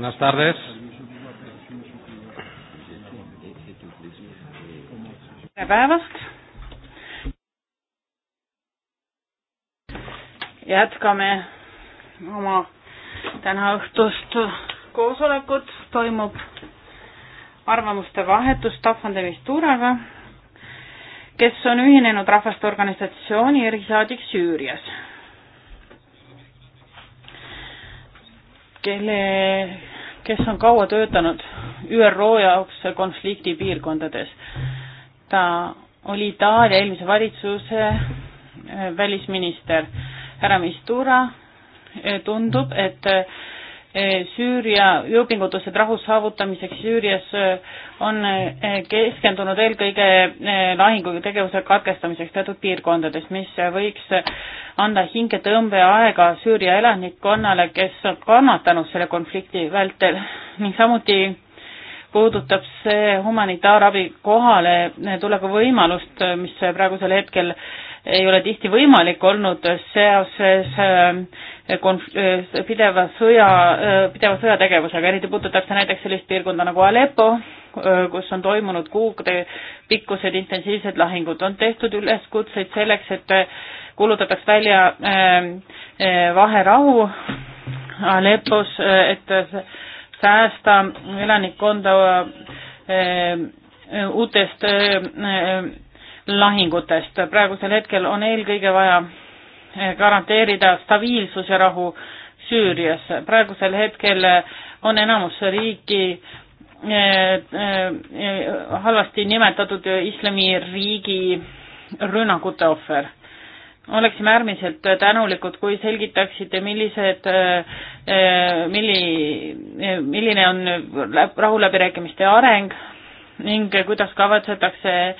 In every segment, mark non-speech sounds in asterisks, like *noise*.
Buenas tardes. tere päevast. jätkame oma tänaõhtust koosolekut, toimub arvamuste vahetus Staffan de Visturaga, kes on ühinenud Rahvaste Organisatsiooni erisaadik Süürias kelle kes on kaua töötanud ÜRO jaoks konfliktipiirkondades. ta oli Itaalia eelmise valitsuse eh, välisminister. härra Mistura, eh, tundub, et eh, Eh, Süüria jõupingutused rahu saavutamiseks Süürias eh, on eh, keskendunud eelkõige lahingutegevuse katkestamiseks teatud piirkondades, mis võiks anda hingetõmbe aega Süüria elanikkonnale, kes on kannatanud selle konflikti vältel ning samuti puudutab see humanitaarabi kohale tuleku võimalust, mis praegusel hetkel ei ole tihti võimalik olnud seoses äh, Eh, konf-, eh, pideva sõja, eh, pideva sõjategevusega, eriti puudutab see näiteks sellist piirkonda nagu Aleppo, kus on toimunud kuude pikkused intensiivsed lahingud, on tehtud üleskutseid selleks, et kuulutataks välja vaherahu Aleppos, et säästa elanikkonda uutest lahingutest. praegusel hetkel on eelkõige vaja garanteerida stabiilsus ja rahu Süürias. praegusel hetkel on enamus riiki eh, eh, halvasti nimetatud islamiriigi rünnakute ohver. oleksime äärmiselt tänulikud, kui selgitaksite, millised, eh, milli, milline on rahuläbirääkimiste areng ning kuidas kavatsetakse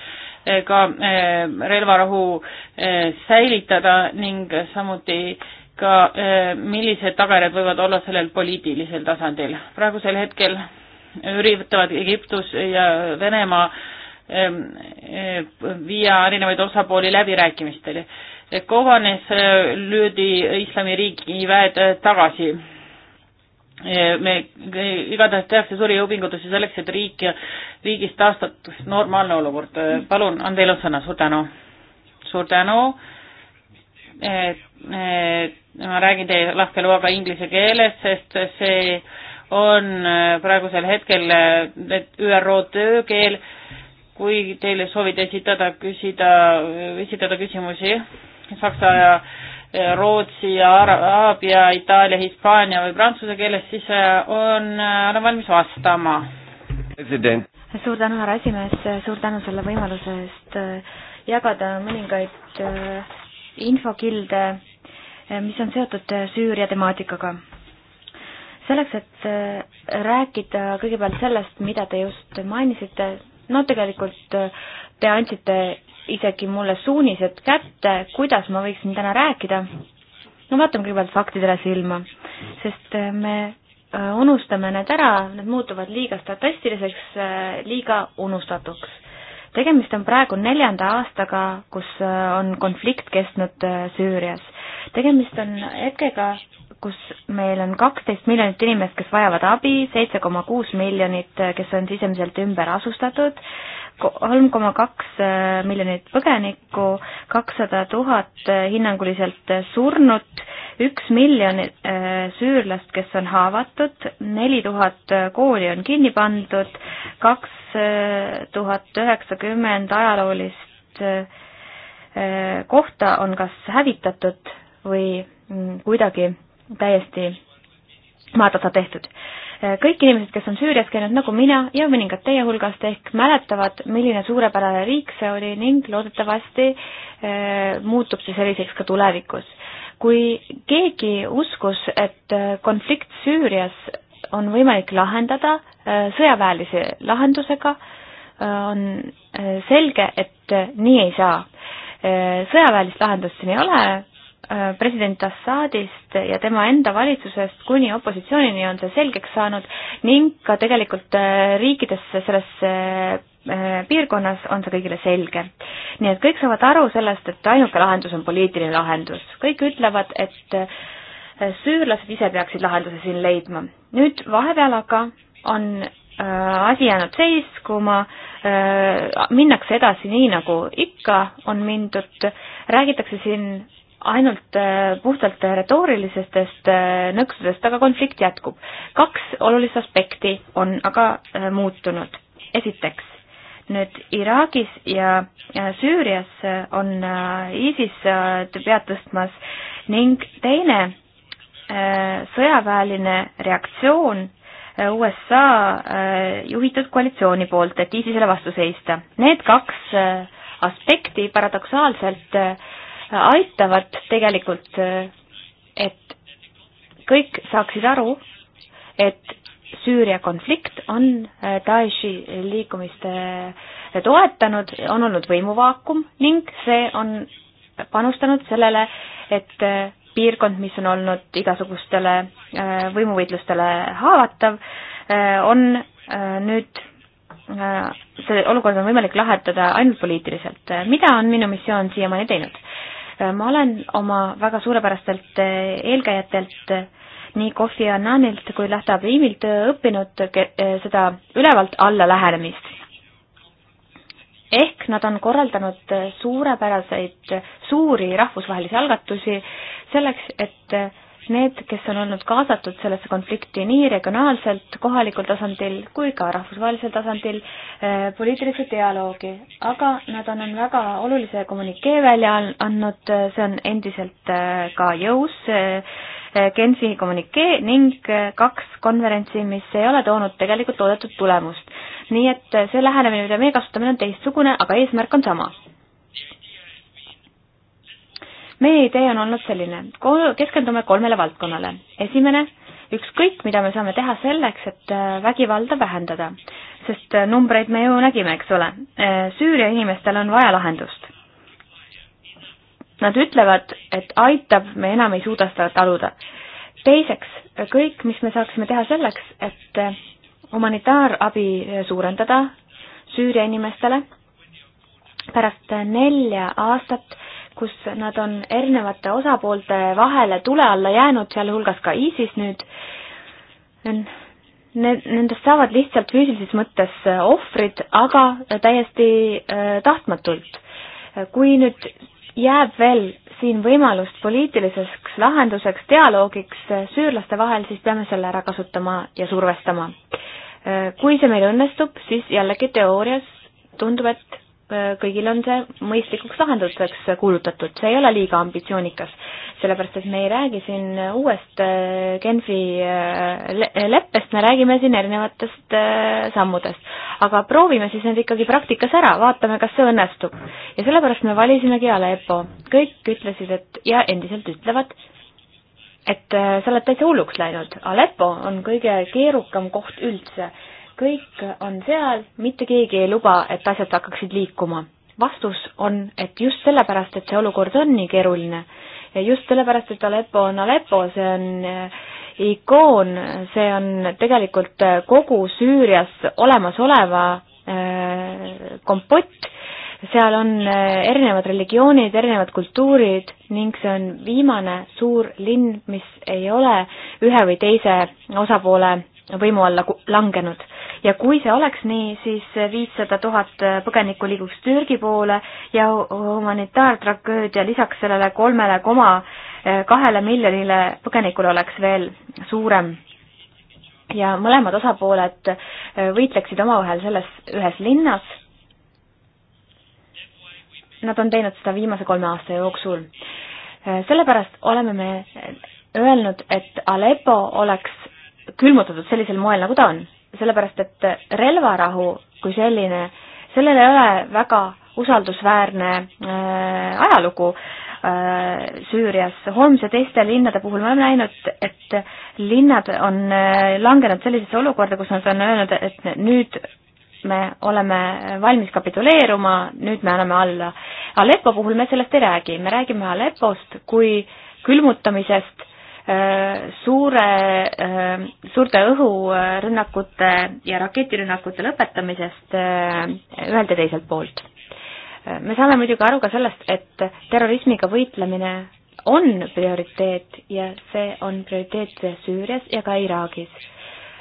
ka eh, relvarahu eh, säilitada ning samuti ka eh, millised tagajärjed võivad olla sellel poliitilisel tasandil. praegusel hetkel üritavad Egiptus ja Venemaa ehm, viia erinevaid osapooli läbirääkimistel. Kovanes löödi islamiriigi väed tagasi me e, igatahes tehakse suuri jõupingutusi selleks, et riik ja riigis taastatus normaalne olukord. palun, on teil on sõna, suur tänu. suur tänu. ma räägin teie lahke loaga inglise keeles, sest see on e, praegusel hetkel e, ÜRO töökeel. kui teile soovite esitada, küsida, esitada küsimusi saksa ja Äh, Rootsi, Araabia, Itaalia, Hispaania või prantsuse keeles, siis äh, on, äh, olen valmis vastama. suur tänu, härra esimees, suur tänu selle võimaluse eest jagada mõningaid infokilde, mis on seotud Süüria temaatikaga. selleks, et rääkida kõigepealt sellest, mida te just mainisite, no tegelikult te andsite isegi mulle suunised kätte, kuidas ma võiksin täna rääkida. no vaatame kõigepealt faktidele silma, sest äh, me äh, unustame need ära, need muutuvad liiga statistiliseks, äh, liiga unustatuks. tegemist on praegu neljanda aastaga, kus on konflikt kestnud Süürias. tegemist on hetkega, kus meil on kaksteist miljonit inimest, kes vajavad abi, seitse koma kuus miljonit, kes on sisemiselt ümber asustatud, kolm koma kaks äh, miljonit põgenikku, kakssada tuhat äh, hinnanguliselt äh, surnut, üks miljon süürlast, kes on haavatud, neli tuhat kooli on kinni pandud, kaks tuhat üheksakümmend ajaloolist kohta on kas hävitatud või mm, kuidagi täiesti maatasa tehtud kõik inimesed, kes on Süürias käinud nagu mina ja mõningad teie hulgast ehk mäletavad, milline suurepärane riik see oli ning loodetavasti eh, muutub see selliseks ka tulevikus. kui keegi uskus, et eh, konflikt Süürias on võimalik lahendada eh, sõjaväelise lahendusega, on selge, et nii ei saa sõjaväelist lahendust siin ei ole, Äh, president Assadist ja tema enda valitsusest kuni opositsioonini on see selgeks saanud ning ka tegelikult äh, riikides selles äh, piirkonnas on see kõigile selge. nii et kõik saavad aru sellest, et ainuke lahendus on poliitiline lahendus. kõik ütlevad, et süürlased ise peaksid lahenduse siin leidma. nüüd vahepeal aga on asi jäänud seiskuma, minnakse edasi nii, nagu ikka on mindud, räägitakse siin ainult äh, puhtalt äh, retoorilisestest äh, nõksudest, aga konflikt jätkub. kaks olulist aspekti on aga muutunud. esiteks, nüüd Iraagis ja Süürias on ISIS pead tõstmas ning teine sõjaväeline reaktsioon USA juhitud koalitsiooni poolt, et ISISele vastu seista. Need kaks aspekti paradoksaalselt äh, aitavad tegelikult, eh, et kõik saaksid aru, et Süüria konflikt on eh, Daeshi liikumiste toetanud, on olnud võimuvaakum ning see on panustanud sellele, et eh, piirkond, mis on olnud igasugustele võimuvõitlustele haavatav, on nüüd, see olukord on võimalik lahendada ainult poliitiliselt. mida on minu missioon siiamaani teinud? ma olen oma väga suurepärastelt äh, eelkäijatelt äh, nii Kofi Annanilt kui Lähta Abrimilt äh, õppinud seda ülevalt alla lähenemist. ehk nad on korraldanud suurepäraseid suuri rahvusvahelisi algatusi selleks, et need, kes on olnud kaasatud sellesse konflikti nii regionaalselt, kohalikul tasandil kui ka rahvusvahelisel tasandil eh, poliitilisse dialoogi, aga nad on, on väga olulise kommünikee välja andnud, eh, see on endiselt eh, ka jõus, Genfi kommünikee ning kaks konverentsi, mis ei ole toonud tegelikult oodatud tulemust. nii et see lähenemine, mida meie kasutame, on teistsugune, aga eesmärk on sama meie idee on olnud selline, keskendume kolmele valdkonnale. esimene, ükskõik, mida me saame teha selleks, et äh, vägivalda vähendada, sest äh, numbreid me ju nägime, eks ole. Äh, Süüria inimestel on vaja lahendust. Nad ütlevad, et aitab, me enam ei suuda seda taluda. teiseks, kõik, mis me saaksime teha selleks, et humanitaarabi suurendada Süüria inimestele pärast nelja aastat äh, kus nad on erinevate osapoolte vahele tule alla jäänud, sealhulgas ka ISIS nüüd. Nendest saavad lihtsalt füüsilises mõttes äh, ohvrid, aga äh, täiesti äh, tahtmatult. kui nüüd jääb veel siin võimalust poliitiliseks lahenduseks, dialoogiks süürlaste vahel, siis peame selle ära kasutama ja survestama. kui see meil õnnestub, siis jällegi teoorias tundub, et Äh, kõigil on see mõistlikuks lahenduseks kuulutatud, see ei ole liiga ambitsioonikas, sellepärast et me ei räägi siin uuest äh, Genfi äh, leppest, me räägime siin erinevatest sammudest. aga proovime siis need ikkagi praktikas ära, vaatame, kas see õnnestub. ja sellepärast me valisimegi Aleppo, kõik ütlesid, et ja endiselt ütlevad, et sa oled täitsa hulluks läinud, Aleppo on kõige keerukam koht üldse kõik on seal, mitte keegi ei luba, et asjad hakkaksid liikuma. vastus on, et just sellepärast, et see olukord on nii keeruline ja just sellepärast, et Aleppo on Aleppo, see on eh, ikoon, see on tegelikult eh, kogu Süürias olemasoleva eh, kompott, seal on erinevad religioonid, erinevad kultuurid ning see on viimane suur linn, mis ei ole ühe või teise osapoole võimu alla langenud. ja kui see oleks nii, siis viissada tuhat põgenikku liiguks Türgi poole ja humanitaartragöödia lisaks sellele kolmele koma eh, kahele miljonile põgenikule oleks veel suurem. ja mõlemad osapooled eh, võitleksid omavahel selles ühes linnas. Nad on teinud seda viimase kolme aasta jooksul. Eh, sellepärast oleme me öelnud, et Aleppo oleks külmutatud sellisel moel, nagu ta on. sellepärast, et relvarahu kui selline, sellel ei ole väga usaldusväärne äh, ajalugu äh, Süürias. Holmes ja teiste linnade puhul me oleme näinud, et linnad on äh, langenud sellisesse olukorda, kus nad on öelnud, et nüüd me oleme valmis kapituleeruma, nüüd me anname alla. Aleppo puhul me sellest ei räägi, me räägime Aleppost kui külmutamisest Äh, suure, äh, suurte õhurünnakute ja raketirünnakute lõpetamisest äh, ühelt ja teiselt poolt. me saame muidugi aru ka sellest, et terrorismiga võitlemine on prioriteet ja see on prioriteet Süürias ja ka Iraagis.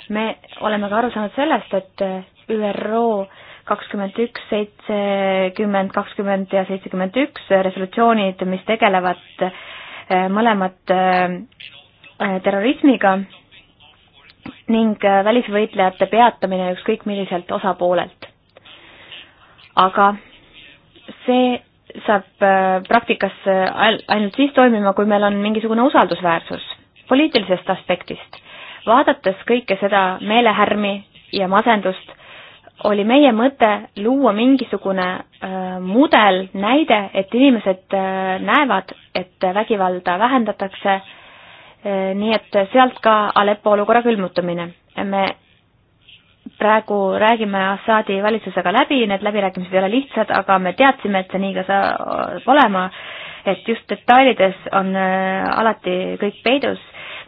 me oleme ka aru saanud sellest, et ÜRO kakskümmend üks, seitsekümmend, kakskümmend ja seitsekümmend üks resolutsioonid, mis tegelevad mõlemad Äh, terrorismiga ning äh, välisvõitlejate peatamine ükskõik milliselt osapoolelt. aga see saab äh, praktikas ainult siis toimima, kui meil on mingisugune usaldusväärsus poliitilisest aspektist. vaadates kõike seda meelehärmi ja masendust, oli meie mõte luua mingisugune äh, mudel, näide, et inimesed äh, näevad, et vägivalda vähendatakse äh, Eh, nii et sealt ka Aleppo olukorra külmutamine. me praegu räägime Assaadi valitsusega läbi, need läbirääkimised ei ole lihtsad, aga me teadsime, et see nii ka saab olema, et just detailides on eh, alati kõik peidus.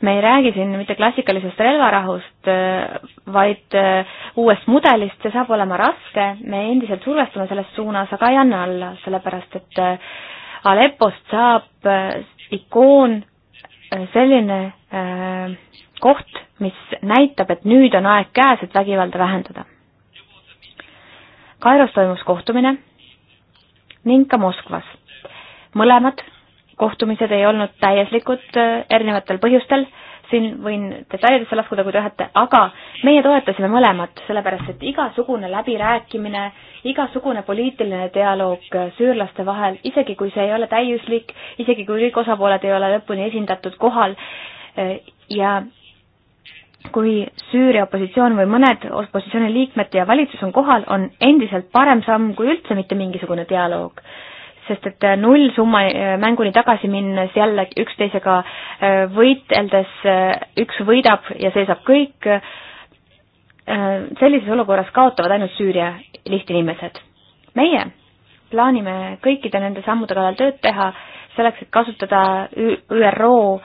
me ei räägi siin mitte klassikalisest relvarahust, eh, vaid uuest mudelist, see saab olema raske, me endiselt survestame selles suunas, aga ei anna alla, sellepärast et Aleppost saab ikoon Äh, selline äh, koht, mis näitab, et nüüd on aeg käes, et vägivalda vähendada. Kairos toimus kohtumine ning ka Moskvas. mõlemad kohtumised ei olnud täieslikud äh, erinevatel põhjustel äh,, siin võin detailidesse laskuda, kui tahate, aga meie toetasime mõlemat, sellepärast et igasugune läbirääkimine, igasugune poliitiline dialoog süürlaste vahel, isegi kui see ei ole täiuslik, isegi kui kõik osapooled ei ole lõpuni esindatud kohal eh, ja kui Süüria opositsioon või mõned opositsiooni liikmed ja valitsus on kohal, on endiselt parem samm kui üldse mitte mingisugune dialoog sest et äh, nullsumma äh, mänguni tagasi minnes jälle üksteisega äh, võiteldes üks võidab ja seisab kõik, sellises olukorras kaotavad ainult Süüria lihtinimesed. meie plaanime kõikide nende sammude kallal tööd teha, selleks et kasutada ÜRO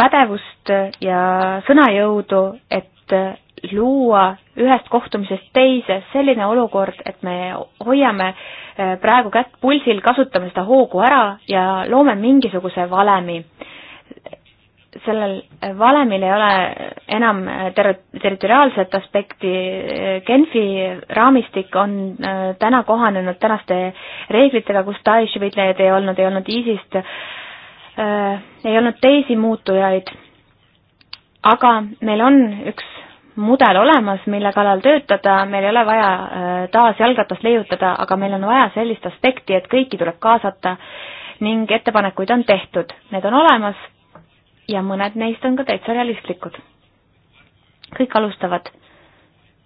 pädevust ja sõnajõudu, et luua ühest kohtumisest teise selline olukord, et me hoiame äh, praegu kätt pulsil, kasutame seda hoogu ära ja loome mingisuguse valemi. sellel äh, valemil ei ole enam äh, ter-, territoriaalset aspekti, Genfi raamistik on täna kohanenud tänaste reeglitega, kus Daeshi võitlejaid ei olnud, ei olnud ISIS-t, ei olnud teisi muutujaid aga meil on üks mudel olemas, mille kallal töötada, meil ei ole vaja äh, taas jalgratast leiutada, aga meil on vaja sellist aspekti, et kõiki tuleb kaasata ning ettepanekuid on tehtud, need on olemas ja mõned neist on ka täitsa realistlikud. kõik alustavad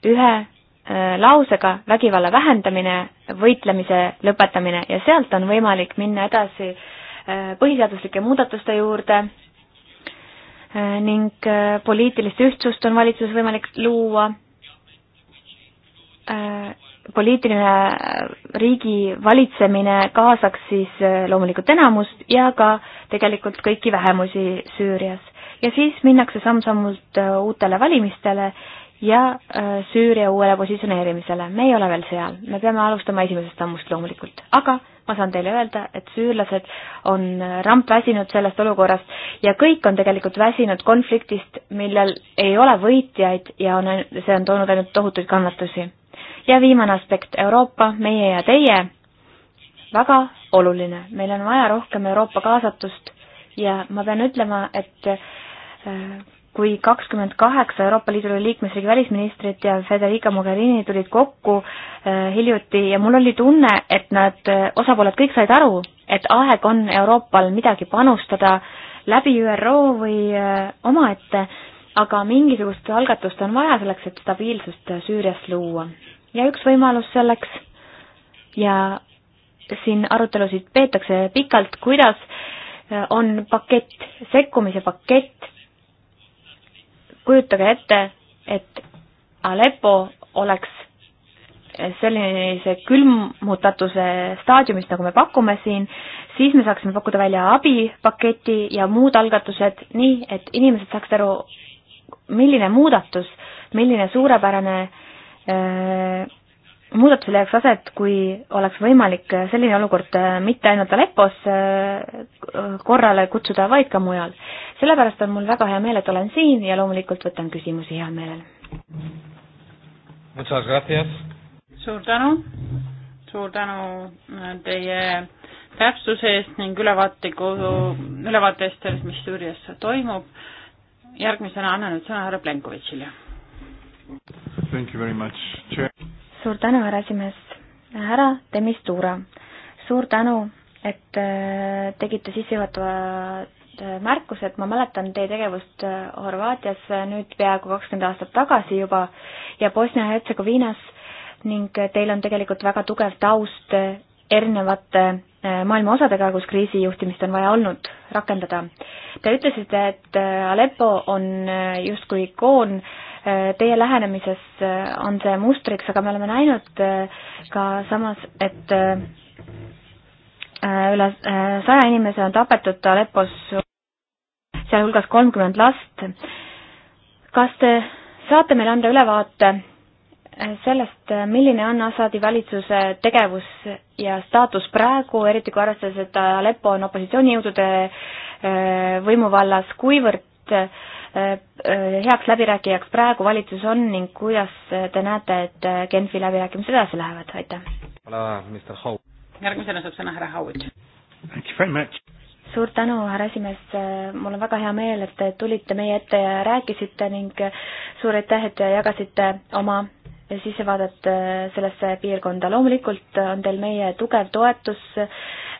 ühe äh, lausega vägivalla vähendamine, võitlemise lõpetamine ja sealt on võimalik minna edasi äh, põhiseaduslike muudatuste juurde Äh, ning äh, poliitilist ühtsust on valitsuses võimalik luua. Äh, poliitiline riigi valitsemine kaasaks siis loomulikult enamust ja ka tegelikult kõiki vähemusi Süürias. ja siis minnakse samm-sammult uutele valimistele ja Süüria uuele positsioneerimisele. me ei ole veel seal, me peame alustama esimesest sammust loomulikult, aga ma saan teile öelda, et süürlased on rampväsinud sellest olukorrast ja kõik on tegelikult väsinud konfliktist, millel ei ole võitjaid ja on, see on toonud ainult tohutuid kannatusi. ja viimane aspekt, Euroopa, meie ja teie, väga oluline, meil on vaja rohkem Euroopa kaasatust ja ma pean ütlema, et äh, kui kakskümmend kaheksa Euroopa Liidu liikmesriigi välisministrit ja Federica Mogherini tulid kokku äh, hiljuti ja mul oli tunne, et nad, äh, osapooled kõik said aru, et aeg on Euroopal midagi panustada läbi ÜRO või äh, omaette, aga mingisugust algatust on vaja selleks, et stabiilsust Süürias luua. ja üks võimalus selleks ja siin arutelusid peetakse pikalt, kuidas äh, on pakett, sekkumise pakett kujutage ette, et Aleppo oleks sellise külmutatuse staadiumis, nagu me pakume siin, siis me saaksime pakkuda välja abipaketi ja muud algatused nii, et inimesed saaksid aru, milline muudatus, milline suurepärane äh, muudatusel jääks aset, kui oleks võimalik selline olukord äh, mitte ainult Aleppos äh, korrale kutsuda, vaid ka mujal. sellepärast on mul väga hea meel, et olen siin ja loomulikult võtan küsimusi hea meelel. suur tänu, suur tänu äh, teie täpsuse eest ning ülevaatliku, ülevaate eest sellest, mis Süürias toimub. järgmisena annan nüüd sõna härra Plenkovitšile. Thank you very much, Chair suur tänu, härra esimees. härra Demistura, suur tänu, et äh, tegite sissejuhatavad äh, märkused, ma mäletan teie tegevust äh, Horvaatias nüüd peaaegu kakskümmend aastat tagasi juba ja Bosnia-Hertsegoviinas ning teil on tegelikult väga tugev taust erinevate maailma osadega, kus kriisijuhtimist on vaja olnud rakendada. Te ütlesite, et Aleppo on justkui ikoon äh, Teie lähenemises eh, on see mustriks, aga me oleme näinud eh, ka samas, et eh, üle saja inimese on tapetud Aleppos, sealhulgas kolmkümmend last. kas te saate meile anda ülevaate sellest, milline on Assadi valitsuse tegevus ja staatus praegu, eriti kui arvestades, et Aleppo on opositsioonijõudude võimuvallas, kuivõrd heaks läbirääkijaks praegu valitsus on ning kuidas te näete, et Genfi läbirääkimised edasi lähevad, aitäh! järgmisena saab sõna härra Howard. suur tänu, härra esimees, mul on väga hea meel, et te tulite meie ette ja rääkisite ning suur aitäh, et jagasite oma sissevaadet sellesse piirkonda. loomulikult on teil meie tugev toetus äh,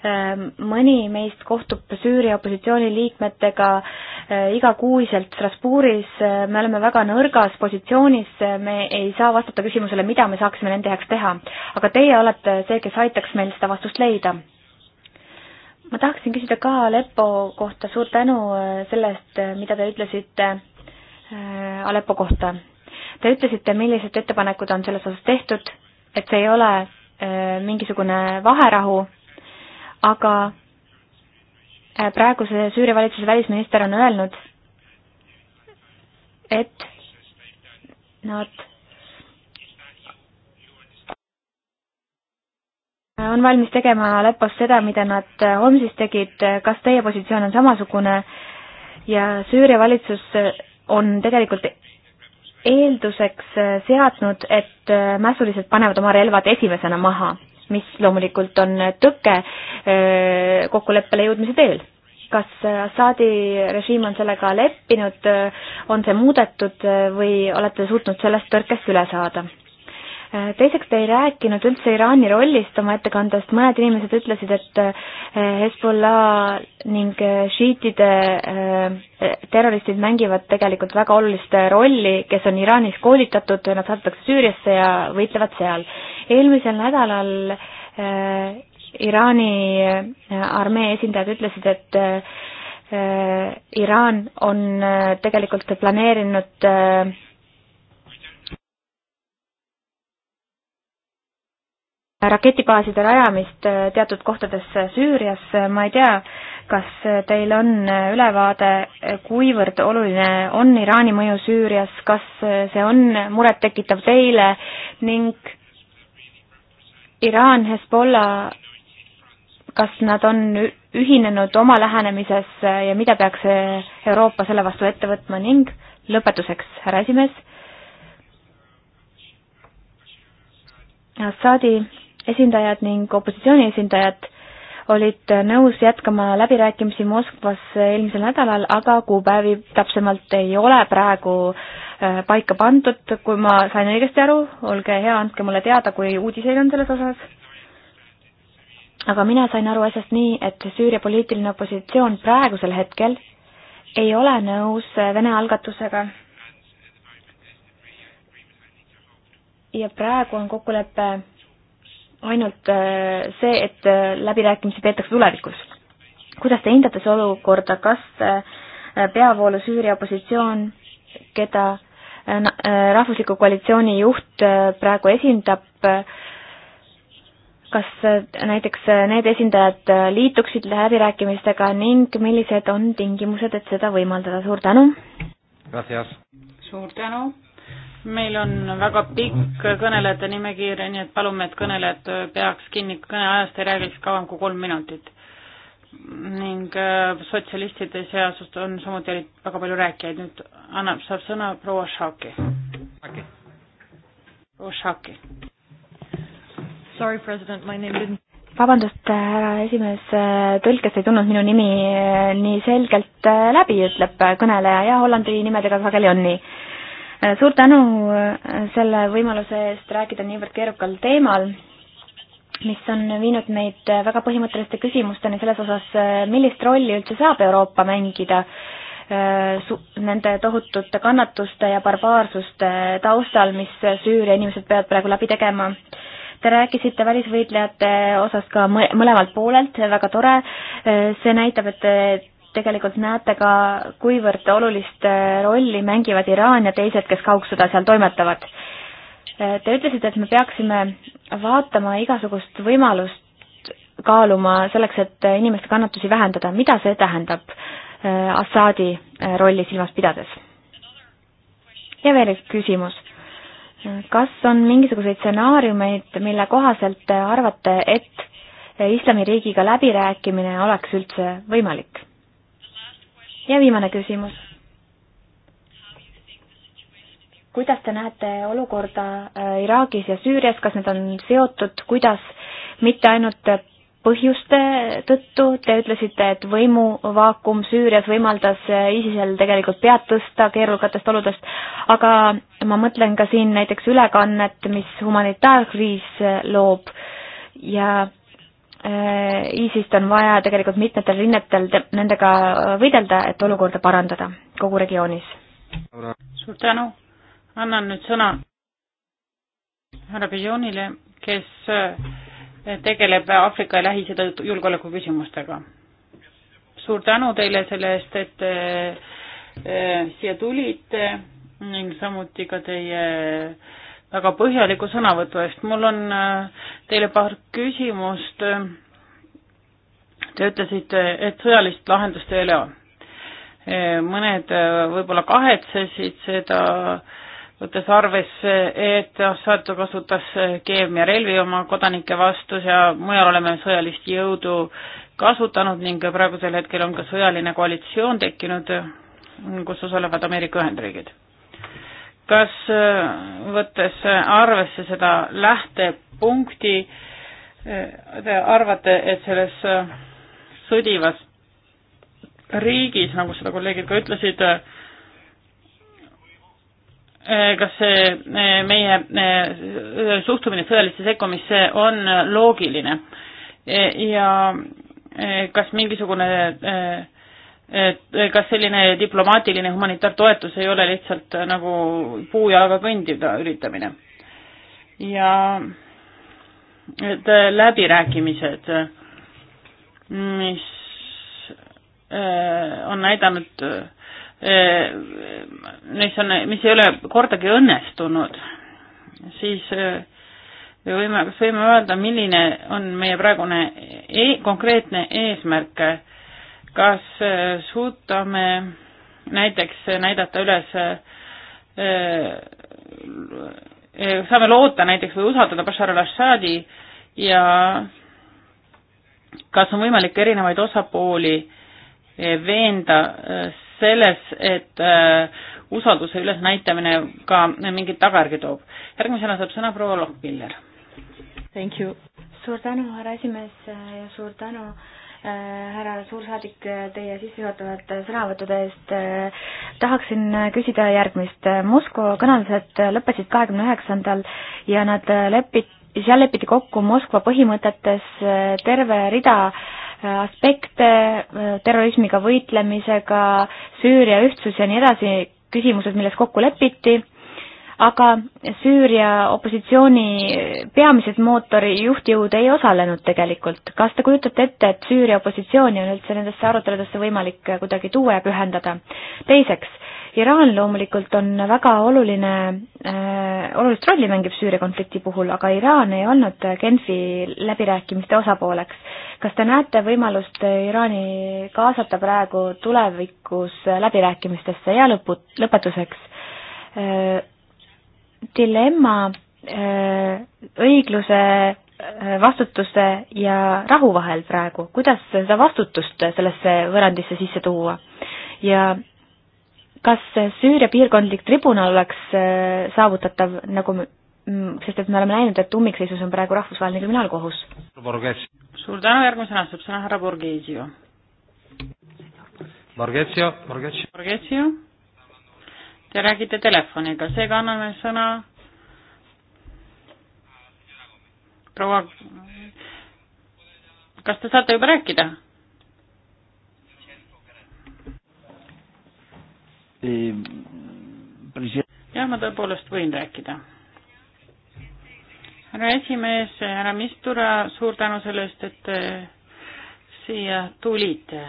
Ehm, mõni meist kohtub Süüria opositsiooniliikmetega eh, igakuiselt Strasbourgis, eh, me oleme väga nõrgas positsioonis, eh, me ei saa vastata küsimusele, mida me saaksime nende heaks teha. aga teie olete see, kes aitaks meil seda vastust leida ma tahaksin küsida ka Aleppo kohta, suur tänu selle eest, mida te ütlesite Aleppo kohta. Te ütlesite, millised ettepanekud on selles osas tehtud, et see ei ole mingisugune vaherahu, aga äh, praeguse Süüria valitsuse välisminister on öelnud, et nad on valmis tegema lõpus seda, mida nad äh, homsis tegid, kas teie positsioon on samasugune ja Süüria valitsus äh, on tegelikult eelduseks seadnud, et mässulised panevad oma relvad esimesena maha mis loomulikult on tõke äh, kokkuleppele jõudmise teel. kas äh, Assaadi režiim on sellega leppinud, äh, on see muudetud või olete suutnud sellest tõrkest üle saada? Äh, teiseks, te ei rääkinud üldse Iraani rollist oma ettekandest, mõned inimesed ütlesid, et äh, Hezbollah ning äh, šiitide terroristid mängivad tegelikult väga olulist rolli, kes on Iraanis koolitatud, nad saadetakse Süüriasse ja võitlevad seal. eelmisel nädalal Iraani armee esindajad ütlesid, et Iraan on tegelikult planeerinud raketibaaside rajamist äh, teatud kohtades Süürias, ma ei tea, kas äh, teil on äh, ülevaade, kuivõrd oluline on Iraani mõju Süürias, kas see on murettekitav teile ning Iraan, Hezbollah, kas nad on ühinenud oma lähenemises ja mida peaks Euroopa selle vastu ette võtma ning lõpetuseks, härra esimees, Assadi esindajad ning opositsiooni esindajad olid nõus jätkama läbirääkimisi Moskvas eelmisel nädalal, aga kuupäevi täpsemalt ei ole praegu äh, paika pandud, kui ma sain õigesti aru, olge hea, andke mulle teada, kui uudiseid on selles osas. aga mina sain aru asjast nii, et Süüria poliitiline opositsioon praegusel hetkel ei ole nõus äh, Vene algatusega ja praegu on kokkulepe ainult äh, see, et äh, läbirääkimisi peetakse tulevikus. kuidas te hindate seda olukorda, kas äh, peavoolu Süüria opositsioon, keda rahvusliku koalitsiooni juht praegu esindab, kas näiteks need esindajad liituksid läbirääkimistega ning millised on tingimused, et seda võimaldada, suur tänu! suur tänu! meil on väga pikk kõnelejate nimekiri, nii et palume, et kõnelejad peaks kinni kõneajast ja räägiks kauem kui kolm minutit. ning äh, sotsialistide seas on samuti väga palju rääkijaid, nüüd annab, saab sõna proua Šaki. proua Šaki. Sorry, president, my name didn't vabandust, äh, härra esimees, äh, tõlkes ei tulnud minu nimi nii selgelt läbi, ütleb kõneleja ja Hollandi nimedega sageli on nii Äh, suur tänu äh, selle võimaluse eest rääkida niivõrd keerukal teemal, mis on viinud meid äh, väga põhimõtteliste küsimusteni selles osas, millist rolli üldse saab Euroopa mängida su-, nende tohutute kannatuste ja barbaarsuste taustal, mis Süüria inimesed peavad praegu läbi tegema. Te rääkisite välisvõitlejate osas ka mõlemalt poolelt, väga tore, see näitab, et tegelikult näete ka, kuivõrd olulist äh, rolli mängivad Iraan ja teised, kes kaugsõda seal toimetavad. Äh, te ütlesite, et me peaksime vaatama igasugust võimalust kaaluma selleks, et äh, inimeste kannatusi vähendada. mida see tähendab Assaadi rolli silmas pidades? ja veel üks küsimus. kas on mingisuguseid stsenaariumeid, mille kohaselt te arvate, et islamiriigiga läbirääkimine oleks üldse võimalik? ja viimane küsimus. kuidas te näete olukorda äh, Iraagis ja Süürias, kas need on seotud, kuidas mitte ainult põhjuste tõttu, te ütlesite, et võimuvaakum Süürias võimaldas äh, ISISel tegelikult pead tõsta keerukatest oludest, aga ma mõtlen ka siin näiteks ülekannet, mis humanitaarkriis äh, loob ja Äh, ISIS-t on vaja tegelikult mitmetel rinnetel nendega võidelda, et olukorda parandada kogu regioonis. suur tänu, annan nüüd sõna härra Bijonile, kes äh, tegeleb Aafrika ja Lähis-Ida julgeoleku küsimustega. suur tänu teile selle eest, et äh, äh siia tulite ning samuti ka teie äh, väga põhjaliku sõnavõtu eest. mul on äh, teile paar küsimust. Te ütlesite, et sõjalist lahendust ei ole. Äh, mõned äh, võib-olla kahetsesid seda, võttes arvesse, et Assad kasutas keemiarelvi oma kodanike vastus ja mujal oleme sõjalist jõudu kasutanud ning praegusel hetkel on ka sõjaline koalitsioon tekkinud, kus osalevad Ameerika Ühendriigid kas äh, võttes arvesse seda lähtepunkti, äh, te arvate, et selles äh, sõdivas riigis, nagu seda kolleegid ka ütlesid, kas see meie suhtumine sõjalisse sekkumisse on loogiline ja kas mingisugune äh, et eh, kas selline diplomaatiline humanitaartoetus ei ole lihtsalt eh, nagu puujalaga kõndida üritamine. ja et eh, läbirääkimised, mis on näidanud, mis on, mis ei ole kordagi õnnestunud, siis võime, kas võime öelda, milline on meie praegune e konkreetne eesmärk kas äh, suudame näiteks näidata üles äh, äh, saame loota näiteks või usaldada Bashar al-Assadi ja kas on võimalik erinevaid osapooli veenda selles, et usalduse ülesnäitamine ka mingeid tagajärgi toob. järgmisena saab sõna proua Lohmiller. Thank you. suur tänu, härra esimees ja suur tänu äh, Äh, härra suursaadik, äh, teie sissejuhatavate sõnavõttude eest. Äh, tahaksin küsida järgmist. Moskva kõnelused lõppesid kahekümne üheksandal ja nad lepid, seal lepiti kokku Moskva põhimõtetes terve rida aspekte terrorismiga võitlemisega, Süüria ühtsus ja nii edasi, küsimused, milles kokku lepiti aga Süüria opositsiooni peamised mootori juhtjõud ei osalenud tegelikult. kas te kujutate ette, et Süüria opositsiooni on üldse nendesse aruteludesse võimalik kuidagi tuua ja pühendada? teiseks, Iraan loomulikult on väga oluline äh,, olulist rolli mängib Süüria konflikti puhul, aga Iraan ei olnud Genfi läbirääkimiste osapooleks. kas te näete võimalust Iraani kaasata praegu tulevikus läbirääkimistesse ja lõpu, lõpetuseks äh,? dilemma äh, õigluse, äh, vastutuse ja rahu vahel praegu, kuidas seda vastutust sellesse võrrandisse sisse tuua ja kas Süüria piirkondlik tribunal oleks äh, saavutatav, nagu, sest et me oleme näinud, et ummikseisus on praegu rahvusvaheline kriminaalkohus? suur tänu, järgmisena saab sõna härra Borghesio. Borghesio, Borghesio. Borghesio Te räägite telefoniga, seega anname sõna proua, kas te saate juba rääkida? jah, ma tõepoolest võin rääkida. härra esimees, härra Mistura, suur tänu selle eest, et siia tulite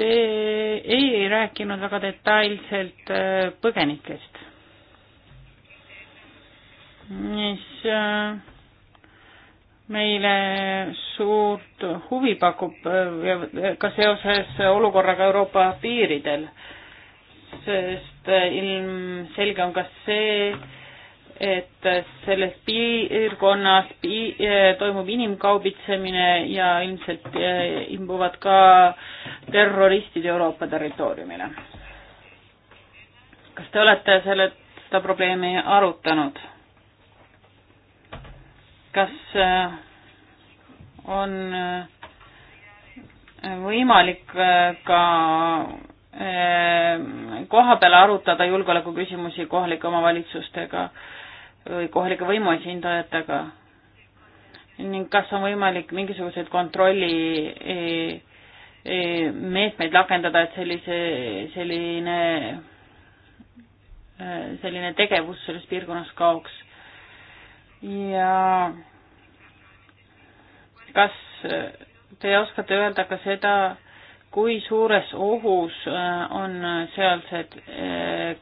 Te ei, ei rääkinud väga detailselt äh, põgenikest, mis äh, meile suurt huvi pakub äh, ka seoses olukorraga Euroopa piiridel, sest ilmselge on ka see, et selles piirkonnas pi eh, toimub inimkaubitsemine ja ilmselt eh, imbuvad ka terroristid Euroopa territooriumile. kas te olete selle, seda probleemi arutanud? kas eh, on võimalik ka koha peal arutada julgeolekuküsimusi kohalike omavalitsustega äh, kohalike võimuesindajatega ning kas on võimalik mingisuguseid kontrolli e, e, meetmeid rakendada, et sellise, selline, e, selline tegevus selles piirkonnas kaoks. ja kas te oskate öelda ka seda, kui suures ohus on sealsed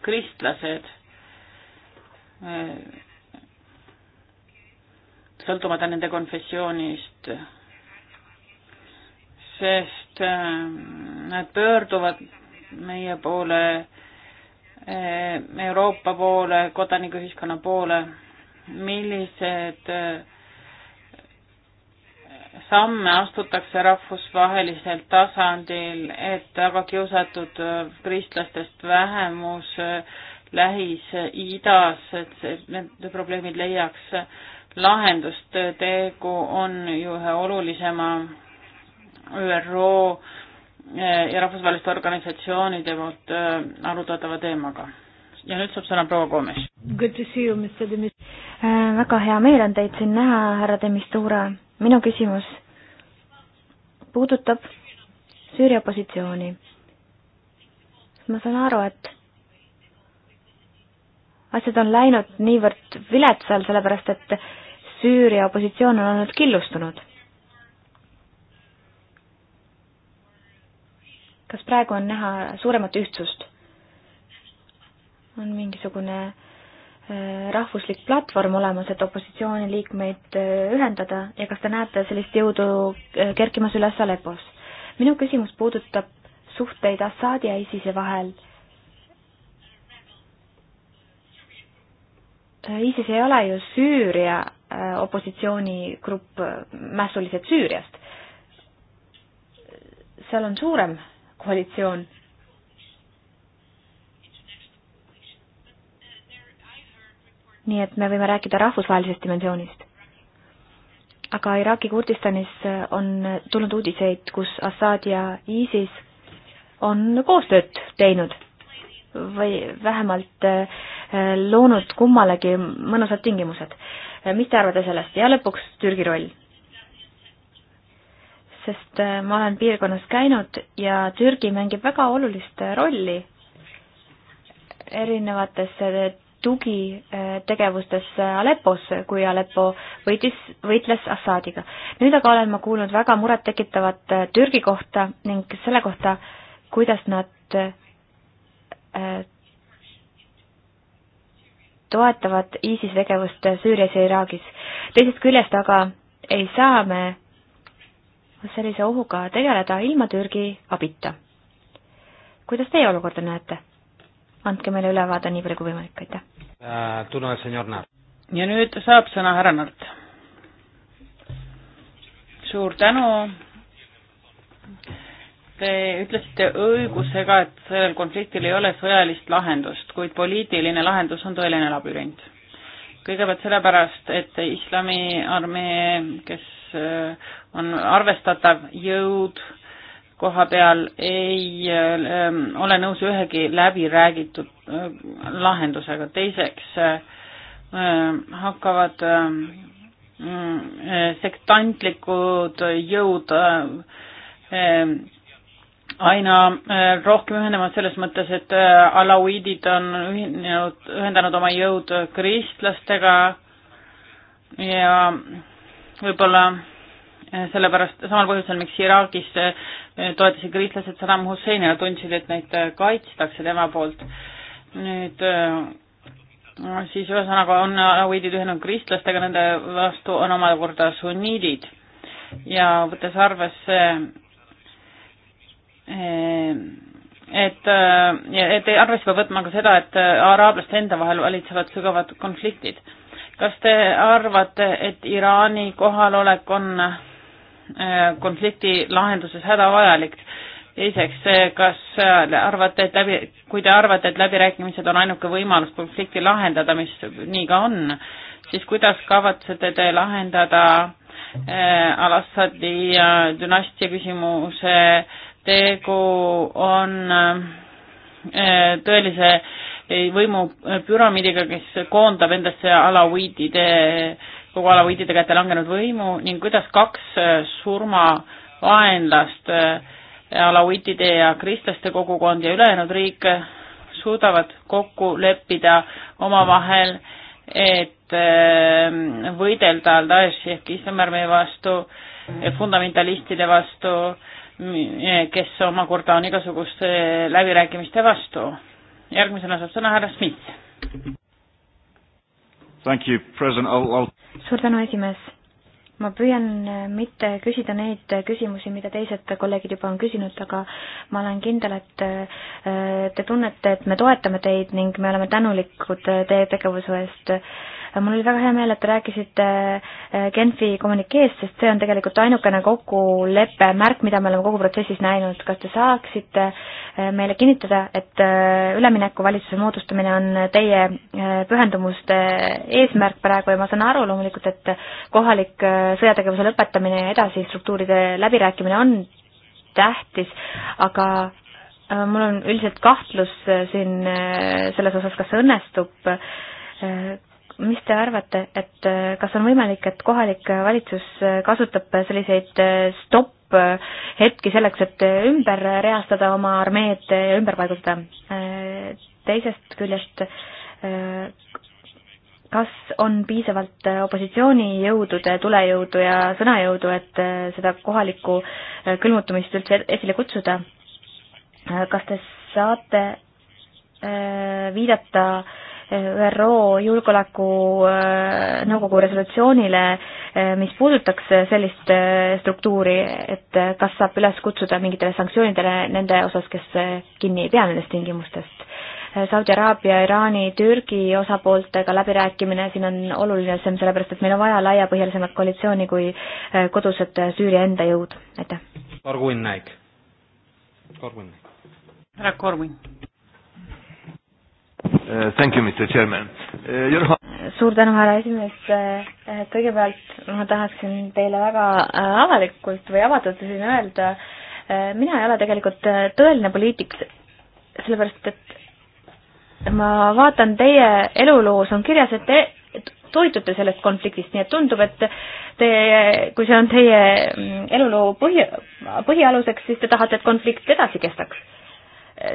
kristlased? sõltumata nende konfessioonist, sest ähm, nad pöörduvad meie poole, äh, Euroopa poole, kodanikuühiskonna poole, millised äh, samme astutakse rahvusvahelisel tasandil, et tagakiusatud äh, kristlastest vähemus Lähis-Idas, et see, need probleemid leiaks lahendust, tegu on ju ühe olulisema ÜRO eh, ja rahvusvaheliste organisatsioonide poolt eh, arutatava teemaga. ja nüüd saab sõna proua Gomes. Eh, väga hea meel on teid siin näha, härra Demistura. minu küsimus puudutab Süüria positsiooni. ma saan aru, et asjad on läinud niivõrd viletsal, sellepärast et Süüria opositsioon on olnud killustunud. kas praegu on näha suuremat ühtsust? on mingisugune äh, rahvuslik platvorm olemas, et opositsiooni liikmeid äh, ühendada ja kas te näete sellist jõudu äh, kerkimas üles Aleppos? minu küsimus puudutab suhteid Assaadi ja ISISe vahel ISIS ei ole ju Süüria äh, opositsioonigrupp äh, mässuliselt Süüriast. seal on suurem koalitsioon. nii et me võime rääkida rahvusvahelisest dimensioonist. aga Iraagi Kurdistanis äh, on tulnud uudiseid, kus Assad ja ISIS on koostööd teinud või vähemalt äh, loonud kummalegi mõnusad tingimused. mis te arvate sellest ja lõpuks Türgi roll? sest äh, ma olen piirkonnas käinud ja Türgi mängib väga olulist äh, rolli erinevates äh, tugitegevustes Aleppos, kui Aleppo võitis, võitles Assadiga. nüüd aga olen ma kuulnud väga murettekitavat Türgi kohta ning selle kohta, kuidas nad toetavad ISIS tegevust Süürias ja Iraagis. teisest küljest aga ei saa me sellise ohuga tegeleda ilma Türgi abita. kuidas teie olukorda näete? andke meile ülevaade nii palju kui võimalik, aitäh äh,. tunnen, senor Nart. ja nüüd saab sõna härra Nart. suur tänu Te ütlesite õigusega, et sellel konfliktil ei ole sõjalist lahendust, kuid poliitiline lahendus on tõeline labürint. kõigepealt sellepärast, et islami armee, kes äh, on arvestatav jõud koha peal, ei ähm, ole nõus ühegi läbiräägitud äh, lahendusega. teiseks äh, ähm, hakkavad ähm, mm, sektantlikud jõud aina äh, rohkem ühenevad selles mõttes, et äh, alauiidid on ühinenud, ühendanud oma jõud kristlastega ja võib-olla äh, sellepärast, samal põhjusel, miks Iraagis toetasid kristlased Saddam Husseini ja tundsid, et neid kaitstakse tema poolt. nüüd siis ühesõnaga on alauiidid ühinenud kristlastega, nende vastu on omakorda sunniidid ja võttes arvesse et, et arvesse peab võtma ka seda, et araablaste enda vahel valitsevad sügavad konfliktid. kas te arvate, et Iraani kohalolek on äh, konflikti lahenduses hädavajalik? teiseks, äh, kas äh, arvate, et läbi, kui te arvate, et läbirääkimised on ainuke võimalus konflikti lahendada, mis nii ka on, siis kuidas kavatsete te lahendada äh, Al-Assadi äh, dünastia küsimuse äh, tegu on äh, tõelise äh, võimupüramiidiga, äh, kes koondab endasse alahuiidide, kogu alahuiidide kätte langenud võimu ning kuidas kaks surmavaenlast, alahuiidide ja kristlaste kogukond ja ülejäänud riik suudavad kokku leppida omavahel, et võidelda Daeshi ehk islamiarmee vastu, fundamentalistide vastu Eh, kes omakorda on igasuguste läbirääkimiste vastu. järgmisena saab sõna härra Smith. suur tänu, esimees. ma püüan eh, mitte küsida neid küsimusi, mida teised kolleegid juba on küsinud, aga ma olen kindel, et eh, te tunnete, et me toetame teid ning me oleme tänulikud teie tegevuse eest mul oli väga hea meel, et te rääkisite äh, Genfi kommünikeest, sest see on tegelikult ainukene kokkulepe, märk, mida me oleme kogu protsessis näinud. kas te saaksite äh, meile kinnitada, et äh, üleminekuvalitsuse moodustamine on teie pühendumuste eesmärk praegu ja ma saan aru loomulikult, et kohalik sõjategevuse lõpetamine ja edasi struktuuride läbirääkimine on tähtis, aga mul on üldiselt kahtlus siin selles osas, kas see õnnestub mis te arvate, et äh, kas on võimalik, et kohalik äh, valitsus äh, kasutab selliseid stopp hetki selleks, et ümber reastada oma armeed ja ümber paigutada? teisest küljest, kas on piisavalt opositsioonijõudude tulejõudu ja sõnajõudu, et seda kohalikku külmutamist üldse e-, esile kutsuda? kas te saate viidata äh, ÜRO Julgeolekunõukogu äh, resolutsioonile, äh, mis puudutaks äh, sellist struktuuri, et kas saab üles kutsuda mingitele sanktsioonidele nende osas, kes kinni ei pea nendest tingimustest. Saudi Araabia, Iraani, Türgi osapooltega läbirääkimine siin on oluline, see on sellepärast, et meil on vaja laiapõhjalisemat koalitsiooni kui kodused Süüria enda jõud, aitäh. Karguin Näik. Karguin. härra Korvin. Uh, thank you, Mr Chairman uh, Your.... suur tänu, härra esimees. Uh, kõigepealt ma tahaksin teile väga avalikult või avatult siin öelda, mina ei ole tegelikult tõeline poliitik, sellepärast et ma vaatan teie eluluus on kirjas, et te toitute sellest konfliktist, nii et tundub, et teie, kui see on teie mm, eluloo põhi, põhialuseks, siis te tahate, et konflikt edasi kestaks.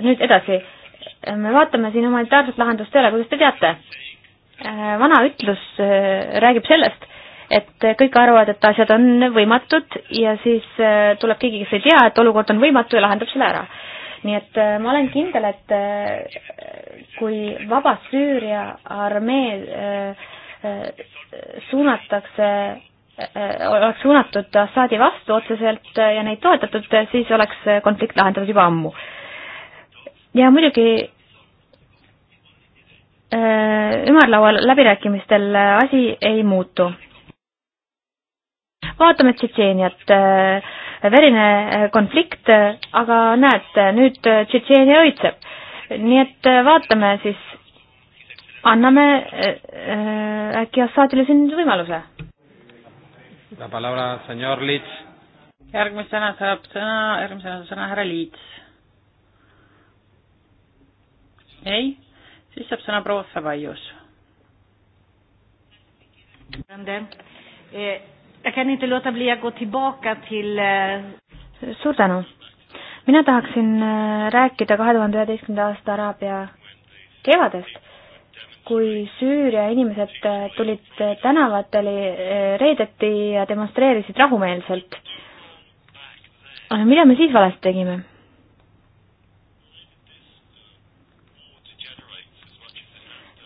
nüüd edasi me vaatame siin humanitaarset lahendust ei ole, kuidas te teate? Äh, vana ütlus äh, räägib sellest, et kõik arvavad, et asjad on võimatud ja siis äh, tuleb keegi, kes ei tea, et olukord on võimatu ja lahendab selle ära. nii et ma olen kindel, et kui Vaba Süüria armee suunatakse oleks suunatud Assaadi vastu otseselt ja neid toetatud, siis oleks konflikt lahendatud juba ammu ja muidugi äh, ümarlaua läbirääkimistel äh, asi ei muutu. vaatame Tšetšeeniat, äh, verine konflikt, aga näed, nüüd Tšetšeenia õitseb. nii et vaatame siis, anname äkki Assadile siin võimaluse. järgmisena saab sõna, järgmisena saab sõna härra Liits ei, siis saab sõna proua Savaius. Eh, eh, suur tänu. mina tahaksin eh, rääkida kahe tuhande üheteistkümnenda aasta Araabia kevadest, kui Süüria inimesed tulid tänavatele reedeti ja demonstreerisid rahumeelselt. mida me siis valesti tegime?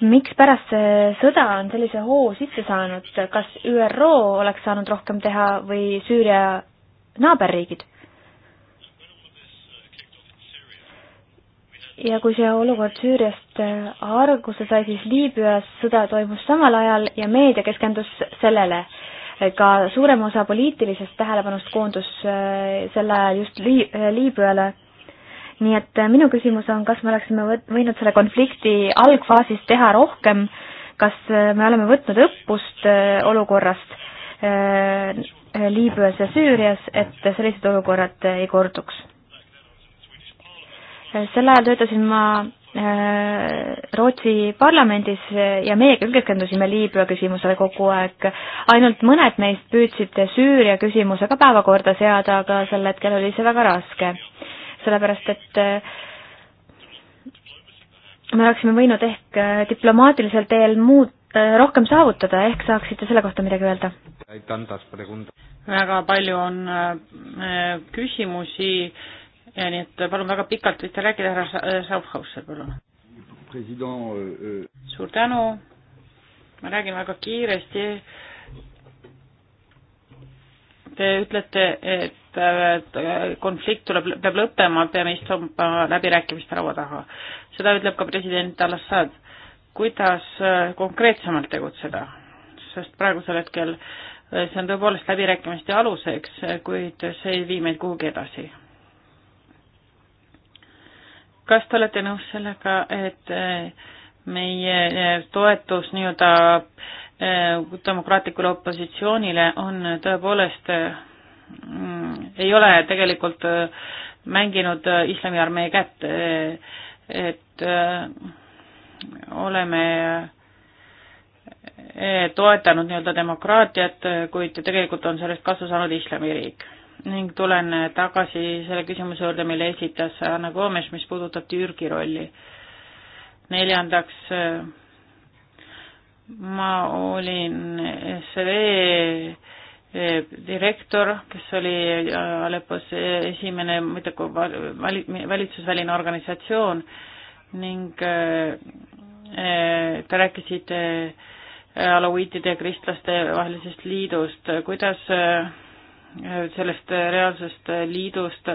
mikspärast see sõda on sellise hoo sisse saanud, kas ÜRO oleks saanud rohkem teha või Süüria naaberriigid? ja kui see olukord Süüriast alguse sai, siis Liibüas sõda toimus samal ajal ja meedia keskendus sellele. ka suurem osa poliitilisest tähelepanust koondus äh, sel ajal just Liibüale nii et äh, minu küsimus on, kas me oleksime võinud selle konflikti algfaasis teha rohkem, kas äh, me oleme võtnud õppust äh, olukorrast Liibüas ja Süürias, et sellised olukorrad ei korduks? sel ajal töötasin ma Rootsi parlamendis ja meiega keskendusime Liibüa küsimusele kogu aeg. ainult mõned meist püüdsid Süüria küsimuse ka päevakorda seada, aga sel hetkel oli see väga raske sellepärast et äh, me oleksime võinud ehk äh, diplomaatilisel teel muud, äh, rohkem saavutada, ehk saaksite selle kohta midagi öelda? väga palju on küsimusi, nii et palun väga pikalt võite rääkida, härra Schaufhauser, palun. suur tänu, ma räägin väga kiiresti. Te ütlete, et Äh, äh, konflikt tuleb, peab lõppema, peame istuma läbirääkimiste laua taha. seda ütleb ka president al-Assad. kuidas äh, konkreetsemalt tegutseda? sest praegusel hetkel see on tõepoolest läbirääkimiste aluseks, kuid see ei vii meid kuhugi edasi. kas te olete nõus sellega, et meie toetus nii-öelda demokraatlikule opositsioonile on tõepoolest Mm, ei ole tegelikult äh, mänginud äh, islamiarmee kätt, äh, et oleme toetanud nii-öelda demokraatiat, kuid tegelikult on sellest kasu saanud islamiriik. ning tulen tagasi selle küsimuse juurde, mille esitas Anna Gomes, mis puudutab Türgi rolli. neljandaks, ma olin selle direktor, kes oli äh, Aleppos esimene muide vali-, valitsusväline organisatsioon ning äh, äh, te rääkisite alawiitide ja kristlaste vahelisest liidust, kuidas sellest reaalsest liidust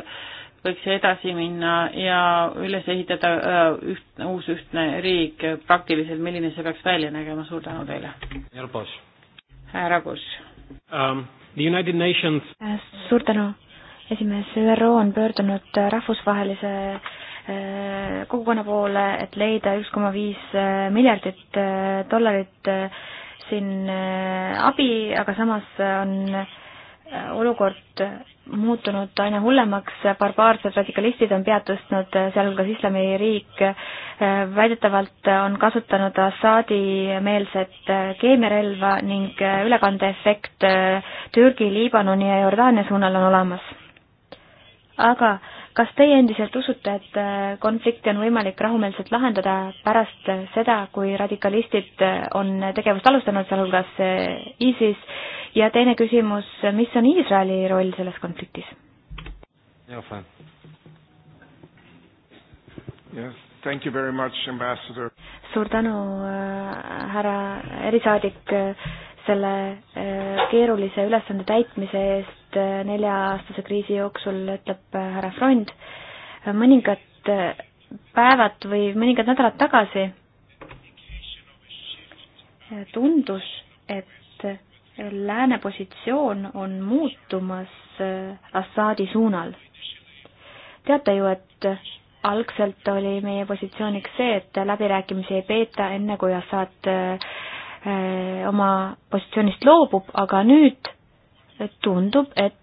võiks edasi minna ja üles ehitada üht, uus ühtne riik praktiliselt, milline see peaks välja nägema, suur tänu teile. härra Koss um,? Nations... Äh, suur tänu, esimees, ÜRO on pöördunud äh, rahvusvahelise äh, kogukonna poole, et leida üks koma viis miljardit dollarit siin abi, aga samas on olukord muutunud aina hullemaks, barbaarsed radikalistid on pead tõstnud, sealhulgas Islamiriik väidetavalt on kasutanud Assaadi meelset keemiarelva ning ülekandeefekt Türgi, Liibanoni ja Jordaania suunal on olemas. aga äh, kas teie endiselt usute, et äh, konflikti on võimalik rahumeelselt lahendada pärast äh, seda, kui radikalistid äh, on tegevust alustanud, sealhulgas ISIS, ja teine küsimus, mis on Iisraeli roll selles konfliktis? Yes, thank you very much, ambassador. suur tänu äh,, härra erisaadik, selle äh, keerulise ülesande täitmise eest et äh, nelja-aastase kriisi jooksul, ütleb äh, härra Freund, äh, mõningad päevad või mõningad nädalad tagasi tundus, et lääne positsioon on muutumas Assaadi suunal. teate ju, et algselt oli meie positsiooniks see, et läbirääkimisi ei peeta enne, kui Assad oma positsioonist loobub, aga nüüd tundub, et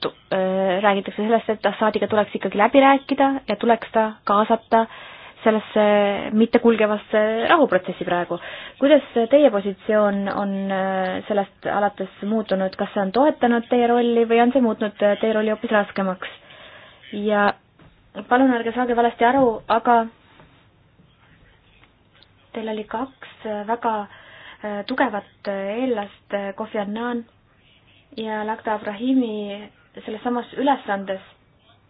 tu, äh, räägitakse sellest, et Assadiga tuleks ikkagi läbi rääkida ja tuleks ta kaasata sellesse mittekulgevasse rahuprotsessi praegu. kuidas teie positsioon on äh, sellest alates muutunud, kas see on toetanud teie rolli või on see muutnud äh, teie rolli hoopis raskemaks? ja palun ärge saage valesti aru, aga teil oli kaks äh, väga tugevat eellast, Kofi Annan ja Lagda Abrahimi selles samas ülesandes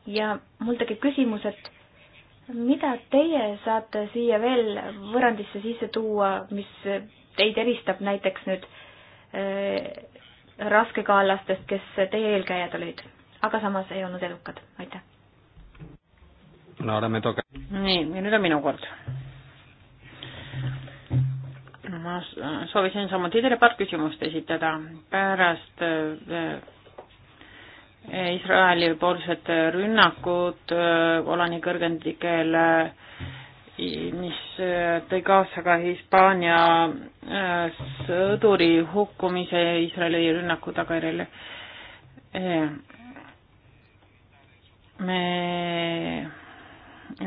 ja mul tekib küsimus, et mida teie saate siia veel võrrandisse sisse tuua, mis teid eristab näiteks nüüd äh, raskekaallastest, kes teie eelkäijad olid, aga samas ei olnud edukad, aitäh. nii, ja nüüd on minu kord ma soovisin samuti teile paar küsimust esitada. pärast Iisraeli äh, poolsed rünnakud Golani äh, kõrgendikel, mis äh, tõi kaasa ka Hispaania sõduri hukkumise Iisraeli rünnaku tagajärjel. me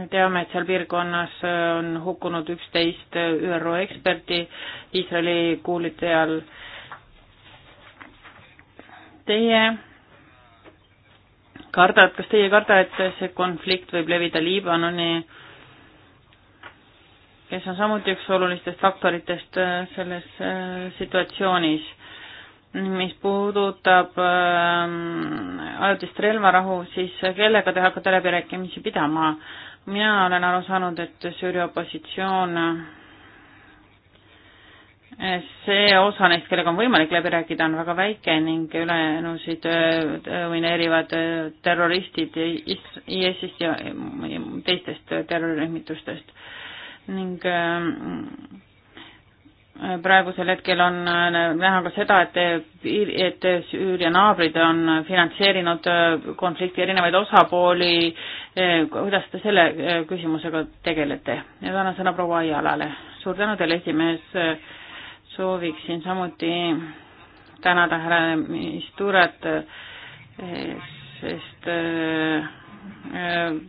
teame, et seal piirkonnas äh, on hukkunud üksteist äh, ÜRO eksperti Iisraeli kuulide all. Teie kardad, kas teie ei karda, et see konflikt võib levida Liibanoni, kes on samuti üks olulistest faktoritest äh, selles situatsioonis? mis puudutab äh, ajutist relvarahu, siis kellega te hakkate läbirääkimisi pidama? mina olen aru saanud, et Süüria opositsioon, eh, see osa neist, kellega on võimalik läbi rääkida, on väga väike ning ülejäänusid eh, domineerivad eh, terroristid IS-ist ja teistest terrorirühmitustest ning praegusel hetkel on äh, näha ka seda, et, et Süüria naabrid on finantseerinud äh, konflikti erinevaid osapooli. Äh, kuidas te selle küsimusega tegelete? nüüd annan sõna proua Aialale. suur tänu teile, esimees. sooviksin samuti tänada härra Misturat, sest te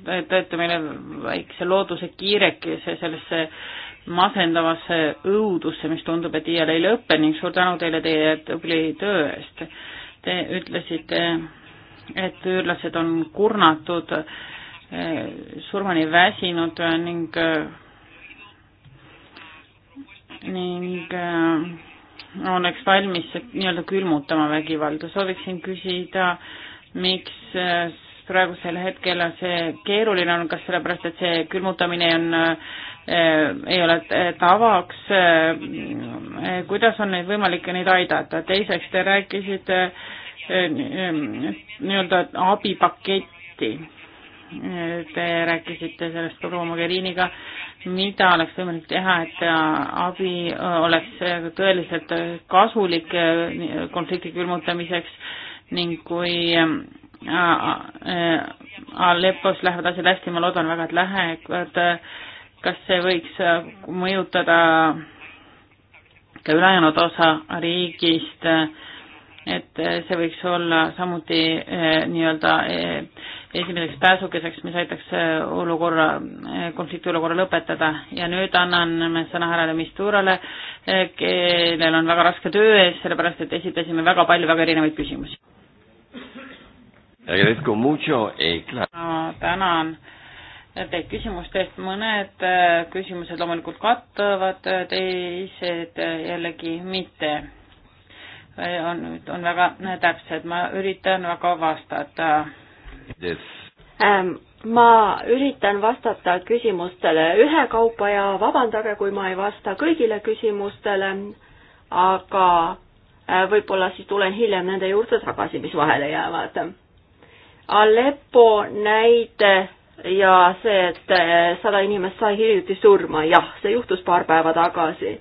olete meile väikse looduse kiirekese sellesse masendavasse õudusse, mis tundub, et iial ei lõpe ning suur tänu teile teie tubli töö eest. Te ütlesite, et üürlased on kurnatud, eh, surmani väsinud ning, ning eh, oleks valmis nii-öelda külmutama vägivalda. sooviksin küsida, miks eh, praegusel hetkel see keeruline on, kas sellepärast, et see külmutamine on äh, Äh, ei ole äh, tavaks, äh, kuidas on neid võimalik neid aidata, teiseks te rääkisite nii-öelda abipaketti. Te rääkisite sellest proua Mogheriniga, mida oleks võimalik teha, et abi oleks tõeliselt kasulik konflikti külmutamiseks ning kui ähm, Aleppos lähevad asjad hästi, ma loodan väga, et lähevad kas see võiks äh, mõjutada ka ülejäänud osa riigist, äh, et äh, see võiks olla samuti nii-öelda esimeseks pääsukeseks, mis aitaks olukorra, konfliktiolukorra lõpetada ja nüüd annan sõna härrale Misturale, kellel on väga raske töö ees, sellepärast et esitasime väga palju väga erinevaid küsimusi. Eh, ma tänan teid küsimuste eest, mõned äh, küsimused loomulikult kattuvad, äh, teised äh, jällegi mitte. on, on väga täpsed, ma üritan väga vastata yes.. Ähm, ma üritan vastata küsimustele ühekaupa ja vabandage, kui ma ei vasta kõigile küsimustele, aga võib-olla siis tulen hiljem nende juurde tagasi, mis vahele jäävad. Aleppo näide ja see, et eh, sada inimest sai hiljuti surma, jah, see juhtus paar päeva tagasi.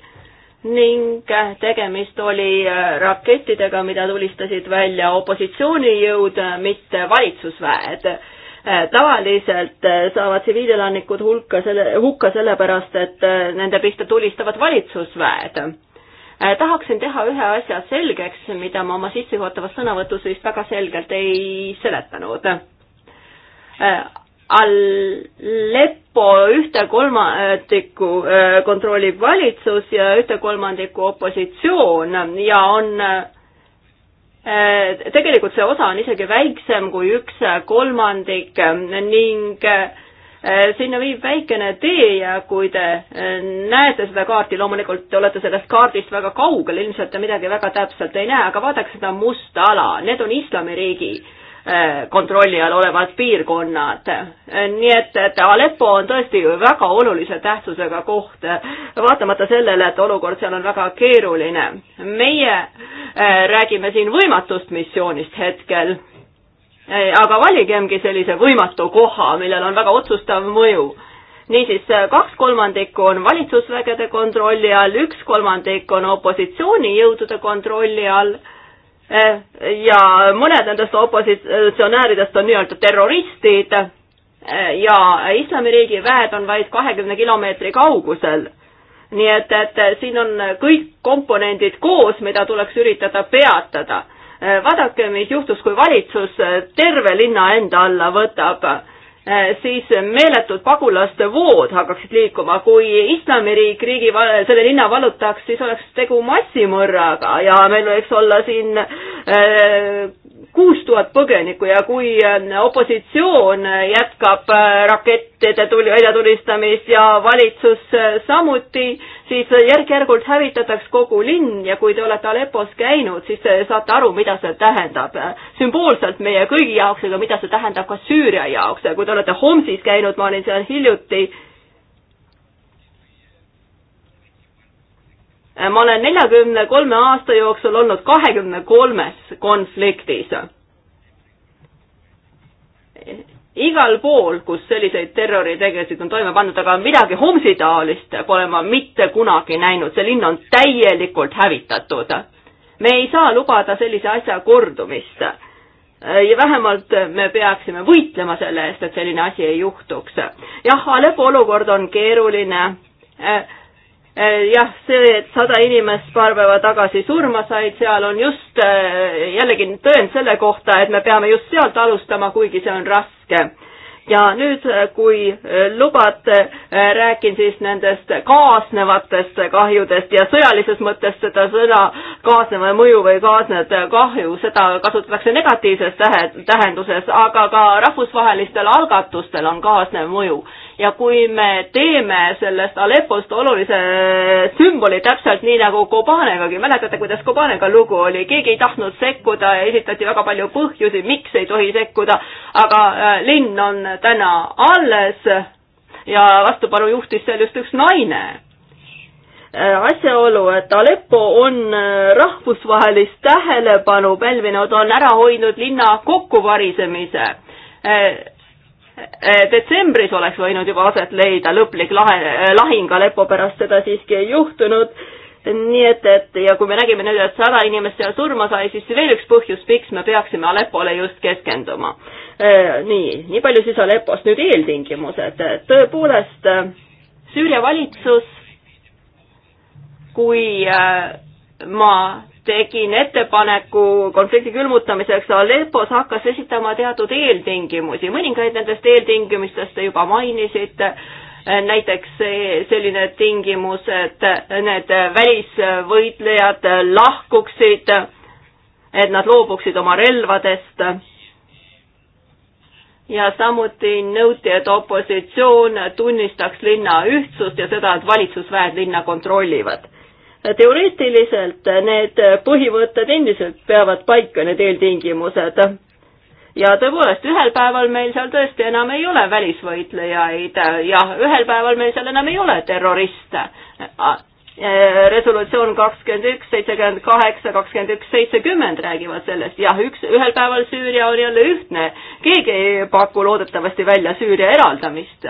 ning eh, tegemist oli eh, rakettidega, mida tulistasid välja opositsioonijõud, mitte valitsusväed tavaliselt saavad tsiviilelanikud hulka selle, hukka sellepärast, et nende pihta tulistavad valitsusväed. tahaksin teha ühe asja selgeks, mida ma oma sissejuhatavas sõnavõtus vist väga selgelt ei seletanud. Aleppo ühte kolmandikku äh, kontrollib valitsus ja ühte kolmandikku opositsioon ja on äh, tegelikult see osa on isegi väiksem kui üks kolmandik ning äh, sinna viib väikene tee ja kui te näete seda kaarti, loomulikult te olete sellest kaardist väga kaugel, ilmselt te midagi väga täpselt ei näe, aga vaadake seda musta ala, need on islamiriigi äh, Äh, kontrolli all olevad piirkonnad. nii et, et Aleppo on tõesti väga olulise tähtsusega koht, vaatamata sellele, et olukord seal on väga keeruline. meie äh, räägime siin võimatust missioonist hetkel, äh, aga valigemgi sellise võimatu koha, millel on väga otsustav mõju niisiis kaks kolmandikku on valitsusvägede kontrolli all, üks kolmandik on opositsioonijõudude kontrolli all Eh, ja mõned nendest opositsionääridest on nii-öelda terroristid eh, ja Islamiriigi väed on vaid kahekümne kilomeetri kaugusel. nii et, et siin on kõik komponendid koos, mida tuleks üritada peatada. Eh, vaadake, mis juhtus, kui valitsus terve linna enda alla võtab Äh, siis meeletud pagulaste vood hakkaksid liikuma, kui islamiriik riigi, selle linna vallutaks, siis oleks tegu massimõrraga ja meil võiks olla siin äh, kuus tuhat põgenikku ja kui äh, opositsioon äh, jätkab äh, rakettide tuli, väljatulistamist ja valitsus samuti, siis järk-järgult hävitatakse kogu linn ja kui te olete Aleppos käinud, siis te saate aru, mida see tähendab sümboolselt meie kõigi jaoks, aga mida see tähendab ka Süüria jaoks ja kui te olete Homsis käinud, ma olin seal hiljuti Äh, ma olen neljakümne kolme aasta jooksul olnud kahekümne kolmes konfliktis. igal pool, kus selliseid terroritegesid on toime pandud, aga midagi Homsi taolist pole ma mitte kunagi näinud, see linn on täielikult hävitatud. me ei saa lubada sellise asja kordumist. Äh, ja vähemalt me peaksime võitlema selle eest, et selline asi ei juhtuks. jah, Aleppo olukord on keeruline äh, Eh, jah, see, et sada inimest paar päeva tagasi surma said, seal on just eh, jällegi tõend selle kohta, et me peame just sealt alustama, kuigi see on raske. ja nüüd, eh, kui lubate, räägin siis nendest kaasnevatest kahjudest ja sõjalises mõttes seda sõna kaasneva mõju või kaasnev kahju, seda kasutatakse negatiivses tähenduses, aga ka rahvusvahelistel algatustel on kaasnev mõju ja kui me teeme sellest Aleppost olulise sümboli täpselt nii nagu Kobanegagi, mäletate, kuidas Kobanega lugu oli, keegi ei tahtnud sekkuda ja esitati väga palju põhjusi, miks ei tohi sekkuda, aga äh, linn on täna alles ja vastupanu juhtis seal just üks naine äh, asjaolu, et Aleppo on äh, rahvusvahelist tähelepanu pälvinud, on ära hoidnud linna kokkuvarisemise Eh, detsembris oleks võinud juba aset leida lõplik lahe, eh, lahing Aleppo pärast seda siiski ei juhtunud. nii et, et ja kui me nägime nüüd, et sada inimest seal surma sai, siis veel üks põhjus, miks me peaksime Aleppole just keskenduma. Eh, nii, nii palju siis Aleppost. nüüd eeltingimused. tõepoolest, Süüria valitsus, kui ma tegin ettepaneku konflikti külmutamiseks Aleppos, hakkas esitama teatud eeltingimusi, mõningaid nendest eeltingimustest te juba mainisite, näiteks selline tingimus, et need välisvõitlejad lahkuksid, et nad loobuksid oma relvadest ja samuti nõuti, et opositsioon tunnistaks linna ühtsust ja seda, et valitsusväed linna kontrollivad teoreetiliselt need põhivõtted endiselt peavad paika, need eeltingimused. ja tõepoolest, ühel päeval meil seal tõesti enam ei ole välisvõitlejaid, jah, ühel päeval meil seal enam ei ole terroriste. E, resolutsioon kakskümmend üks, seitsekümmend kaheksa, kakskümmend üks, seitsekümmend räägivad sellest, jah, üks, ühel päeval Süüria on jälle ühtne, keegi ei paku loodetavasti välja Süüria eraldamist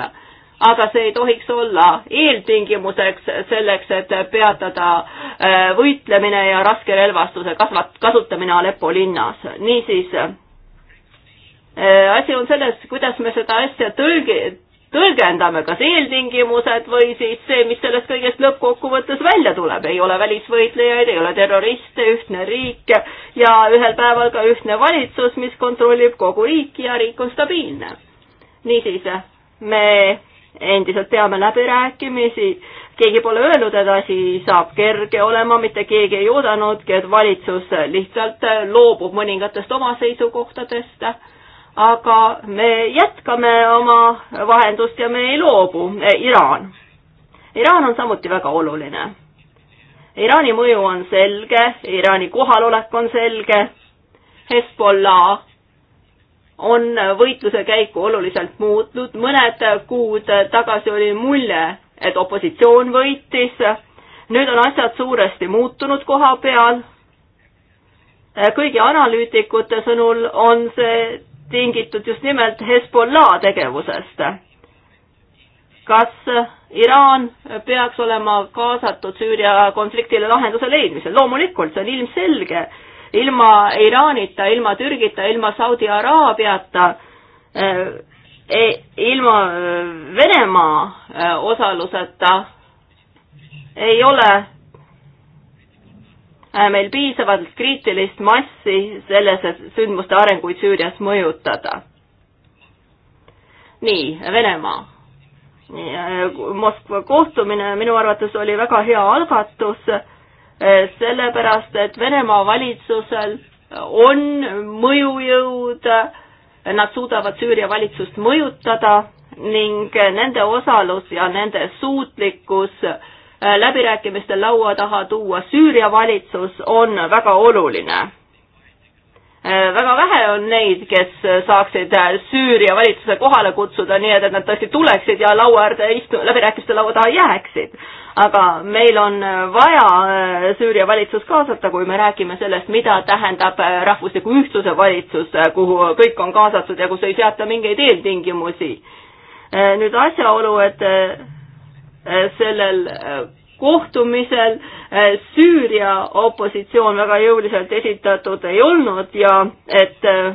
aga see ei tohiks olla eeltingimuseks selleks, et peatada äh, võitlemine ja raskerelvastuse kasvat-, kasutamine Aleppo linnas. niisiis, äh, asi on selles, kuidas me seda asja tõlgi-, tõlgendame, kas eeltingimused või siis see, mis sellest kõigest lõppkokkuvõttes välja tuleb, ei ole välisvõitlejaid, ei ole terroriste, ühtne riik ja ühel päeval ka ühtne valitsus, mis kontrollib kogu riiki ja riik on stabiilne. niisiis, me endiselt peame läbirääkimisi, keegi pole öelnud, et asi saab kerge olema, mitte keegi ei oodanudki, et valitsus lihtsalt loobub mõningatest oma seisukohtadest, aga me jätkame oma vahendust ja me ei loobu. Eh, Iraan. Iraan on samuti väga oluline. Iraani mõju on selge, Iraani kohalolek on selge, Hezbollah on võitluse käiku oluliselt muutnud, mõned kuud tagasi oli mulje, et opositsioon võitis, nüüd on asjad suuresti muutunud koha peal. kõigi analüütikute sõnul on see tingitud just nimelt Hezbollah tegevusest. kas Iraan peaks olema kaasatud Süüria konfliktile lahenduse leidmisel? loomulikult, see on ilmselge ilma Iraanita, ilma Türgita, ilma Saudi Araabiata, eh, eh, ilma eh, Venemaa osaluseta ei ole meil piisavalt kriitilist massi selles, et sündmuste arenguid Süürias mõjutada. nii, Venemaa. Moskva kohtumine minu arvates oli väga hea algatus Eh, sellepärast et Venemaa valitsusel on mõjujõud, nad suudavad Süüria valitsust mõjutada ning nende osalus ja nende suutlikkus eh, läbirääkimiste laua taha tuua Süüria valitsus on väga oluline Äh, väga vähe on neid, kes äh, saaksid äh, Süüria valitsuse kohale kutsuda, nii et, et nad tõesti tuleksid ja laua äärde istu-, läbirääkimiste laua taha jääksid. aga meil on vaja Süüria valitsus kaasata, kui me räägime sellest, mida tähendab rahvusliku ühtsuse valitsus, kuhu kõik on kaasatud ja kus ei seata mingeid eeltingimusi. nüüd asjaolu, et sellel kohtumisel eh, Süüria opositsioon väga jõuliselt esitatud ei olnud ja et eh,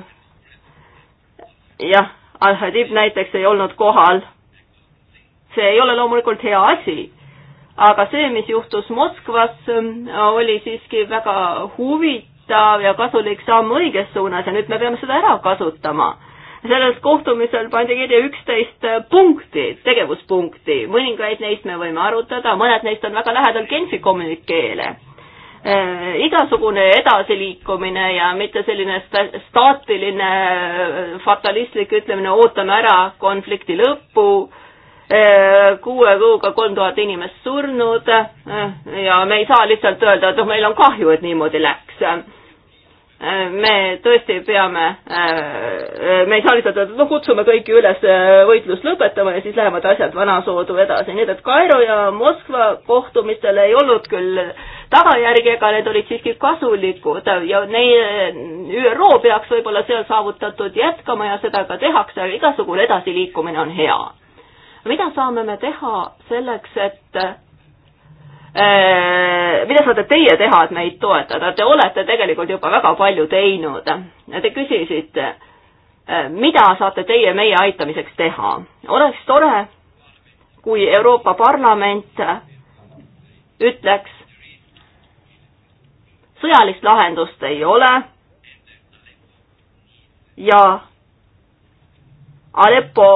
jah, Al-Hadib näiteks ei olnud kohal. see ei ole loomulikult hea asi, aga see, mis juhtus Moskvas, eh, oli siiski väga huvitav ja kasulik samm õiges suunas ja nüüd me peame seda ära kasutama sellel kohtumisel pandi kirja üksteist äh, punkti, tegevuspunkti, mõningaid neist me võime arutada, mõned neist on väga lähedal Genfi kommunikeele äh, igasugune edasiliikumine ja mitte selline staatiline äh, fatalistlik ütlemine, ootame ära konflikti lõppu, kuue kuuga kolm tuhat inimest surnud ja me ei saa lihtsalt öelda, et noh, meil on kahju, et niimoodi läks me tõesti peame, äh, me ei saa lihtsalt öelda, et no kutsume kõiki üles äh, võitlust lõpetama ja siis lähevad asjad vanasoodu edasi, nii et Kairo ja Moskva kohtumistel ei olnud küll tagajärgi, ega need olid siiski kasulikud ja neid, ÜRO peaks võib-olla seal saavutatud jätkama ja seda ka tehakse, igasugune edasiliikumine on hea. mida saame me teha selleks, et Äh, mida saate teie teha, et meid toetada, te olete tegelikult juba väga palju teinud. Te küsisite, äh, mida saate teie meie aitamiseks teha? oleks tore, kui Euroopa Parlament ütleks, sõjalist lahendust ei ole ja Aleppo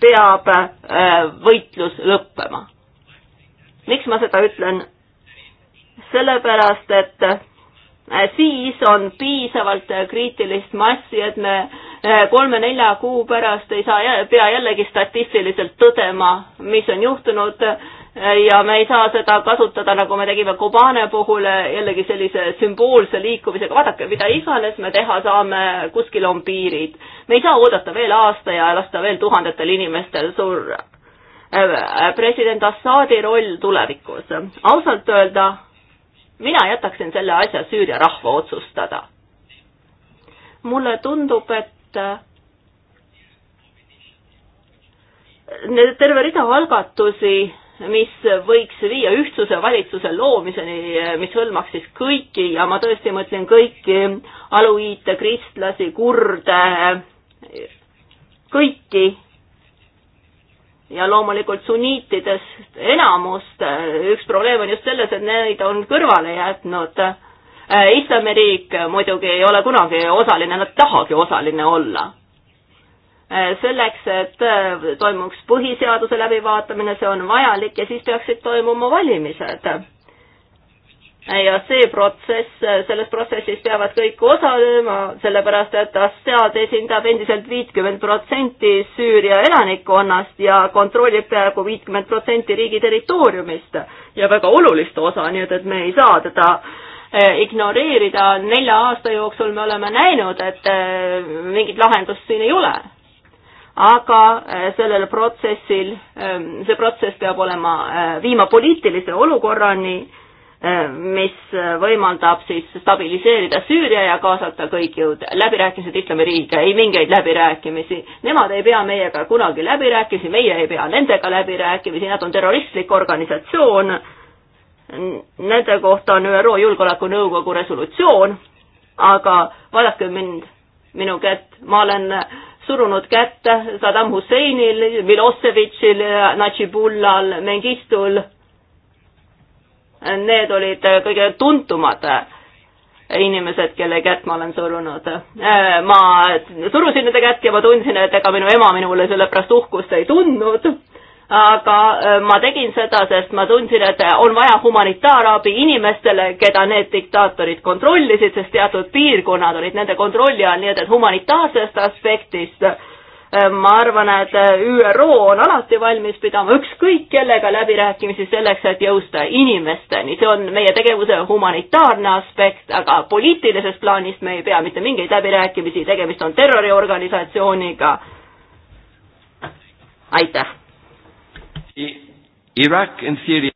peab äh, võitlus lõppema miks ma seda ütlen? sellepärast, et äh, siis on piisavalt äh, kriitilist massi, et me äh, kolme-nelja kuu pärast ei saa, pea jällegi statistiliselt tõdema, mis on juhtunud ja me ei saa seda kasutada, nagu me tegime Kobane puhul, jällegi sellise sümboolse liikumisega, vaadake, mida iganes me teha saame, kuskil on piirid. me ei saa oodata veel aasta ja lasta veel tuhandetel inimestel surra Äh, äh, president Assadi roll tulevikus. ausalt öelda, mina jätaksin selle asja Süüria rahva otsustada. mulle tundub, et äh, terve rida algatusi, mis võiks viia ühtsuse valitsuse loomiseni, mis hõlmaks siis kõiki ja ma tõesti mõtlen kõiki aluiite, kristlasi, kurde, kõiki ja loomulikult sunniitidest enamust. Äh, üks probleem on just selles, et neid on kõrvale jätnud. Äh, islamiriik muidugi ei ole kunagi osaline, nad tahagi osaline olla. Äh, selleks, et toimuks põhiseaduse läbivaatamine, see on vajalik ja siis peaksid toimuma valimised ja see protsess, selles protsessis peavad kõik osalema, sellepärast et Assad esindab endiselt viitkümmend protsenti Süüria elanikkonnast ja kontrollib peaaegu viitkümmend protsenti riigi territooriumist ja väga olulist osa, nii et, et me ei saa teda eh, ignoreerida, nelja aasta jooksul me oleme näinud, et eh, mingit lahendust siin ei ole aga eh, sellel protsessil, see protsess peab olema, viima poliitilise olukorrani, mis võimaldab siis stabiliseerida Süüria ja kaasata kõik jõud. läbirääkimised Islamiriigiga, ei mingeid läbirääkimisi. Nemad ei pea meiega kunagi läbirääkimisi, meie ei pea nendega läbirääkimisi, nad on terroristlik organisatsioon. Nende kohta on ÜRO Julgeolekunõukogu resolutsioon, aga vaadake mind, minu kätt, ma olen surunud kätte Saddam Husseinil, Miloševitšil, Najibullal, Mengistul need olid äh, kõige tuntumad äh, inimesed, kelle kätt ma olen surunud. Äh, ma surusin nende kätt ja ma tundsin, et ega minu ema minule sellepärast uhkust ei tundnud, aga ma tegin seda, sest ma tundsin, et on vaja humanitaarabi inimestele, keda need diktaatorid kontrollisid, sest teatud piirkonnad olid nende kontrolli all, nii et, et humanitaarsest aspektist äh, Ehm, ma arvan, et eh, ÜRO on alati valmis pidama ükskõik kellega läbirääkimisi selleks, et jõusta inimesteni, see on meie tegevuse humanitaarne aspekt, aga poliitilises plaanis me ei pea mitte mingeid läbirääkimisi, tegemist on terroriorganisatsiooniga. aitäh. Iraak and Syria.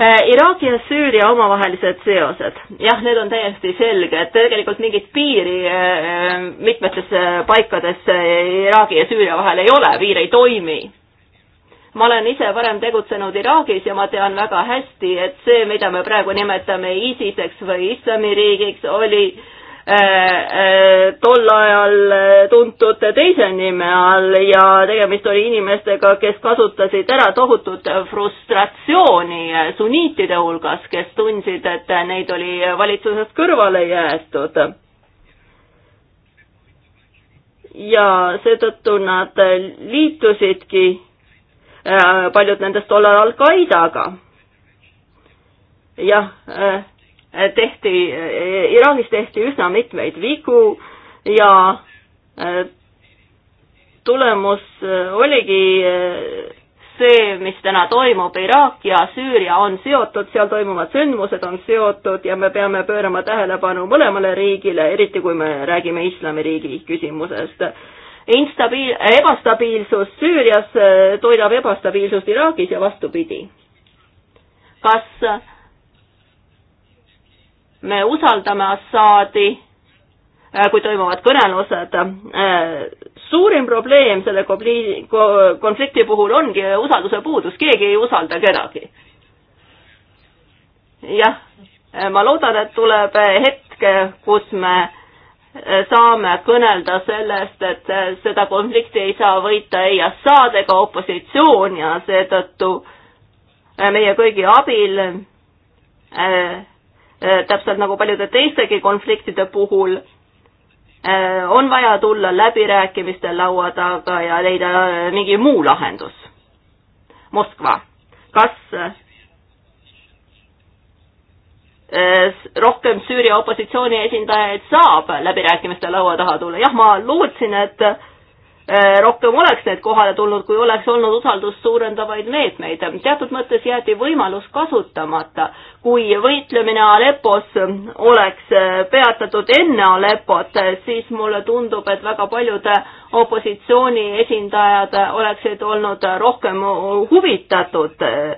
Äh, Iraagi ja Süüria omavahelised seosed, jah, need on täiesti selged, tegelikult mingit piiri äh, mitmetes äh, paikades Iraagi ja Süüria vahel ei ole, piir ei toimi. ma olen ise varem tegutsenud Iraagis ja ma tean väga hästi, et see, mida me praegu nimetame ISISeks või Islamiriigiks, oli äh, tol ajal tuntud teise nime all ja tegemist oli inimestega, kes kasutasid ära tohutut frustratsiooni sunniitide hulgas, kes tundsid, et neid oli valitsusest kõrvale jäetud ja seetõttu nad liitusidki äh, paljud nendest tollal Al-Qaidaga. jah, äh, tehti, Iraagis tehti üsna mitmeid vigu ja äh, tulemus äh, oligi äh, see, mis täna toimub, Iraak ja Süüria on seotud, seal toimuvad sündmused on seotud ja me peame pöörama tähelepanu mõlemale riigile, eriti kui me räägime islamiriigi küsimusest. Instabiil-, ebastabiilsus Süürias toidab ebastabiilsust Iraagis ja vastupidi. kas me usaldame Assaadi, äh, kui toimuvad kõnelused. Äh, suurim probleem selle konflikti puhul ongi usalduse puudus, keegi ei usalda kedagi. jah, äh, ma loodan, et tuleb hetk, kus me saame kõnelda sellest, et seda konflikti ei saa võita ei Assad ega opositsioon ja seetõttu meie kõigi abil Äh, täpselt nagu paljude teistegi konfliktide puhul äh, on vaja tulla läbirääkimiste laua taga ja leida äh, mingi muu lahendus. Moskva, kas rohkem Süüria opositsiooni esindajaid saab läbirääkimiste laua taha tulla, jah, ma lootsin, et Äh, rohkem oleks neid kohale tulnud, kui oleks olnud usaldust suurendavaid meetmeid. teatud mõttes jäeti võimalus kasutamata. kui võitlemine Aleppos oleks äh, peatatud enne Aleppot, siis mulle tundub, et väga paljud opositsiooni esindajad oleksid olnud rohkem huvitatud äh,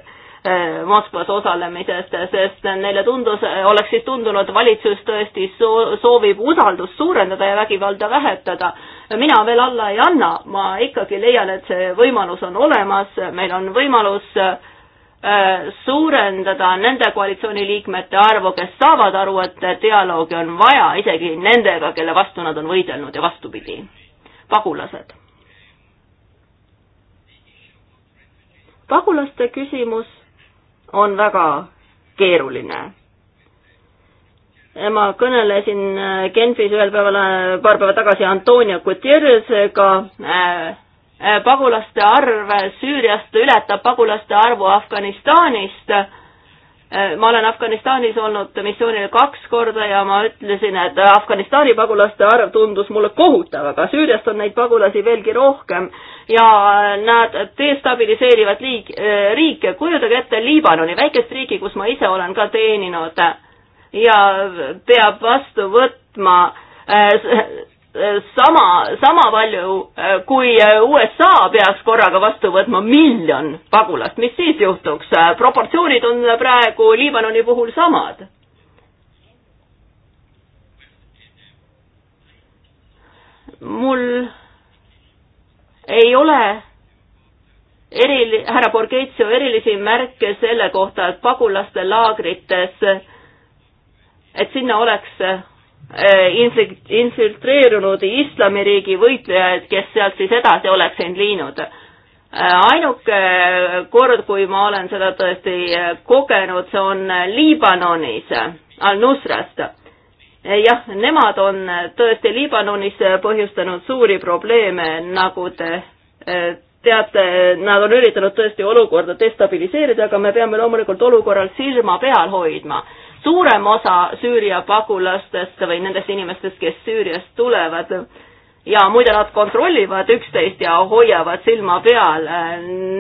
Moskvas osalemisest, sest neile tundus, oleks siis tundunud, valitsus tõesti soo-, soovib usaldust suurendada ja vägivalda vähetada. mina veel alla ei anna, ma ikkagi leian, et see võimalus on olemas, meil on võimalus äh, suurendada nende koalitsiooniliikmete arvu, kes saavad aru, et dialoogi on vaja, isegi nendega, kelle vastu nad on võidelnud ja vastupidi, pagulased. pagulaste küsimus on väga keeruline. ma kõnelesin äh, Genfis ühel päeval, äh, paar päeva tagasi Antonio Guterresega äh, äh,, pagulaste arv Süüriast ületab pagulaste arvu Afganistanist Äh, ma olen Afganistanis olnud missioonil kaks korda ja ma ütlesin, et Afganistani pagulaste arv tundus mulle kohutav, aga Süüriast on neid pagulasi veelgi rohkem ja äh, nad destabiliseerivad liik-, äh, riike, kujutage ette Liibanoni, väikest riiki, kus ma ise olen ka teeninud ja peab vastu võtma Äh, sama, sama palju, äh, kui äh, USA peaks korraga vastu võtma miljon pagulast, mis siis juhtuks? proportsioonid on praegu Liibanoni puhul samad. mul ei ole eri, härra Borghezio erilisi märke selle kohta, et pagulaste laagrites, et sinna oleks Äh, infiltreerunud islamiriigi võitlejaid, kes sealt siis edasi oleks end viinud. Äh, ainuke kord, kui ma olen seda tõesti äh, kogenud, see on Liibanonis, Al-Nusrast. jah, nemad on tõesti Liibanonis põhjustanud suuri probleeme, nagu te teate, nad on üritanud tõesti olukorda destabiliseerida, aga me peame loomulikult olukorral silma peal hoidma suurem osa Süüria pagulastest või nendest inimestest, kes Süüriast tulevad, ja muide, nad kontrollivad üksteist ja hoiavad silma peal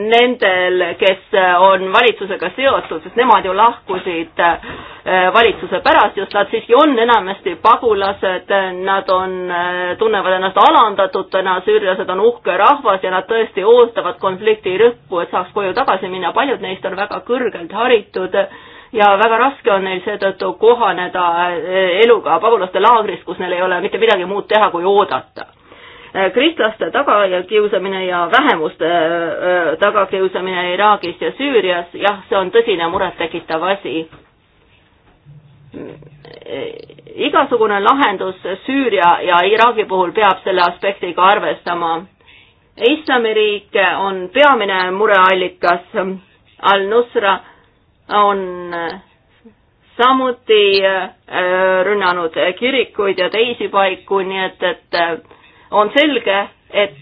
nendel, kes on valitsusega seotud, sest nemad ju lahkusid eh, valitsuse pärast, just nad siiski on enamasti pagulased, nad on, eh, tunnevad ennast alandatutena, süürlased on uhke rahvas ja nad tõesti ootavad konflikti lõppu, et saaks koju tagasi minna, paljud neist on väga kõrgelt haritud ja väga raske on neil seetõttu kohaneda eh, eluga pagulaste laagris, kus neil ei ole mitte midagi muud teha, kui oodata. Eh, kristlaste tagakiusamine ja vähemuste eh, tagakiusamine Iraagis ja Süürias, jah, see on tõsine murettekitav asi igasugune lahendus Süüria ja Iraagi puhul peab selle aspektiga arvestama. islamiriik on peamine mureallikas. Al-Nusra on äh, samuti äh, rünnanud kirikuid ja teisi paiku, nii et, et äh, on selge, et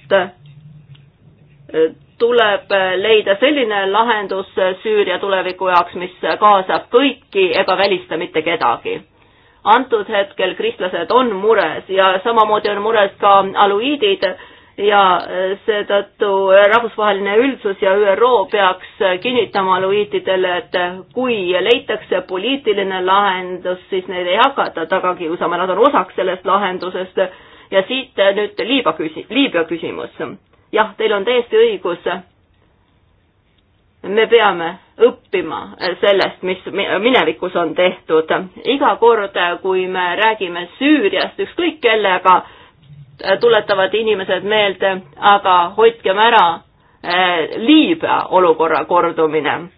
tuleb leida selline lahendus Süüria tuleviku jaoks, mis kaasab kõiki ega välista mitte kedagi. antud hetkel kristlased on mures ja samamoodi on mures ka aluiidid, ja äh, seetõttu äh, rahvusvaheline üldsus ja ÜRO peaks äh, kinnitama Luiitidele, et kui leitakse poliitiline lahendus, siis neid ei hakata taga kiusama, nad on osaks sellest lahendusest ja siit nüüd Liiba küsi-, Liibüa küsimus. jah, teil on täiesti õigus, me peame õppima sellest, mis minevikus on tehtud. iga kord, kui me räägime Süüriast ükskõik kellega, Äh, tuletavad inimesed meelde, aga hoidkem ära äh, Liibüa olukorra kordumine.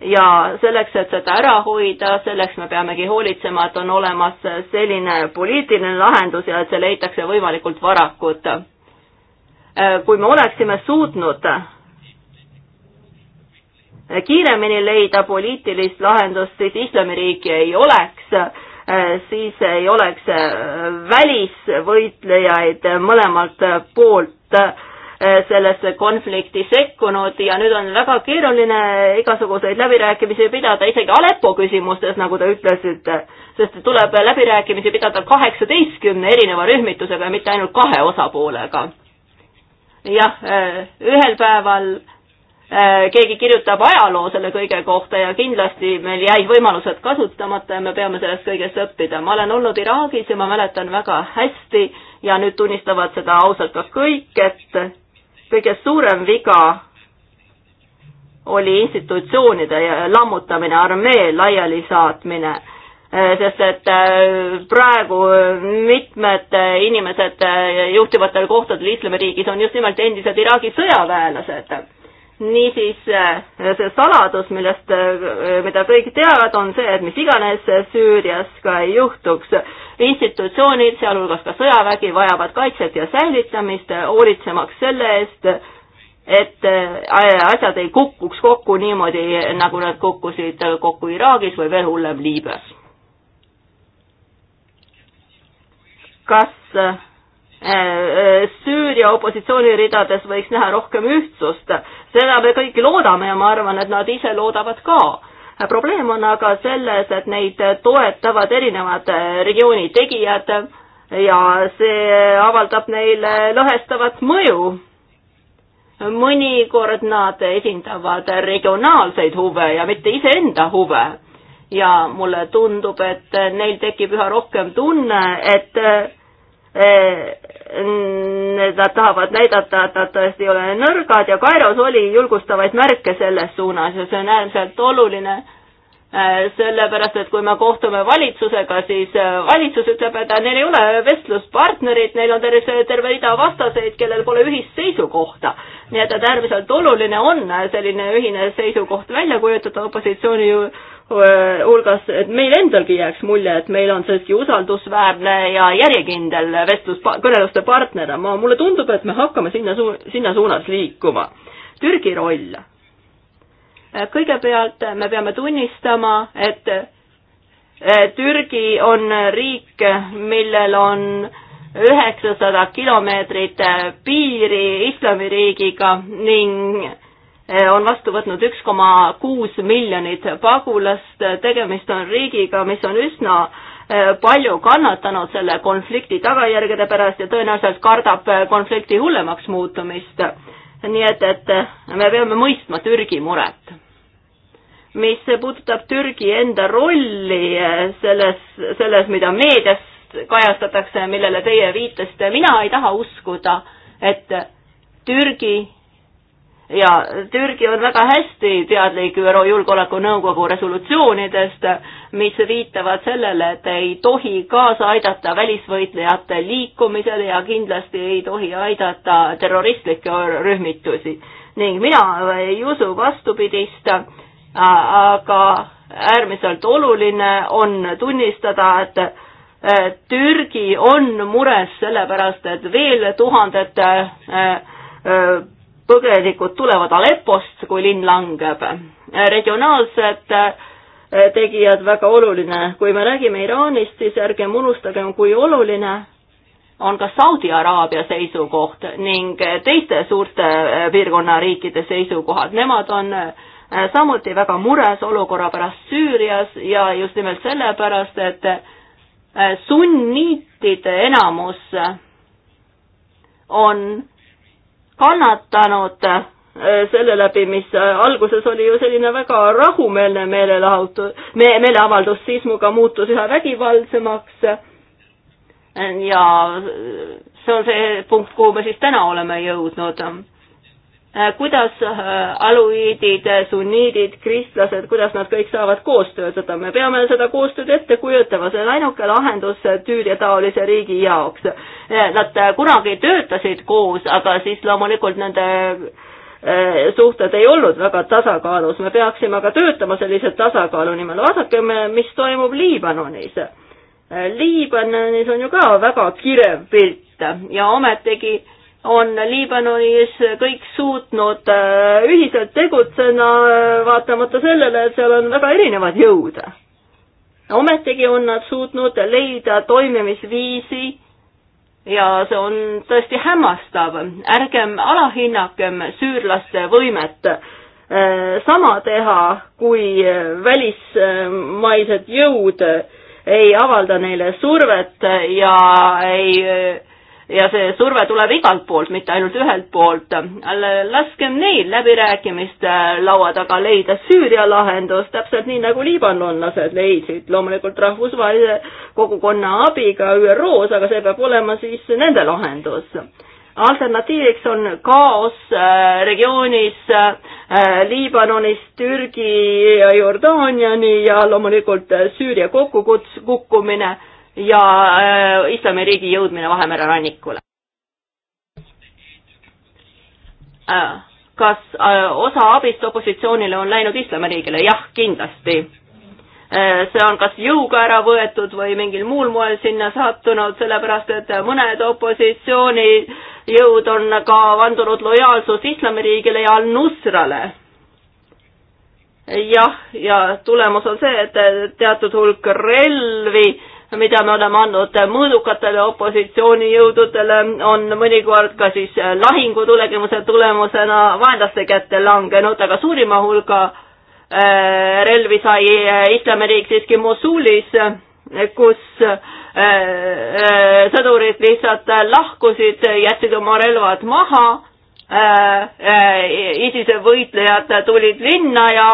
ja selleks, et seda ära hoida, selleks me peamegi hoolitsema, et on olemas selline poliitiline lahendus ja et see leitakse võimalikult varakult. Äh, kui me oleksime suutnud kiiremini leida poliitilist lahendust, siis islamiriiki ei oleks Eh, siis ei oleks eh, välisvõitlejaid eh, mõlemalt poolt sellesse konflikti sekkunud ja nüüd on väga keeruline igasuguseid läbirääkimisi pidada, isegi Aleppo küsimustes, nagu te ütlesite, sest tuleb läbirääkimisi pidada kaheksateistkümne erineva rühmitusega ja mitte ainult kahe osapoolega. jah, ühel päeval Äh, keegi kirjutab ajaloo selle kõige kohta ja kindlasti meil jäid võimalused kasutamata ja me peame sellest kõigest õppida. ma olen olnud Iraagis ja ma mäletan väga hästi ja nüüd tunnistavad seda ausalt ka kõik, et kõige suurem viga oli institutsioonide lammutamine, armee laialisaatmine äh, sest et äh, praegu mitmed inimesed juhtivatel kohtadel islamiriigis on just nimelt endised Iraagi sõjaväelased niisiis äh, see saladus, millest, äh, mida kõik teavad, on see, et mis iganes Süürias ka ei juhtuks, institutsioonid, sealhulgas ka sõjavägi, vajavad kaitset ja säilitamist, äh, hoolitsemaks selle eest, et asjad ei kukuks kokku niimoodi, nagu nad kukkusid kokku Iraagis või veel hullem Liibüas. kas Äh, äh, Süüria opositsiooni ridades võiks näha rohkem ühtsust. seda me kõik loodame ja ma arvan, et nad ise loodavad ka. Äh, probleem on aga selles, et neid toetavad erinevad regiooni tegijad ja see avaldab neile lõhestavat mõju. mõnikord nad esindavad regionaalseid huve ja mitte iseenda huve ja mulle tundub, et neil tekib üha rohkem tunne, et Eh, nad tahavad näidata, et nad tõesti ei ole nõrgad ja Kairos oli julgustavaid märke selles suunas ja see on äärmiselt oluline eh, sellepärast, et kui me kohtume valitsusega, siis eh, valitsus ütleb, et neil ei ole vestluspartnerit, neil on terve, terve rida vastaseid, kellel pole ühist seisukohta. nii et, et äärmiselt oluline on selline ühine seisukoht välja kujutada, opositsiooni Äh, hulgas, et meil endalgi jääks mulje, et meil on siiski usaldusväärne ja järjekindel vestlus, kõneluste partner, ma, mulle tundub, et me hakkame sinna suu-, sinna suunas liikuma. Türgi roll. Äh, kõigepealt me peame tunnistama, et äh, Türgi on riik, millel on üheksasada kilomeetrit piiri islamiriigiga ning Eh, on vastu võtnud üks koma kuus miljonit pagulast, tegemist on riigiga, mis on üsna eh, palju kannatanud selle konflikti tagajärgede pärast ja tõenäoliselt kardab eh, konflikti hullemaks muutumist. nii et, et me peame mõistma Türgi muret. mis puudutab Türgi enda rolli selles, selles, mida meedias kajastatakse, millele teie viitasite, mina ei taha uskuda, et Türgi ja Türgi on väga hästi teadlik ÜRO Julgeolekunõukogu resolutsioonidest, mis viitavad sellele, et ei tohi kaasa aidata välisvõitlejate liikumisele ja kindlasti ei tohi aidata terroristlikke rühmitusi. ning mina ei usu vastupidist, aga äärmiselt oluline on tunnistada, et e, Türgi on mures sellepärast, et veel tuhanded e, e, põgenikud tulevad Aleppost, kui linn langeb. regionaalsed eh, tegijad väga oluline, kui me räägime Iraanist, siis ärgem unustagem, kui oluline on ka Saudi Araabia seisukoht ning teiste suurte eh, piirkonna riikide seisukohad, nemad on eh, samuti väga mures olukorra pärast Süürias ja just nimelt sellepärast, et sunniitide enamus on kannatanud äh, selle läbi, mis äh, alguses oli ju selline väga rahumeelne meelelahutus, me-, meeleavaldus, siis mu ka muutus üha vägivaldsemaks ja see on see punkt, kuhu me siis täna oleme jõudnud Äh, kuidas äh, aluiidid, äh, sunniidid, kristlased, kuidas nad kõik saavad koos töötada, me peame seda koostööd ette kujutama, see on ainuke lahendus Süüria taolise riigi jaoks. Nad kunagi töötasid koos, aga siis loomulikult nende suhted ei olnud väga tasakaalus, me peaksime aga töötama sellise tasakaalu nimel, vaadakem, mis toimub Liibanonis. Liibanonis on ju ka väga kirev pilt ja ometigi äh, on Liibanonis kõik suutnud äh, ühiselt tegutseda, äh, vaatamata sellele, et seal on väga erinevad jõud. ometigi on nad suutnud leida toimimisviisi ja see on tõesti hämmastav. ärgem alahinnakem süürlaste võimet äh, sama teha, kui välismaised jõud ei avalda neile survet ja ei ja see surve tuleb igalt poolt, mitte ainult ühelt poolt. laskem neil läbirääkimiste laua taga leida Süüria lahendus, täpselt nii nagu liibanonlased leidsid, loomulikult rahvusvahelise kogukonna abiga ÜRO-s, aga see peab olema siis nende lahendus alternatiiviks on kaos äh, regioonis äh, Liibanonis, Türgi ja Jordaaniani ja loomulikult äh, Süüria kokkukukkumine ja äh, islamiriigi jõudmine Vahemere rannikule. Äh, kas äh, osa abist opositsioonile on läinud islamiriigile? jah, kindlasti. see on kas jõuga ära võetud või mingil muul moel sinna sattunud, sellepärast et mõned opositsioonijõud on ka vandunud lojaalsus islamiriigile ja al-Nusrale jah, ja tulemus on see, et teatud hulk relvi mida me oleme andnud mõõdukatele opositsioonijõududele, on mõnikord ka siis lahingu tulemuse tulemusena vaenlaste kätte langenud, aga suurima hulga äh, relvi sai äh, Islamiriik siiski Mosulis, kus äh, sõdurid lihtsalt lahkusid, jätsid oma relvad maha Äh, äh, ISISe võitlejad tulid linna ja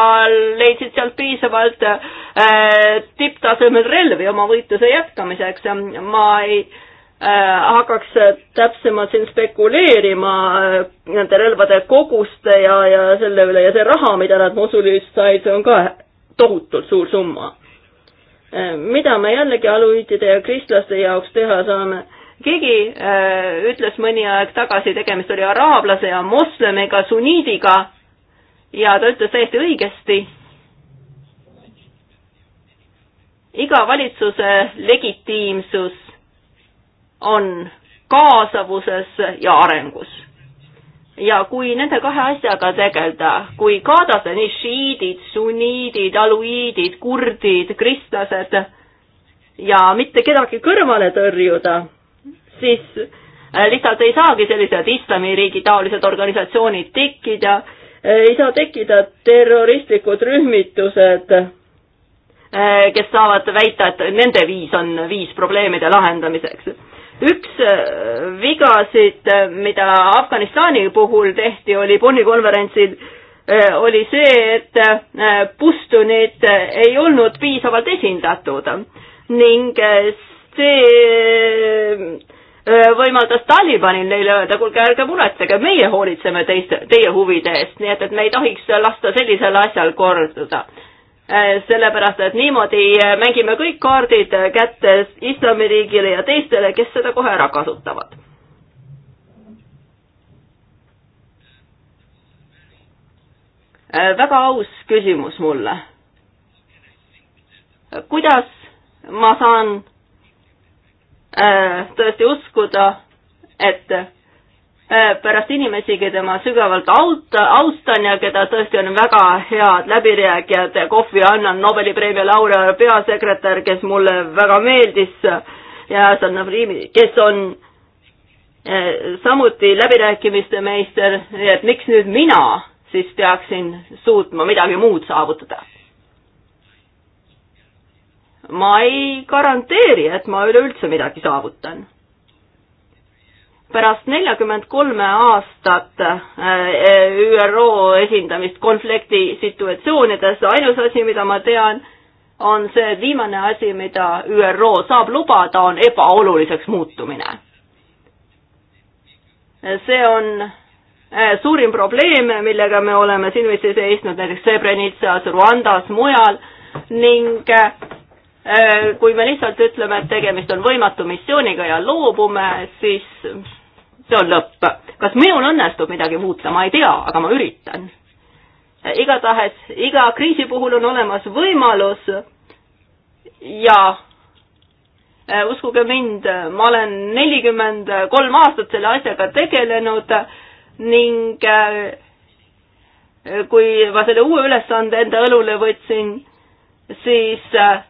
leidsid sealt piisavalt äh, tipptasemel relvi oma võitluse jätkamiseks. ma ei hakkaks täpsemalt siin spekuleerima nende relvade koguste ja, ja selle üle ja see raha, mida nad Mosulist said, see on ka tohutult suur summa. mida me jällegi aluiitide ja kristlaste jaoks teha saame keegi öö, äh, ütles mõni aeg tagasi, tegemist oli araablase ja moslemiga, sunniidiga ja ta ütles täiesti õigesti. iga valitsuse legitiimsus on kaasavuses ja arengus. ja kui nende kahe asjaga tegeleda, kui kaadata nii šiidid, sunniidid, aluiidid, kurdid, kristlased ja mitte kedagi kõrvale tõrjuda siis äh, lihtsalt ei saagi sellised islamiriigi taolised organisatsioonid tekkida, äh, ei saa tekkida terroristlikud rühmitused, äh, kes saavad väita, et nende viis on viis probleemide lahendamiseks. üks vigasid, mida Afganistani puhul tehti, oli Bonni konverentsil, oli see, et pustunid ei olnud piisavalt esindatud ning see võimaldas Talibanil neile öelda, kuulge, ärge muretsege, meie hoolitseme teiste, teie huvide eest, nii et, et me ei tohiks lasta sellisel asjal korduda. sellepärast, et niimoodi mängime kõik kaardid kätte Islamiriigile ja teistele, kes seda kohe ära kasutavad. väga aus küsimus mulle. kuidas ma saan Äh, tõesti uskuda, et äh, pärast inimesi, keda ma sügavalt aut-, austan ja keda tõesti on väga head läbirääkijad, kohvi annan Nobeli preemia laureaale peasekretär, kes mulle väga meeldis ja kes on äh, samuti läbirääkimiste meister, nii et miks nüüd mina siis peaksin suutma midagi muud saavutada ma ei garanteeri, et ma üleüldse midagi saavutan. pärast neljakümmend kolme aastat äh, äh, ÜRO esindamist konflikti situatsioonides ainus asi, mida ma tean, on see, et viimane asi, mida ÜRO saab lubada, on ebaoluliseks muutumine. see on äh, suurim probleem, millega me oleme silmitsi seisnud näiteks Srebrenitsas, Rwandas, mujal ning Äh, kui me lihtsalt ütleme, et tegemist on võimatu missiooniga ja loobume, siis see on lõpp. kas minul õnnestub midagi muuta, ma ei tea, aga ma üritan. Äh, igatahes iga kriisi puhul on olemas võimalus ja äh, uskuge mind, ma olen nelikümmend kolm aastat selle asjaga tegelenud ning kui ma selle uue ülesande enda õlule võtsin, siis äh,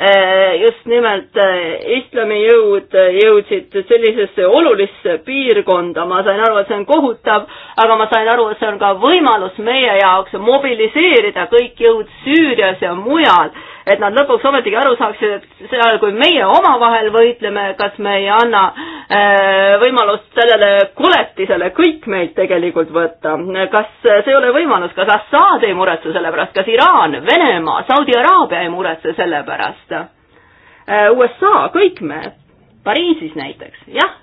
Äh, just nimelt äh, islamijõud äh, jõudsid sellisesse olulisse piirkonda, ma sain aru, et see on kohutav, aga ma sain aru, et see on ka võimalus meie jaoks mobiliseerida kõik jõud Süürias ja mujal et nad lõpuks ometigi aru saaksid, et seal, kui meie omavahel võitleme, kas me ei anna äh, võimalust sellele koletisele kõik meid tegelikult võtta. kas see ei ole võimalus, kas Assad ei muretse selle pärast, kas Iraan, Venemaa, Saudi Araabia ei muretse selle pärast? Äh, USA, kõik me, Pariisis näiteks, jah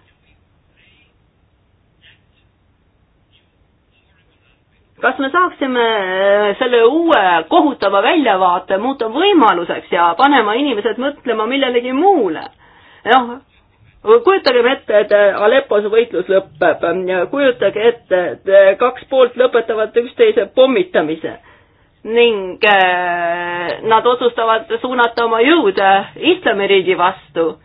kas me saaksime äh, selle uue kohutava väljavaate muuta võimaluseks ja panema inimesed mõtlema millelegi muule? noh, kujutagem ette, et äh, Aleppos võitlus lõpeb, kujutage ette, et äh, kaks poolt lõpetavad üksteise pommitamise ning nad otsustavad suunata oma jõud islamiriigi vastu.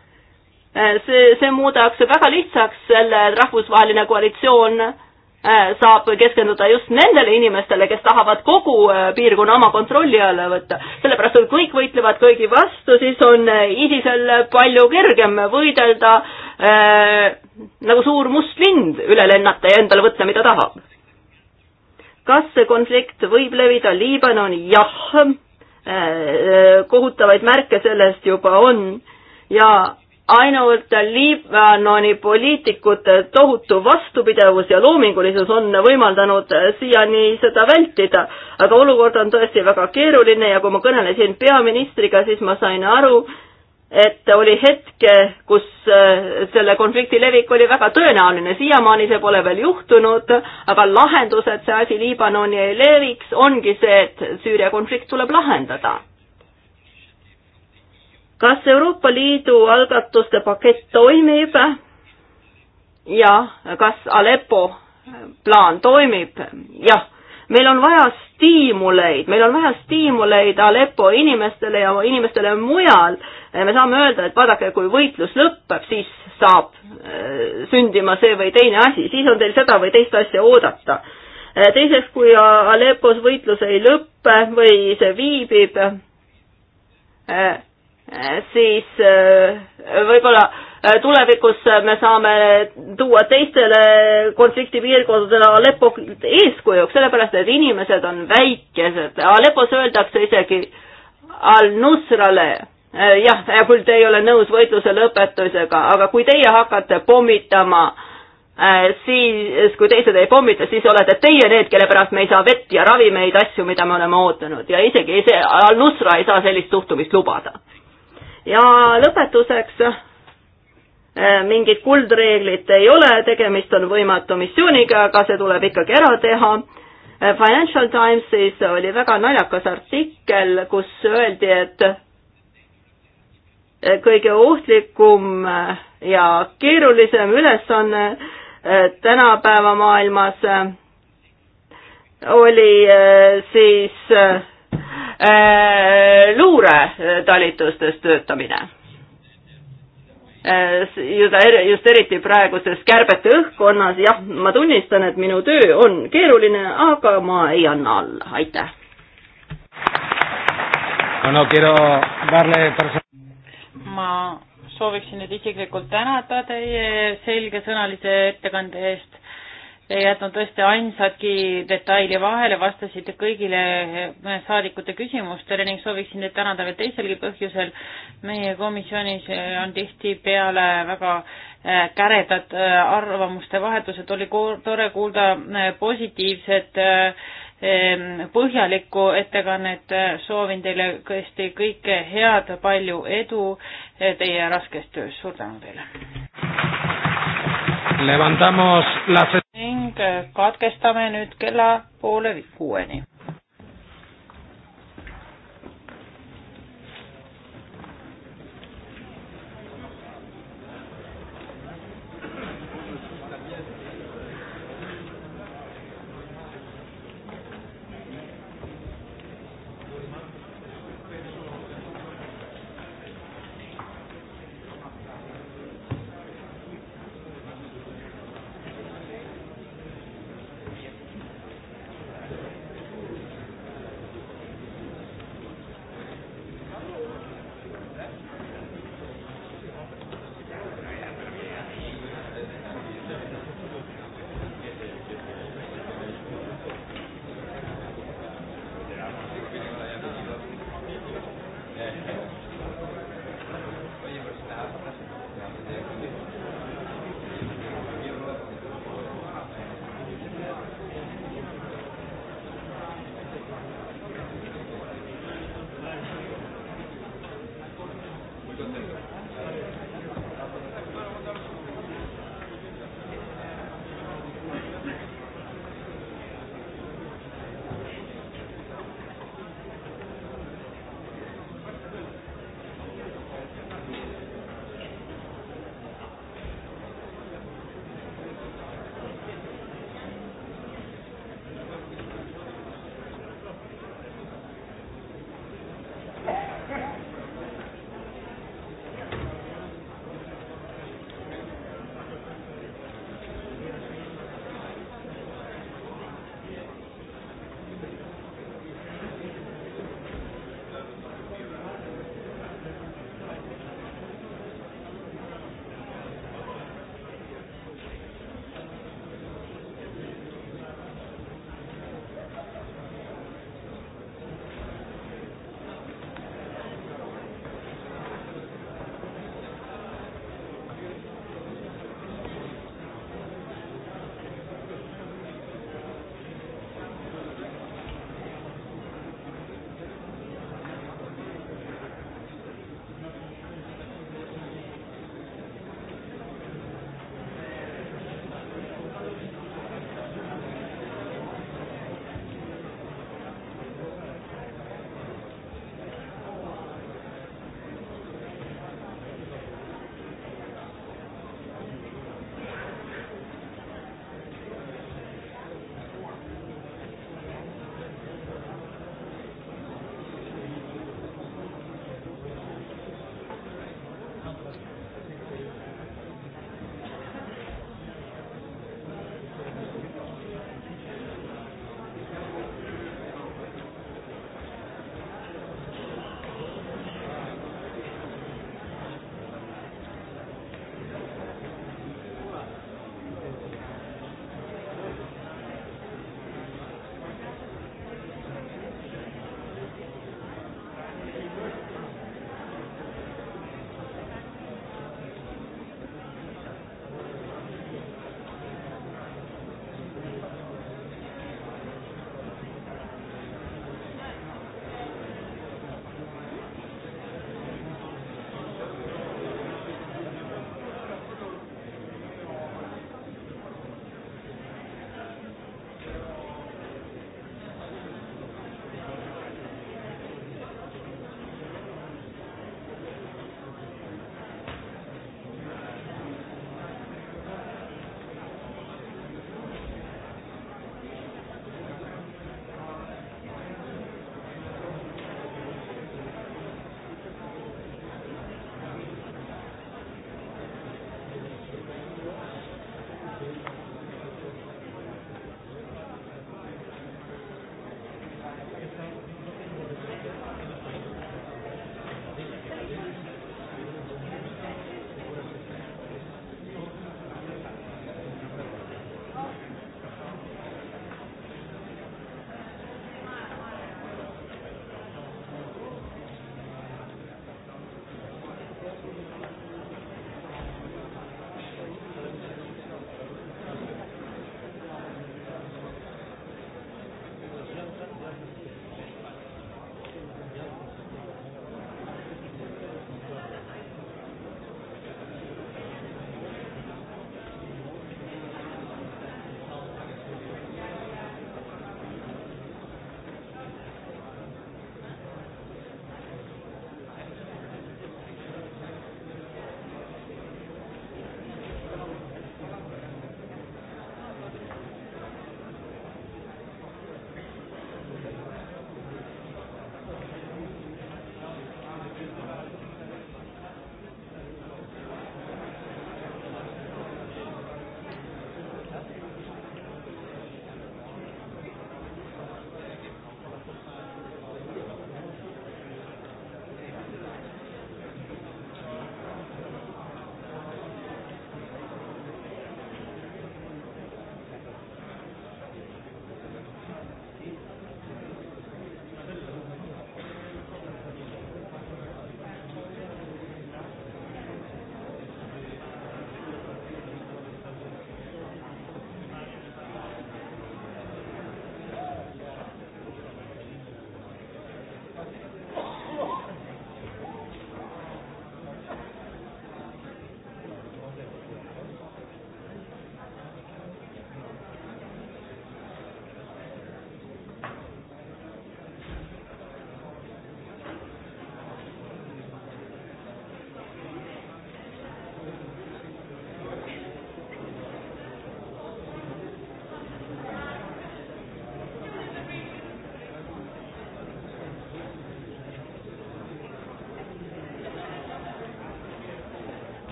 see, see muudaks väga lihtsaks selle rahvusvaheline koalitsioon Äh, saab keskenduda just nendele inimestele, kes tahavad kogu äh, piirkonna oma kontrolli alla võtta. sellepärast, et kõik võitlevad kõigi vastu, siis on äh, ISISel palju kergem võidelda äh, nagu suur must lind üle lennata ja endale võtta, mida tahab. kas see konflikt võib levida Liibanoni? jah äh,, kohutavaid märke sellest juba on ja ainult Liibanoni poliitikute tohutu vastupidavus ja loomingulisus on võimaldanud siiani seda vältida. aga olukord on tõesti väga keeruline ja kui ma kõnelesin peaministriga, siis ma sain aru, et oli hetke, kus äh, selle konflikti levik oli väga tõenäoline, siiamaani see pole veel juhtunud, aga lahendus, et see asi Liibanoni ei leviks, ongi see, et Süüria konflikt tuleb lahendada kas Euroopa Liidu algatuste pakett toimib? jah, kas Aleppo plaan toimib? jah, meil on vaja stiimuleid, meil on vaja stiimuleid Aleppo inimestele ja inimestele mujal. me saame öelda, et vaadake, kui võitlus lõpeb, siis saab äh, sündima see või teine asi, siis on teil seda või teist asja oodata. Äh, teiseks, kui Aleppos võitlus ei lõppe või see viibib, äh, Eh, siis eh, võib-olla eh, tulevikus me saame tuua teistele konfliktipiirkondadele Aleppo eeskujuks, sellepärast et inimesed on väikesed. Aleppos öeldakse isegi al-Nusrale, jah, hea küll, te ei ole nõus võitluse lõpetusega, aga kui teie hakkate pommitama, siis, kui teised ei pommita, siis olete teie need, kelle pärast me ei saa vett ja ravimeid, asju, mida me oleme ootanud ja isegi see al-Nusra ei saa sellist suhtumist lubada ja lõpetuseks, eh, mingit kuldreeglit ei ole, tegemist on võimatu missiooniga, aga see tuleb ikkagi ära teha. Eh, Financial Timesis oli väga naljakas artikkel, kus öeldi, et eh, kõige ohtlikum ja keerulisem ülesanne tänapäeva maailmas oli siis Äh, luuretalitustes töötamine. Äh, just eriti praeguses kärbete õhkkonnas, jah, ma tunnistan, et minu töö on keeruline, aga ma ei anna alla, aitäh. No quiero darle ma sooviksin nüüd isiklikult tänada teie selgesõnalise ettekande eest ei jätnud tõesti ainsadki detaili vahele, vastasite kõigile saadikute küsimustele ning sooviksin teid tänada veel teiselgi põhjusel. meie komisjonis eh, on tihtipeale väga eh, käredad eh, arvamuste vahetused, oli tore kuulda positiivset põhjalikku ettekannet, soovin teile tõesti kõike head, palju edu teie raskes töös, suur tänu teile! levantamos la ning katkestame nüüd kella poole kuueni.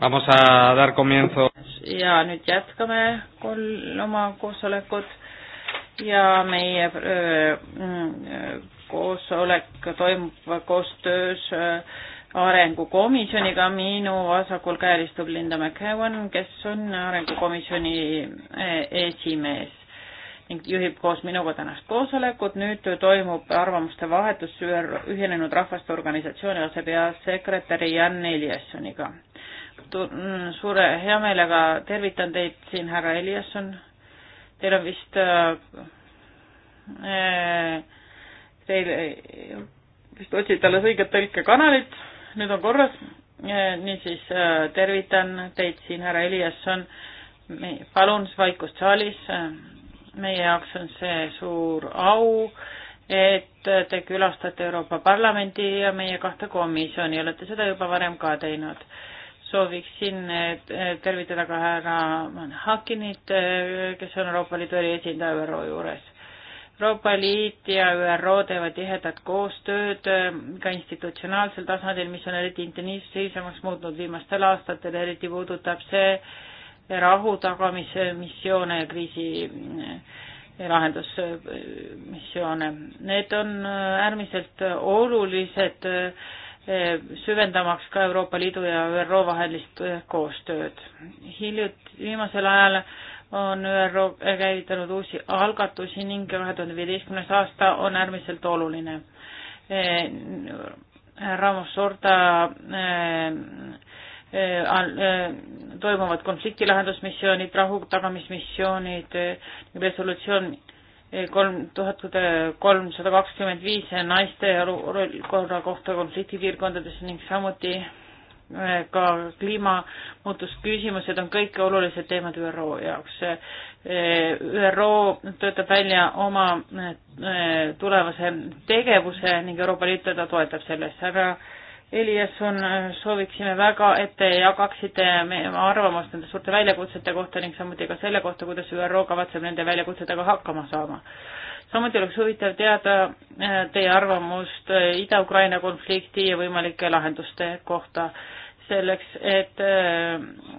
Vamos a dar comienzo. ja nüüd jätkame kol-, oma koosolekut ja meie öö, äh, mm, koosolek toimub koostöös äh, arengukomisjoniga, minu vasakul käel istub Linda McEwan, kes on arengukomisjoni äh, esimees ning juhib koos minuga tänast koosolekut. nüüd toimub arvamuste vahetus Ühinenud Rahvaste Organisatsiooni asepeasekretäri Jan Eliassoniga Mm, suure heameelega tervitan teid siin, härra Eliasson. Teil on vist äh,, äh teil vist otsite alles õiget tõlkekanalit, nüüd on korras. Äh, niisiis äh, tervitan teid siin, härra Eliasson. palun vaikust saalis. Äh, meie jaoks on see suur au et te külastate Euroopa Parlamendi ja meie kahte komisjoni, olete seda juba varem ka teinud sooviksin eh, tervitada ka härra Hakinit, eh, kes on Euroopa Liidu eriesindaja ÜRO juures. Euroopa Liit ja ÜRO teevad tihedat koostööd eh, ka institutsionaalsel tasandil, mis on eriti intensiivsemaks muutnud viimastel aastatel, eriti puudutab see rahu tagamise missioone ja kriisi lahendusmissioone. Need on äärmiselt olulised äh, süvendamaks ka Euroopa Liidu ja ÜRO vahelist äh, koostööd. hiljuti, viimasel ajal on ÜRO käivitanud uusi algatusi ning kahe tuhande viieteistkümnes aasta on äärmiselt oluline. Äh, Ramos Sorda äh, toimuvad konfliktilahendusmissioonid, rahu tagamismissioonid, resolutsioon kolm tuhat kolmsada kakskümmend viis naiste olukorra kohta konfliktipiirkondades ning samuti äh, ka kliimamuutus küsimused on kõik olulised teemad ÜRO jaoks. Äh, ÜRO töötab välja oma äh, tulevase tegevuse ning Euroopa Liit teda toetab selles, aga Eliasson, äh, sooviksime väga, et te jagaksite oma arvamust nende suurte väljakutsete kohta ning samuti ka selle kohta, kuidas ÜRO kavatseb nende väljakutsetega hakkama saama. samuti oleks huvitav teada äh, teie arvamust äh, Ida-Ukraina konflikti ja võimalike lahenduste kohta, selleks et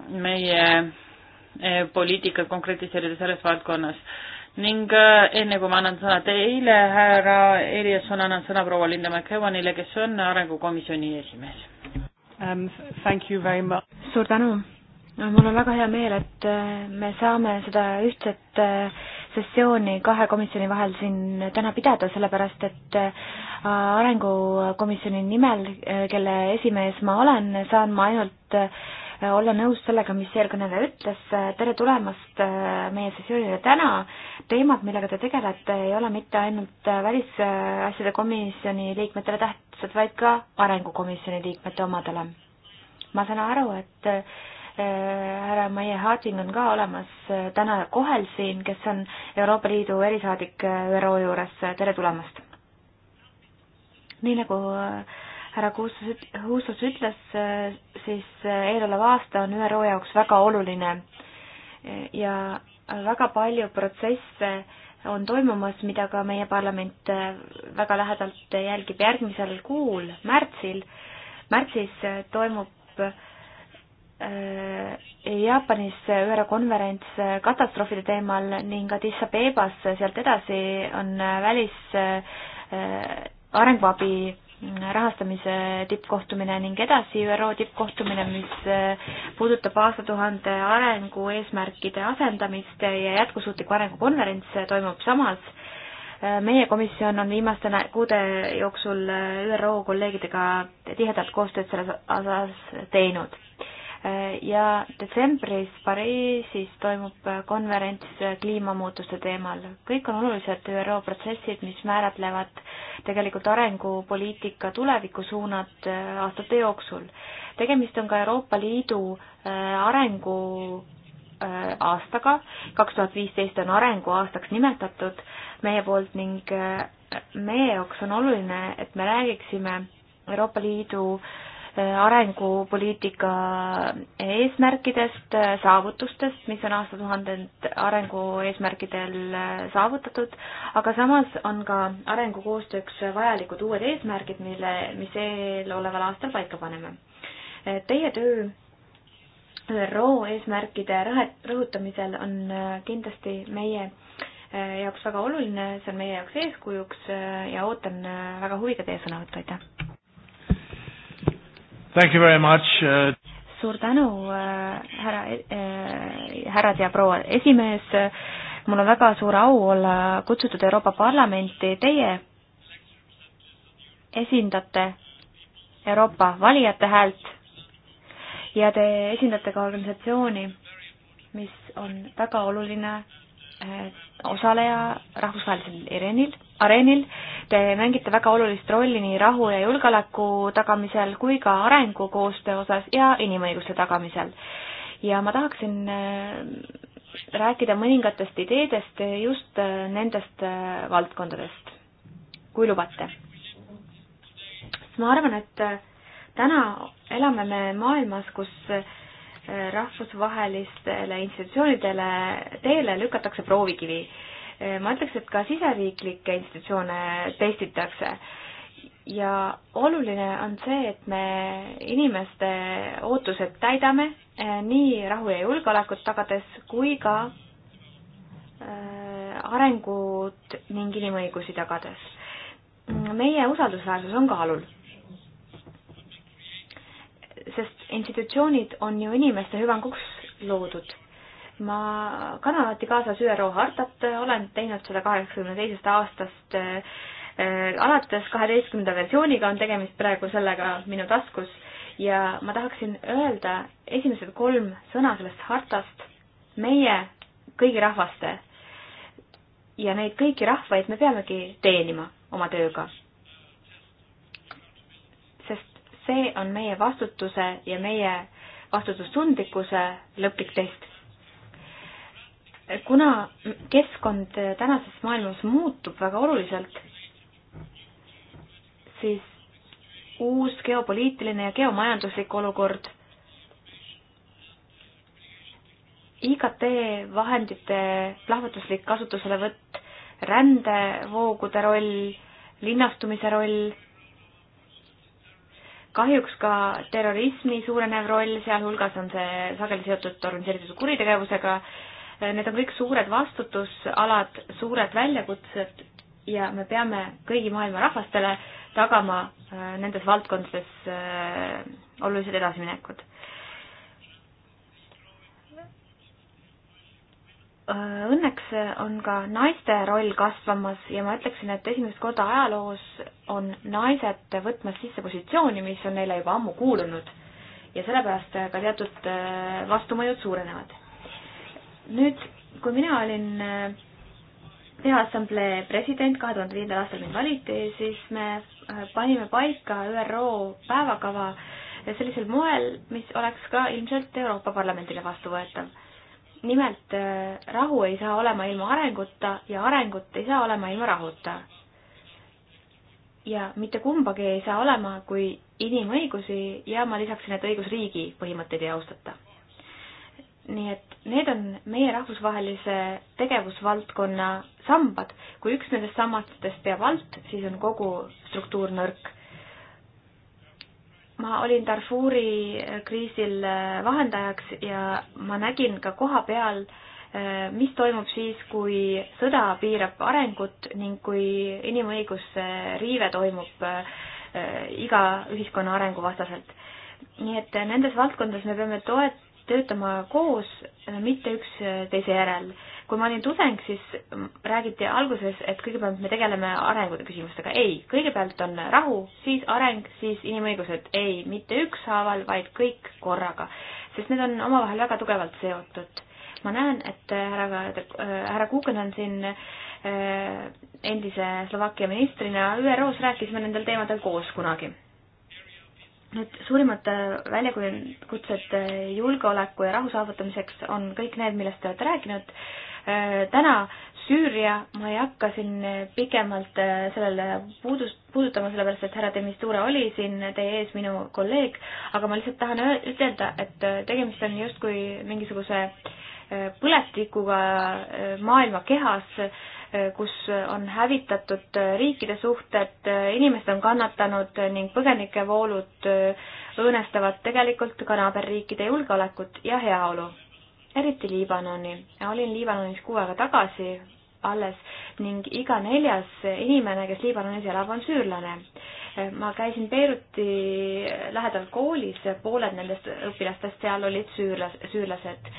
meie poliitikat konkretiseerida selles valdkonnas ning äh, enne kui ma annan sõna teile, härra Eliasson, annan sõna proua Linda McEwanile, kes on arengukomisjoni esimees um,. Thank you very much. suur tänu. mul on väga hea meel, et äh, me saame seda ühtset äh, sessiooni kahe komisjoni vahel siin täna pidada, sellepärast et arengukomisjoni nimel, kelle esimees ma olen, saan ma ainult Äh, olla nõus sellega, mis eelkõneleja ütles. tere tulemast äh, meie sessioonile täna. teemad, millega te tegelete, ei ole mitte ainult äh, välisasjade komisjoni liikmetele tähtsad, vaid ka arengukomisjoni liikmete omadele. ma saan aru, et härra Maie Harding on ka olemas täna kohal siin, kes on Euroopa Liidu erisaadik ÜRO juures, tere tulemast! nii nagu äh, härra Kuustus, Kuustus ütles, äh, siis äh, eelolev aasta on ÜRO jaoks väga oluline ja väga palju protsesse on toimumas, mida ka meie parlament äh, väga lähedalt jälgib järgmisel kuul, märtsil. märtsis toimub Jaapanis ÜRO konverents katastroofide teemal ning Addis Abebas sealt edasi on välis arenguabi rahastamise tippkohtumine ning edasi ÜRO tippkohtumine, mis äh, puudutab aastatuhande arengu eesmärkide asendamist ja jätkusuutliku arengu konverents toimub samas. Äh, meie komisjon on viimaste kuude jooksul äh, ÜRO kolleegidega tihedalt koostööd selles osas teinud ja detsembris Pariisis toimub konverents kliimamuutuste teemal. kõik on olulised ÜRO protsessid, mis määratlevad tegelikult arengupoliitika tulevikusuunad äh, aastate jooksul. tegemist on ka Euroopa Liidu äh, arengu äh, aastaga, kaks tuhat viisteist on arenguaastaks nimetatud meie poolt ning meie jaoks on oluline, et me räägiksime Euroopa Liidu äh, Äh, arengupoliitika eesmärkidest, äh, saavutustest, mis on aastatuhandend arengueesmärkidel äh, saavutatud, aga samas on ka arengukoostööks vajalikud uued eesmärgid, mille, mis eeloleval aastal paika paneme. Teie töö ÜRO eesmärkide rõhutamisel on kindlasti meie jaoks väga oluline, see on meie jaoks eeskujuks ja ootan väga huviga teie sõnavõttu, aitäh! Thank you very much uh.... suur tänu äh,, härra äh,, härrad ja proua esimees. mul on väga suur au olla kutsutud Euroopa Parlamenti. Teie esindate Euroopa valijate häält ja te esindate ka organisatsiooni, mis on väga oluline äh, osaleja rahvusvahelisel ERN-il areenil. Te mängite väga olulist rolli nii rahu ja julgeoleku tagamisel kui ka arengukoostöö osas ja inimõiguste tagamisel. ja ma tahaksin äh, rääkida mõningatest ideedest just äh, nendest äh, valdkondadest, kui lubate. ma arvan, et täna elame me maailmas, kus rahvusvahelistele institutsioonidele teele lükatakse proovikivi ma ütleks, et ka siseriiklikke institutsioone testitakse ja oluline on see, et me inimeste ootused täidame eh, nii rahu ja julgeolekut tagades kui ka eh, arengut ning inimõigusi tagades. meie usaldusväärsus on kaalul. sest institutsioonid on ju inimeste hüvanguks loodud ma kannan alati kaasas ÜRO hartat, olen teinud seda kaheksakümne teisest aastast äh, alates kaheteistkümnenda versiooniga on tegemist praegu sellega minu taskus ja ma tahaksin öelda esimesed kolm sõna sellest hartast, meie kõigi rahvaste ja neid kõiki rahvaid me peamegi teenima oma tööga. sest see on meie vastutuse ja meie vastutustundlikkuse lõplik test kuna keskkond tänases maailmas muutub väga oluliselt, siis uus geopoliitiline ja geomajanduslik olukord, IKT vahendite plahvatuslik kasutuselevõtt, rändevoogude roll, linnastumise roll, kahjuks ka terrorismi suurenev roll, sealhulgas on see sageli seotud organiseeritud kuritegevusega Need on kõik suured vastutusalad, suured väljakutsed ja me peame kõigi maailma rahvastele tagama äh, nendes valdkondades äh, olulised edasiminekud. Äh, õnneks on ka naiste roll kasvamas ja ma ütleksin, et esimest korda ajaloos on naised võtmas sisse positsiooni, mis on neile juba ammu kuulunud ja sellepärast ka teatud vastumõjud suurenevad nüüd, kui mina olin Peaassamblee äh, president, kahe tuhande viiendal aastal mind valiti, siis me äh, panime paika ÜRO päevakava sellisel moel, mis oleks ka ilmselt Euroopa Parlamendile vastuvõetav. nimelt äh, rahu ei saa olema ilma arenguta ja arengut ei saa olema ilma rahuta. ja mitte kumbagi ei saa olema, kui inimõigusi ja ma lisaksin, et õigusriigi põhimõtteid ei austata nii et need on meie rahvusvahelise tegevusvaldkonna sambad. kui üks nendest sammastest peab alt, siis on kogu struktuur nõrk. ma olin Darfuri kriisil äh, vahendajaks ja ma nägin ka koha peal, äh, mis toimub siis, kui sõda piirab arengut ning kui inimõiguste riive toimub äh, iga ühiskonna arengu vastaselt. nii et nendes valdkondades me peame toet-, töötama koos, mitte üksteise järel. kui ma olin tudeng, siis räägiti alguses, et kõigepealt me tegeleme arengute küsimustega. ei, kõigepealt on rahu, siis areng, siis inimõigused. ei, mitte ükshaaval, vaid kõik korraga, sest need on omavahel väga tugevalt seotud. ma näen, et härra, härra Kuuken on siin äh, endise Slovakkia ministrina ÜRO-s rääkisime nendel teemadel koos kunagi Nüüd suurimad äh, väljakutsed äh, julgeoleku ja rahu saavutamiseks on kõik need, millest te olete rääkinud. Äh, täna Süüria, ma ei hakka siin pikemalt sellele puudust, puudutama, sellepärast et härra Demistura oli siin teie ees minu kolleeg, aga ma lihtsalt tahan ütelda, et tegemist on justkui mingisuguse põletikuga maailma kehas kus on hävitatud riikide suhted, inimesed on kannatanud ning põgenikevoolud õõnestavad tegelikult ka naaberriikide julgeolekut ja heaolu. eriti Liibanoni. olin Liibanonis kuu aega tagasi alles ning iga neljas inimene, kes Liibanonis elab, on süürlane. ma käisin Beiruti lähedal koolis, pooled nendest õpilastest seal olid süürlas-, süürlased.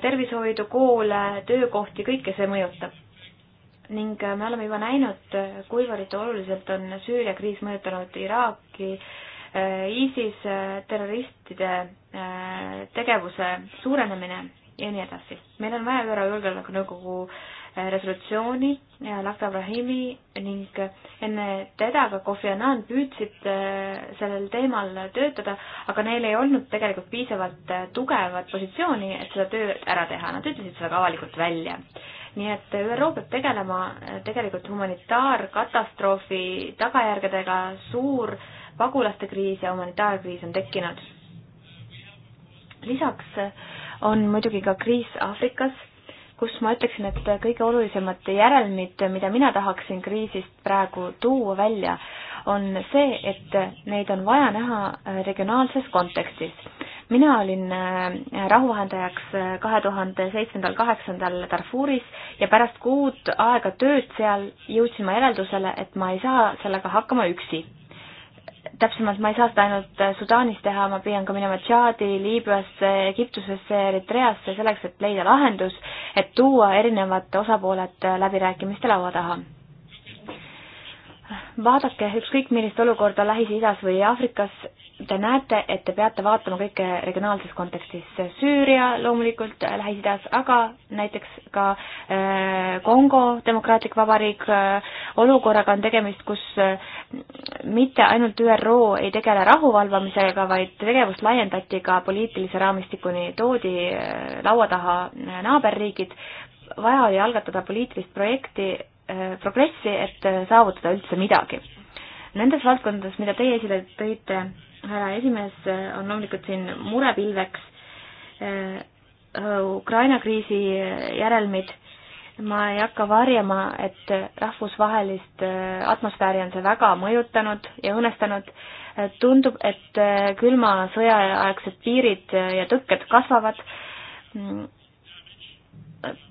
tervishoidu, koole, töökohti, kõike see mõjutab ning me oleme juba näinud, kuivõrd oluliselt on Süüria kriis mõjutanud Iraaki, äh, ISIS, äh, terroristide äh, tegevuse suurenemine ja nii edasi. meil on vaja ÜRO Julgeolekunõukogu resolutsiooni ja äh, Lakta Brahimi ning äh, enne teda ka Kofi Annan püüdsid äh, sellel teemal töötada, aga neil ei olnud tegelikult piisavalt tugevat positsiooni, et seda tööd ära teha, nad ütlesid seda ka avalikult välja. nii et ÜRO peab tegelema tegelikult humanitaarkatastroofi tagajärgedega, suur pagulaste kriis ja humanitaarkriis on tekkinud. lisaks on muidugi ka kriis Aafrikas kus ma ütleksin, et kõige olulisemad järelmid, mida mina tahaksin kriisist praegu tuua välja, on see, et neid on vaja näha regionaalses kontekstis. mina olin äh, rahuvahendajaks äh, kahe tuhande seitsmendal, kaheksandal Darfuris ja pärast kuud aega tööd seal jõudsin ma järeldusele, et ma ei saa sellega hakkama üksi täpsemalt ma ei saa seda ainult äh, Sudaanis teha, ma püüan ka minema Tšaadi, Liibüasse, Egiptusesse, Eritreasse selleks, et leida lahendus, et tuua erinevad osapooled äh, läbirääkimiste laua taha. vaadake ükskõik millist olukorda Lähis-Idas või Aafrikas, te näete, et te peate vaatama kõike regionaalses kontekstis. Süüria loomulikult äh, Lähis-Idas, aga näiteks ka äh, Kongo Demokraatlik Vabariik, äh, olukorraga on tegemist, kus mitte ainult ÜRO ei tegele rahuvalvamisega, vaid tegevust laiendati ka poliitilise raamistikuni, toodi laua taha naaberriigid, vaja oli algatada poliitilist projekti, progressi, et saavutada üldse midagi nendes valdkondades, mida teie esile tõite, härra esimees on loomulikult siin murepilveks äh, Ukraina kriisi järelmid. ma ei hakka varjama, et rahvusvahelist äh, atmosfääri on see väga mõjutanud ja õõnestanud. Äh, tundub, et külma sõjaaegsed piirid ja tõkked kasvavad. Mm,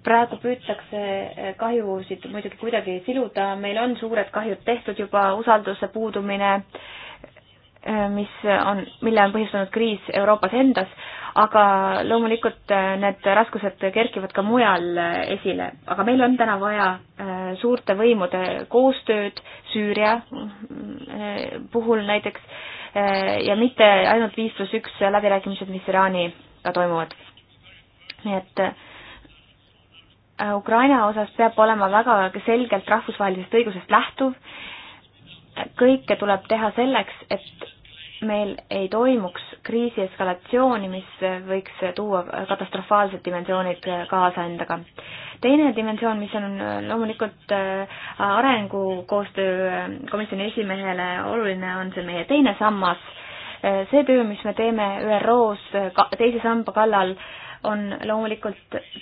praegu püütakse kahjusid muidugi kuidagi siluda, meil on suured kahjud tehtud juba, usalduse puudumine äh, Äh, mis on, mille on põhjustanud kriis Euroopas endas, aga loomulikult äh, need raskused kerkivad ka mujal äh, esile. aga meil on täna vaja suurte võimude koostööd Süüria puhul näiteks ja mitte ainult viis pluss üks läbirääkimised, mis Iraaniga toimuvad. nii et Ukraina osas peab olema väga selgelt rahvusvahelisest õigusest lähtuv kõike tuleb teha selleks, et meil ei toimuks kriisi eskalatsiooni, mis võiks tuua katastrofaalsed dimensioonid kaasa endaga. teine dimensioon, mis on loomulikult äh, arengukoostöö äh, komisjoni esimehele oluline, on see meie teine sammas äh, see töö, mis me teeme ÜRO-s teise samba kallal, on loomulikult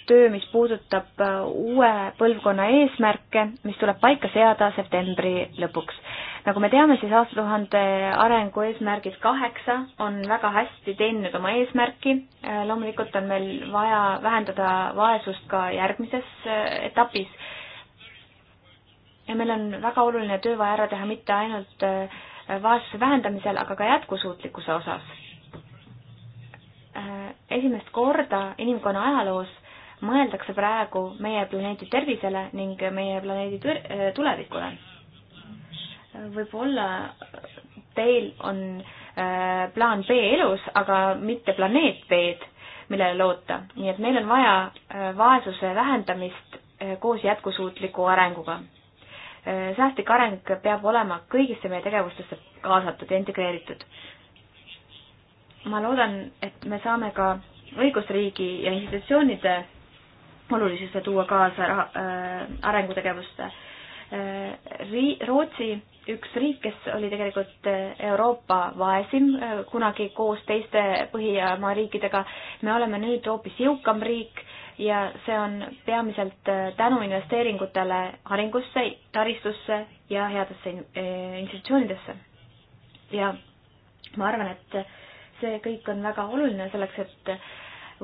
töö, mis puudutab äh, uue põlvkonna eesmärke, mis tuleb paika seada septembri lõpuks. nagu me teame, siis aastatuhande arengu eesmärgid kaheksa on väga hästi teeninud oma eesmärki. Äh, loomulikult on meil vaja vähendada vaesust ka järgmises äh, etapis. ja meil on väga oluline töö vaja ära teha mitte ainult vaesuse vähendamisel, aga ka jätkusuutlikkuse osas Äh, esimest korda inimkonna ajaloos mõeldakse praegu meie planeedi tervisele ning meie planeedi äh, tulevikule. võib-olla teil on äh, plaan B elus, aga mitte planeet B-d, millele loota, nii et meil on vaja vaesuse vähendamist koos jätkusuutliku arenguga. säästlik areng peab olema kõigisse meie tegevustesse kaasatud ja integreeritud ma loodan, et me saame ka õigusriigi ja institutsioonide olulisuse tuua kaasa raha, äh, arengutegevuste äh,. Ri-, Rootsi üks riik, kes oli tegelikult äh, Euroopa vaesim äh, kunagi koos teiste Põhjamaa riikidega, me oleme nüüd hoopis jõukam riik ja see on peamiselt äh, tänu investeeringutele arengusse, taristusse ja headesse äh, institutsioonidesse. ja ma arvan, et äh, see kõik on väga oluline selleks, et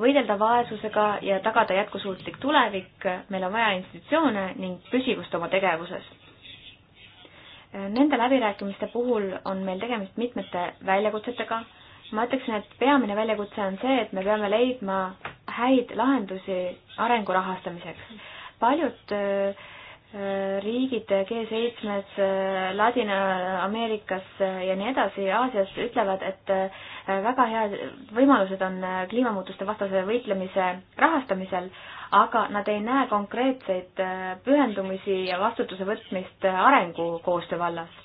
võidelda vaesusega ja tagada jätkusuutlik tulevik, meil on vaja institutsioone ning püsivust oma tegevuses. Nende läbirääkimiste puhul on meil tegemist mitmete väljakutsetega. ma ütleksin, et peamine väljakutse on see, et me peame leidma häid lahendusi arengu rahastamiseks. paljud äh, riigid G7-s, Ladina-Ameerikas ja nii edasi, Aasias ütlevad, et äh, väga head võimalused on äh, kliimamuutuste vastase võitlemise rahastamisel, aga nad ei näe konkreetseid äh, pühendumisi ja vastutuse võtmist arengukoostöö vallas.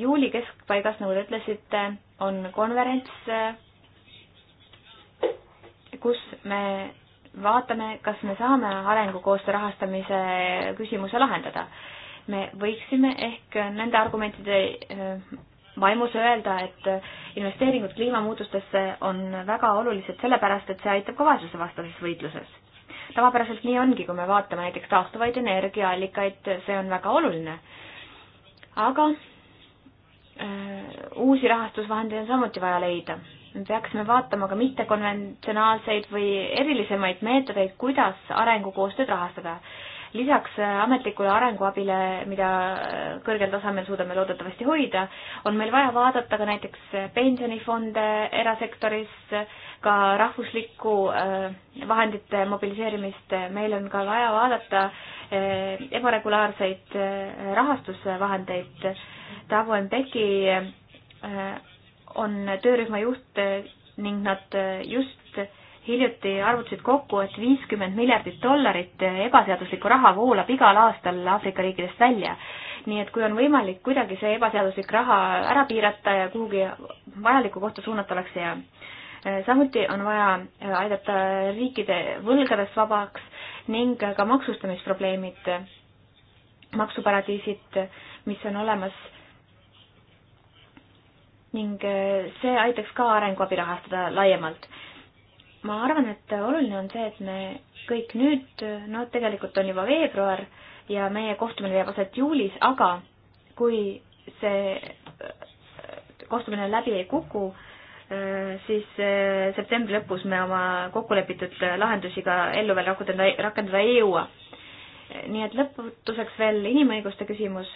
juuli keskpaigas, nagu te ütlesite, on konverents, kus me vaatame, kas me saame arengukoostöö rahastamise küsimuse lahendada. me võiksime ehk nende argumentide äh, vaimus öelda, et investeeringud kliimamuutustesse on väga olulised sellepärast, et see aitab ka vaesusevastases võitluses. tavapäraselt nii ongi, kui me vaatame näiteks taastuvaid energiaallikaid, see on väga oluline. aga äh, uusi rahastusvahendeid on samuti vaja leida me peaksime vaatama ka mittekonventsionaalseid või erilisemaid meetodeid, kuidas arengukoostööd rahastada. lisaks ametlikule arenguabile, mida kõrgel tasemel suudame loodetavasti hoida, on meil vaja vaadata ka näiteks pensionifonde erasektoris, ka rahvuslikku äh, vahendite mobiliseerimist, meil on ka vaja vaadata äh, ebaregulaarseid äh, rahastusvahendeid. Tavo Mbeki on töörühma juht ning nad just hiljuti arvutasid kokku, et viiskümmend miljardit dollarit ebaseaduslikku raha voolab igal aastal Aafrika riikidest välja. nii et kui on võimalik kuidagi see ebaseaduslik raha ära piirata ja kuhugi vajalikku kohta suunata, oleks hea. samuti on vaja aidata riikide võlgadest vabaks ning ka maksustamisprobleemid, maksuparadiisid, mis on olemas ning äh, see aitaks ka arenguabi rahastada laiemalt. ma arvan, et oluline on see, et me kõik nüüd, no tegelikult on juba veebruar ja meie kohtumine leiab aset juulis, aga kui see äh, kohtumine läbi ei kuku, äh, siis septembri lõpus me oma kokkulepitud lahendusi ka ellu veel rakendada, rakendada ei jõua. nii et lõpetuseks veel inimõiguste küsimus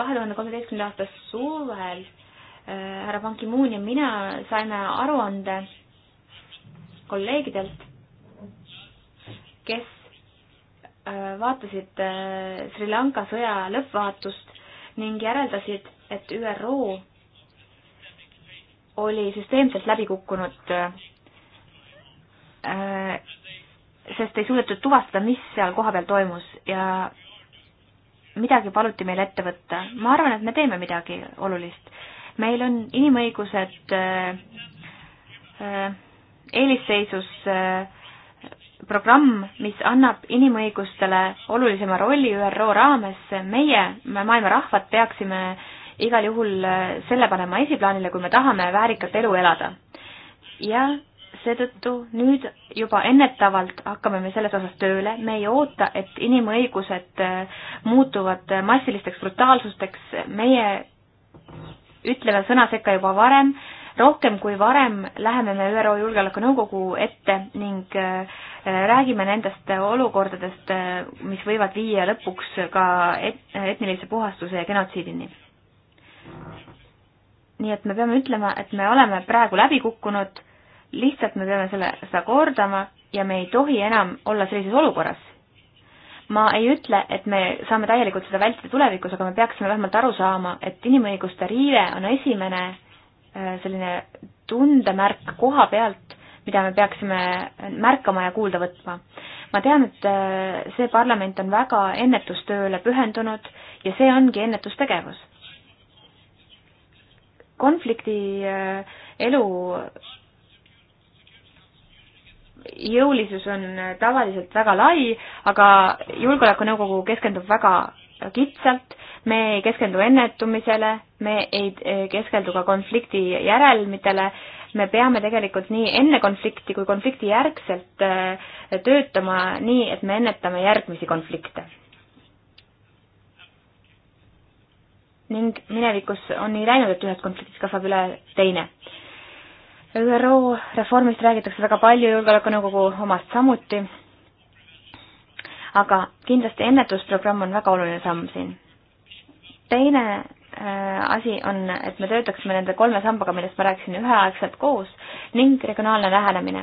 kahe tuhande kolmeteistkümnenda aasta suvel äh, härra Ban Ki-moon ja mina saime aruande kolleegidelt, kes äh, vaatasid äh, Sri Lanka sõja lõppvaatust ning järeldasid, et ÜRO oli süsteemselt läbi kukkunud, sest ei suudetud tuvastada, mis seal kohapeal toimus ja midagi paluti meil ette võtta. ma arvan, et me teeme midagi olulist. meil on inimõigused äh, äh, eelisseisus äh, programm, mis annab inimõigustele olulisema rolli ÜRO raames. meie, maailma rahvad, peaksime igal juhul selle panema esiplaanile, kui me tahame väärikat elu elada. ja seetõttu nüüd juba ennetavalt hakkame me selles osas tööle, me ei oota, et inimõigused äh, muutuvad äh, massilisteks brutaalsusteks, meie ütleme sõna sekka juba varem, rohkem kui varem läheme me ÜRO Julgeolekunõukogu ette ning äh, räägime nendest olukordadest, mis võivad viia lõpuks ka et-, etnilise puhastuse ja genotsiidini. nii et me peame ütlema, et me oleme praegu läbi kukkunud lihtsalt me peame selle, seda kordama ja me ei tohi enam olla sellises olukorras. ma ei ütle, et me saame täielikult seda vältida tulevikus, aga me peaksime vähemalt aru saama, et inimõiguste riive on esimene äh, selline tundemärk koha pealt, mida me peaksime märkama ja kuulda võtma. ma tean, et äh, see parlament on väga ennetustööle pühendunud ja see ongi ennetustegevus. konflikti äh, elu jõulisus on tavaliselt väga lai, aga Julgeolekunõukogu keskendub väga kitsalt, me ei keskendu ennetumisele, me ei keskendu ka konflikti järelmitele, me peame tegelikult nii enne konflikti kui konflikti järgselt äh, töötama nii, et me ennetame järgmisi konflikte. ning minevikus on nii läinud, et ühest konfliktist kasvab üle teine ÜRO reformist räägitakse väga palju, Julgeolekunõukogu omast samuti, aga kindlasti ennetusprogramm on väga oluline samm siin. teine äh, asi on, et me töötaksime nende kolme sambaga, millest ma rääkisin, üheaegselt koos ning regionaalne lähenemine.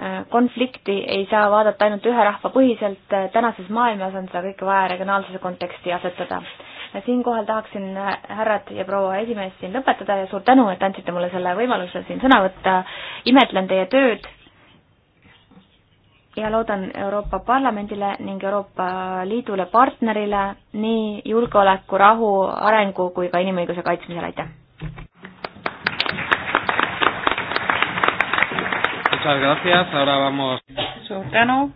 Äh, konflikti ei saa vaadata ainult ühe rahva põhiselt, äh, tänases maailmas on seda kõike vaja regionaalsuse konteksti asetada siinkohal tahaksin, äh, härrad ja proua esimees, siin lõpetada ja suur tänu, et andsite mulle selle võimaluse siin sõna võtta. imetlen teie tööd ja loodan Euroopa Parlamendile ning Euroopa Liidule partnerile nii julgeoleku, rahu, arengu kui ka inimõiguse kaitsmisel, aitäh! Muchas gracias, ahora vamos. suur tänu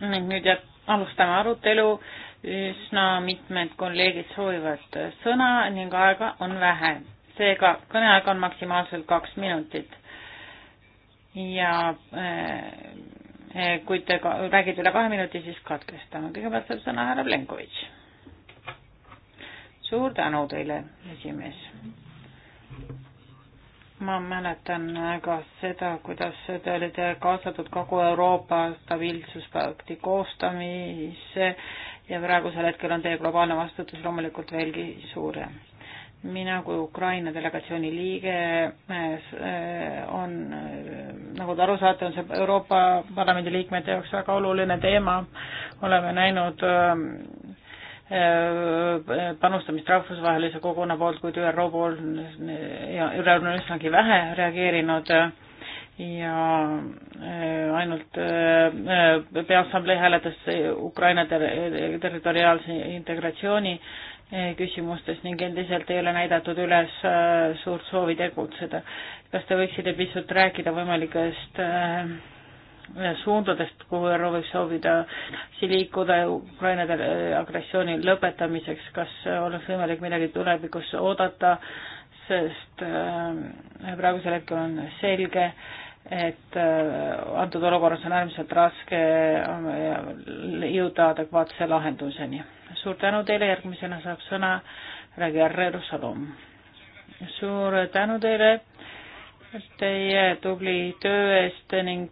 ning nüüd jät-, alustame arutelu üsna mitmed kolleegid soovivad sõna ning aega on vähe. seega kõneaeg on maksimaalselt kaks minutit. ja eh, eh kui te räägite üle kahe minuti, siis katkestame. kõigepealt saab sõna härra Plenkovitš. suur tänu teile, esimees ma mäletan ka seda, kuidas te olite kaasatud kogu Euroopa stabiilsuspakti koostamisse ja praegusel hetkel on teie globaalne vastutus loomulikult veelgi suurem. mina kui Ukraina delegatsiooni liige eh, on, nagu te aru saate, on see Euroopa Parlamendi liikmete jaoks väga oluline teema, oleme näinud eh, Äh, panustamist rahvusvahelise koguna poolt, kuid ÜRO pool ja ÜRO on üsnagi vähe reageerinud ja äh, ainult äh, Peaassamblee hääletas Ukraina ter territoriaalse integratsiooni küsimustes ning endiselt ei ole näidatud üles suurt soovi tegutseda. kas te võiksite pisut rääkida võimalikest äh, suundadest, kuhu ÜRO võib soovida liikuda Ukraina äh, agressiooni lõpetamiseks, kas oleks võimalik midagi tulevikus oodata, sest äh, praegusel hetkel on selge, et äh, antud olukorras on äärmiselt raske jõuda adekvaatse lahenduseni. suur tänu teile, järgmisena saab sõna Regerreru Salom. suur tänu teile teie tubli töö eest ning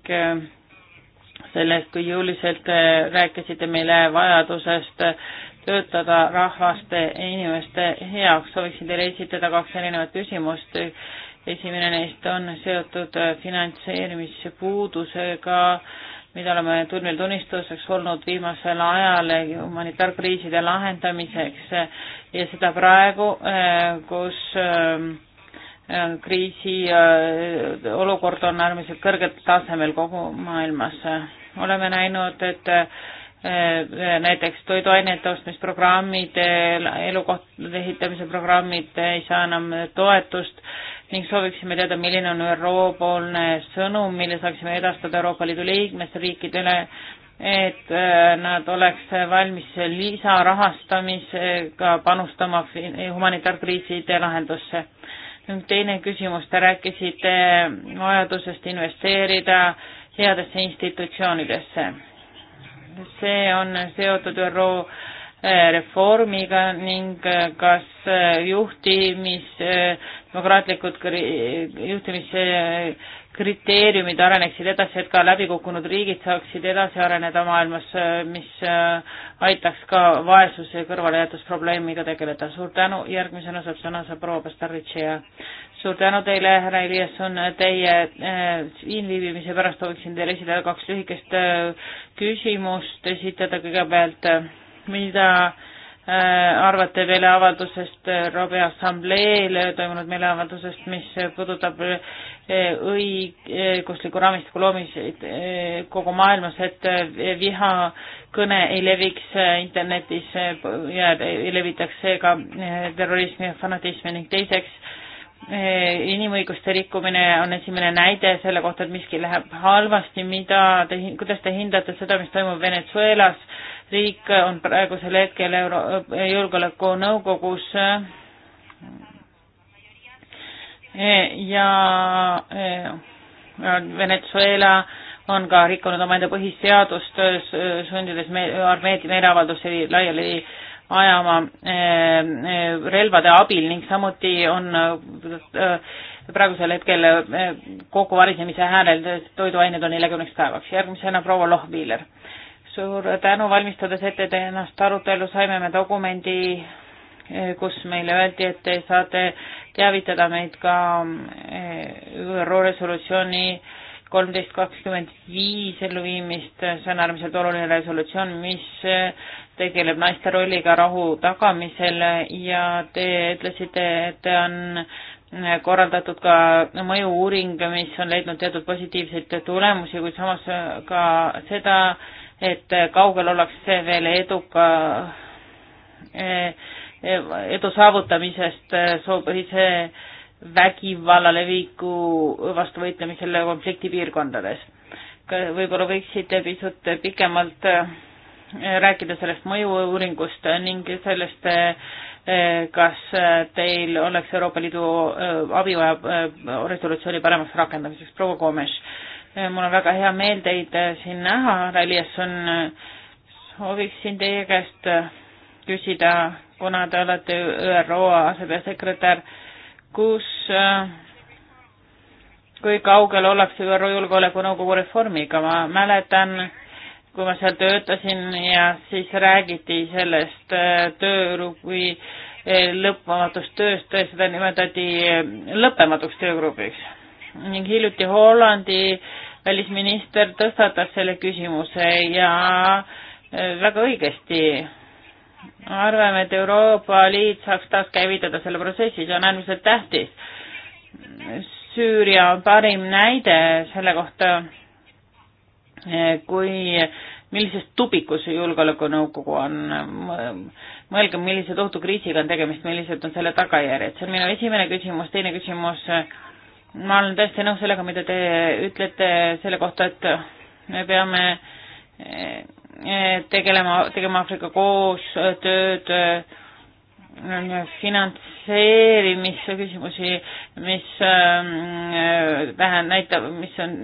sellest, kui jõuliselt äh, rääkisite meile vajadusest äh, töötada rahvaste ja inimeste heaks. sooviksin teile esitada kaks erinevat küsimust. esimene neist on seotud äh, finantseerimise puudusega, mida oleme tunnil tunnistuseks olnud viimasel ajal humanitaarkriiside lahendamiseks ja seda praegu, kus ähm, kriisi äh, olukord on äärmiselt kõrgel tasemel kogu maailmas. oleme näinud, et äh, näiteks toiduainete ostmisprogrammid, elukohtade ehitamise programmid ei saa enam toetust ning sooviksime teada, milline on ÜRO-poolne sõnum, mille saaksime edastada Euroopa Liidu liikmesriikidele, et äh, nad oleks valmis lisarahastamisega panustama humanitaarkriiside lahendusse ning teine küsimus, te rääkisite vajadusest investeerida headesse institutsioonidesse. see on seotud ÜRO eh, reformiga ning eh, kas eh, juhtimis, demokraatlikud juhtimise kriteeriumid areneksid edasi, et ka läbikukkunud riigid saaksid edasi areneda maailmas, mis äh, aitaks ka vaesuse kõrvalejätusprobleemiga tegeleda. suur tänu, järgmisena saab sõna saab proua Pastaritšija. suur tänu teile, härra Eliasson, teie äh, siin viibimise pärast sooviksin teile esitada kaks lühikest äh, küsimust, esitada kõigepealt, mida äh, Äh, arvate meeleavaldusest äh, Robe Assambleele toimunud meeleavaldusest, mis puudutab äh, õigusliku raamistiku loomist kogu maailmas, et vihakõne ei leviks internetis ja ei levitaks seega terrorismi ja fanatismi ning teiseks, inimõiguste rikkumine on esimene näide selle kohta, et miski läheb halvasti, mida te, kuidas te hindate seda, mis toimub Venezuelas riik on praegusel hetkel Euro äh, Julgeolekunõukogus äh, ja äh, Venezuela on ka rikkunud omaenda põhiseadust, sundides armeed meeleavaldusi laiali ajama relvade abil ning samuti on praegusel hetkel kokkuvarisemise häälel toiduained on neljakümneks päevaks. järgmisena proua Lohviiler suur tänu, valmistades ette ennast arutelu, saime me dokumendi, eh, kus meile öeldi, et te saate teavitada meid ka eh, ÜRO resolutsiooni kolmteist kakskümmend viis elluviimist, see on äärmiselt oluline resolutsioon, mis eh, tegeleb naiste rolliga rahu tagamisel ja te ütlesite, et on korraldatud ka mõju-uuring, mis on leidnud teatud positiivseid tulemusi, kuid samas ka seda, et äh, kaugel ollakse veel eduka, äh, äh, edu saavutamisest soopõhise vägivalla leviku vastu võitlemisel konfliktipiirkondades. võib-olla võiksite pisut pikemalt rääkida sellest mõju-uuringust ning sellest, kas teil oleks Euroopa Liidu abi vaja resolutsiooni paremaks rakendamiseks, proua Komes Eh, mul on väga hea meel teid eh, siin näha, Ralliasson, eh, sooviksin teie käest küsida, kuna te olete ÜRO asepeasekretär, kus, kui kaugel ollakse ÜRO Julgeolekunõukogu reformiga, ma mäletan, kui ma seal töötasin ja siis räägiti sellest töögrupi lõppematust tööst, seda nimetati lõppematuks töögrupiks ning hiljuti Hollandi välisminister tõstatas selle küsimuse ja e, väga õigesti. arvame, et Euroopa Liit saaks taaskäivitada selle protsessi, see on äärmiselt tähtis. Süüria on parim näide selle kohta, e, kui, millises tubikus Julgeolekunõukogu on. mõelge, millise tohutu kriisiga on tegemist, millised on selle tagajärjed, see on minu esimene küsimus, teine küsimus äh, ma olen täiesti nõus sellega, mida te ütlete selle kohta, et me peame eh, tegelema, tegema Aafrika koostööd, eh, finantseerimise küsimusi, mis tähendab, eh, näitab, mis on,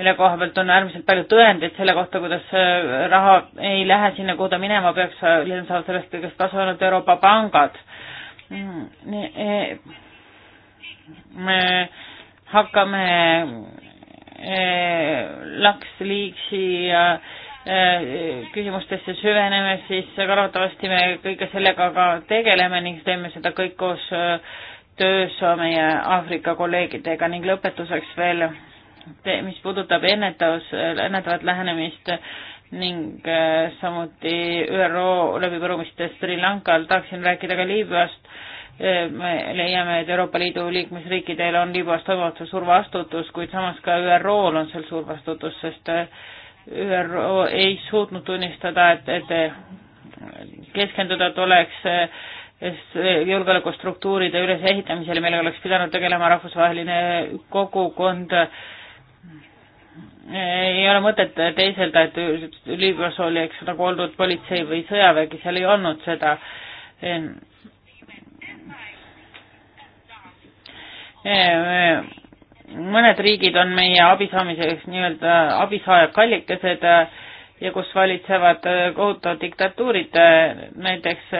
mille koha pealt on äärmiselt palju tõendeid selle kohta, kuidas raha ei lähe sinna, kuhu ta minema peaks, ilmselt saavad sellest kõigest kasu ainult Euroopa pangad mm, me hakkame eh, laksliigsi eh, küsimustesse süveneme, siis arvatavasti me kõige sellega ka tegeleme ning teeme seda kõik koos eh, töös meie Aafrika kolleegidega ning lõpetuseks veel, mis puudutab ennetavus, ennetavat lähenemist ning samuti ÜRO läbipõrumistest Sri Lankal, tahaksin rääkida ka Liibüast me leiame, et Euroopa Liidu liikmesriikidel on Liibüas toimunud suur vastutus, kuid samas ka ÜRO-l on seal suur vastutus, sest äh, ÜRO ei suutnud tunnistada, et, et äh, keskenduda tuleks äh, julgeolekustruktuuride ülesehitamisele, millega oleks pidanud tegelema rahvusvaheline kogukond. ei ole mõtet teiselda, et Liibüas oleks nagu oldud politsei või sõjavägi, seal ei olnud seda mõned riigid on meie abi saamiseks nii-öelda abisaajad kallikesed äh, ja kus valitsevad äh, kohutavad diktatuurid, äh, näiteks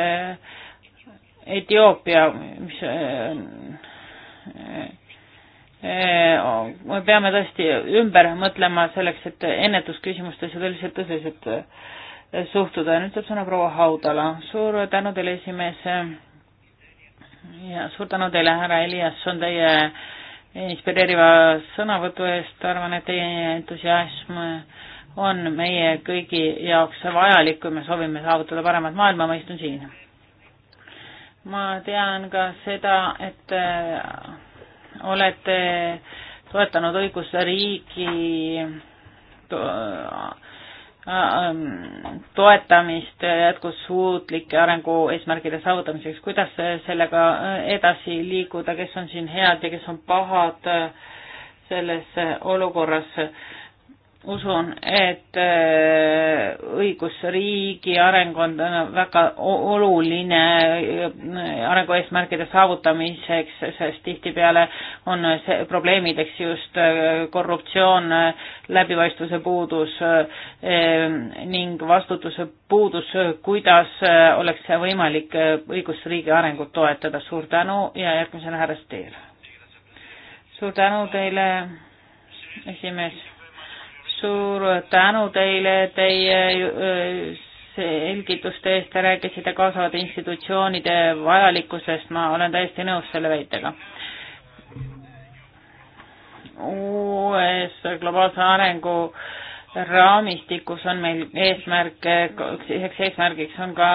Etioopia, mis me peame tõesti ümber mõtlema selleks, et ennetusküsimustes üleüldiselt tõsiselt suhtuda. nüüd saab sõna proua Haudala. suur tänu teile, esimees ja suur tänu teile, härra Elias, on teie inspireeriva sõnavõtu eest, arvan, et teie entusiasm on meie kõigi jaoks vajalik, kui me soovime saavutada paremat maailma, ma istun siin. ma tean ka seda, et äh, olete toetanud õigusriigi to, Äh, ähm, toetamist jätkusuutlike arengueesmärgide saavutamiseks, kuidas sellega äh, edasi liikuda, kes on siin head ja kes on pahad äh, selles olukorras usun, et äh, õigusriigi areng on väga oluline äh, arengueesmärkide saavutamiseks, sest tihtipeale on see probleemideks just äh, korruptsioon, läbipaistvuse puudus ning vastutuse puudus, kuidas oleks võimalik õigusriigi arengut toetada. suur tänu ja järgmisena härra Stier. suur tänu teile, esimees suur tänu teile teie äh, selgituste eest, te rääkisite kaasavate institutsioonide vajalikkusest, ma olen täiesti nõus selle väitega. uues globaalse arengu raamistikus on meil eesmärk, üheks eesmärgiks on ka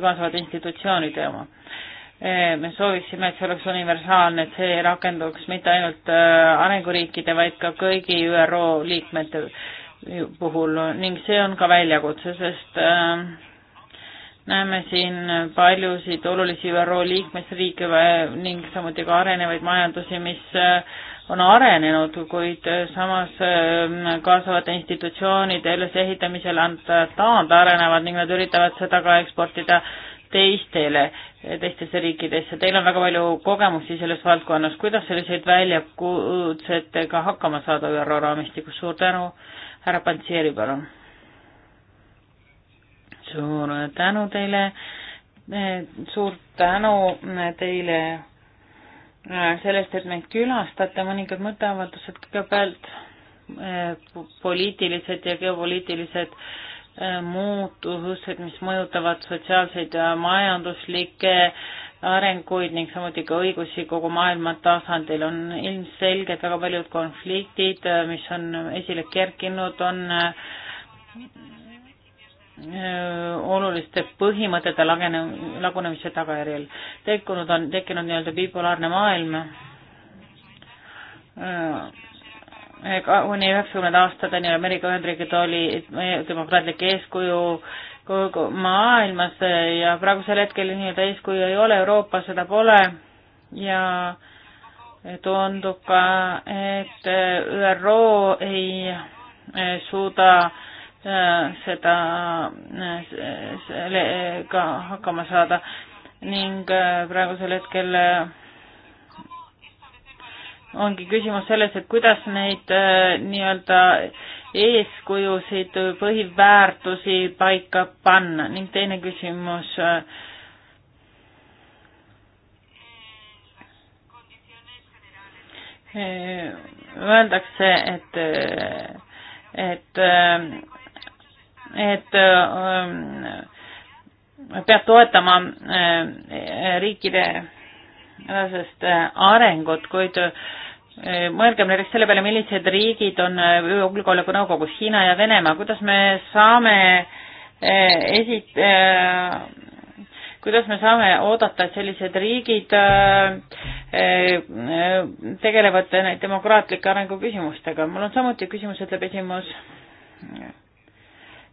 kaasavate institutsioonide oma Eh, me sooviksime, et see oleks universaalne, et see rakenduks mitte ainult eh, arenguriikide, vaid ka kõigi ÜRO liikmete puhul ning see on ka väljakutse, sest eh, näeme siin paljusid olulisi ÜRO liikmesriike ning samuti ka arenevaid majandusi, mis on arenenud, kuid samas kaasavate institutsioonide ülesehitamisel nad taandarenevad ning nad üritavad seda ka eksportida teistele, teistes riikides ja teil on väga palju kogemusi selles valdkonnas, kuidas selliseid väljakutsetega hakkama saada ÜRO raamistikus, suur tänu, härra Pantsieri, palun. suur tänu teile, suur tänu teile sellest, et meid külastate, mõningad mõtteavaldused kõigepealt, eh, poliitilised ja geopoliitilised äh, muutused, mis mõjutavad sotsiaalseid ja majanduslikke arenguid ning samuti ka õigusi kogu maailma tasandil on ilmselged väga paljud konfliktid, mis on esile kerkinud, on äh, oluliste põhimõtete lagene, lagunemise tagajärjel. tekkunud on, tekkinud nii-öelda bipolaarne maailm äh, kuni üheksakümnenda aastateni Ameerika Ühendriigid olid demokraatlik eeskuju kogu maailmas ja praegusel hetkel nii-öelda eeskuju ei ole, Euroopas seda pole ja tundub ka, et ÜRO ei eh, suuda eh, seda, eh, sellega hakkama saada ning praegusel hetkel ongi küsimus selles, et kuidas neid äh, nii-öelda eeskujusid, põhiväärtusi paika panna ning teine küsimus äh, öeldakse, et, äh, et, et peab toetama riikide sest äh, arengut, kuid äh, mõelgem näiteks selle peale, millised riigid on äh, julgeolekunõukogus, Hiina ja Venemaa, kuidas me saame esit-, kuidas me saame oodata, et sellised riigid tegelevad demokraatlike arenguküsimustega. mul on samuti küsimus, ütleb esimees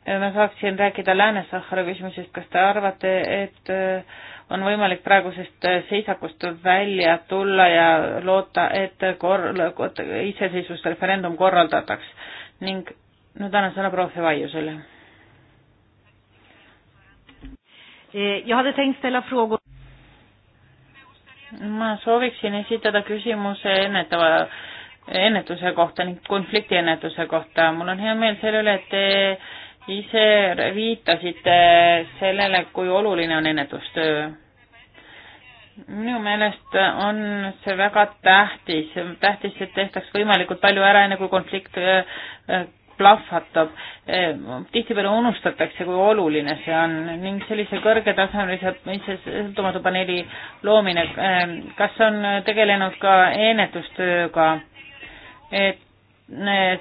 ma saaksin rääkida Lääne-Sahara küsimusest, kas te arvate, et äh, on võimalik praegusest äh, seisakust välja tulla ja loota, et kor-, iseseisvusreferendum korraldataks ning nüüd annan sõna proua Fevaiusele. Eh, ma sooviksin esitada küsimuse ennetava, ennetuse kohta ning konfliktiennetuse kohta. mul on hea meel selle üle, et te ise viitasite sellele, kui oluline on ennetustöö. minu meelest on see väga tähtis, tähtis, et tehtaks võimalikult palju ära, enne kui konflikt äh, äh, plahvatab. tihtipeale unustatakse, kui oluline see on ning sellise kõrgetasemelise sõltumatu paneeli loomine, äh, kas on tegelenud ka ennetustööga, et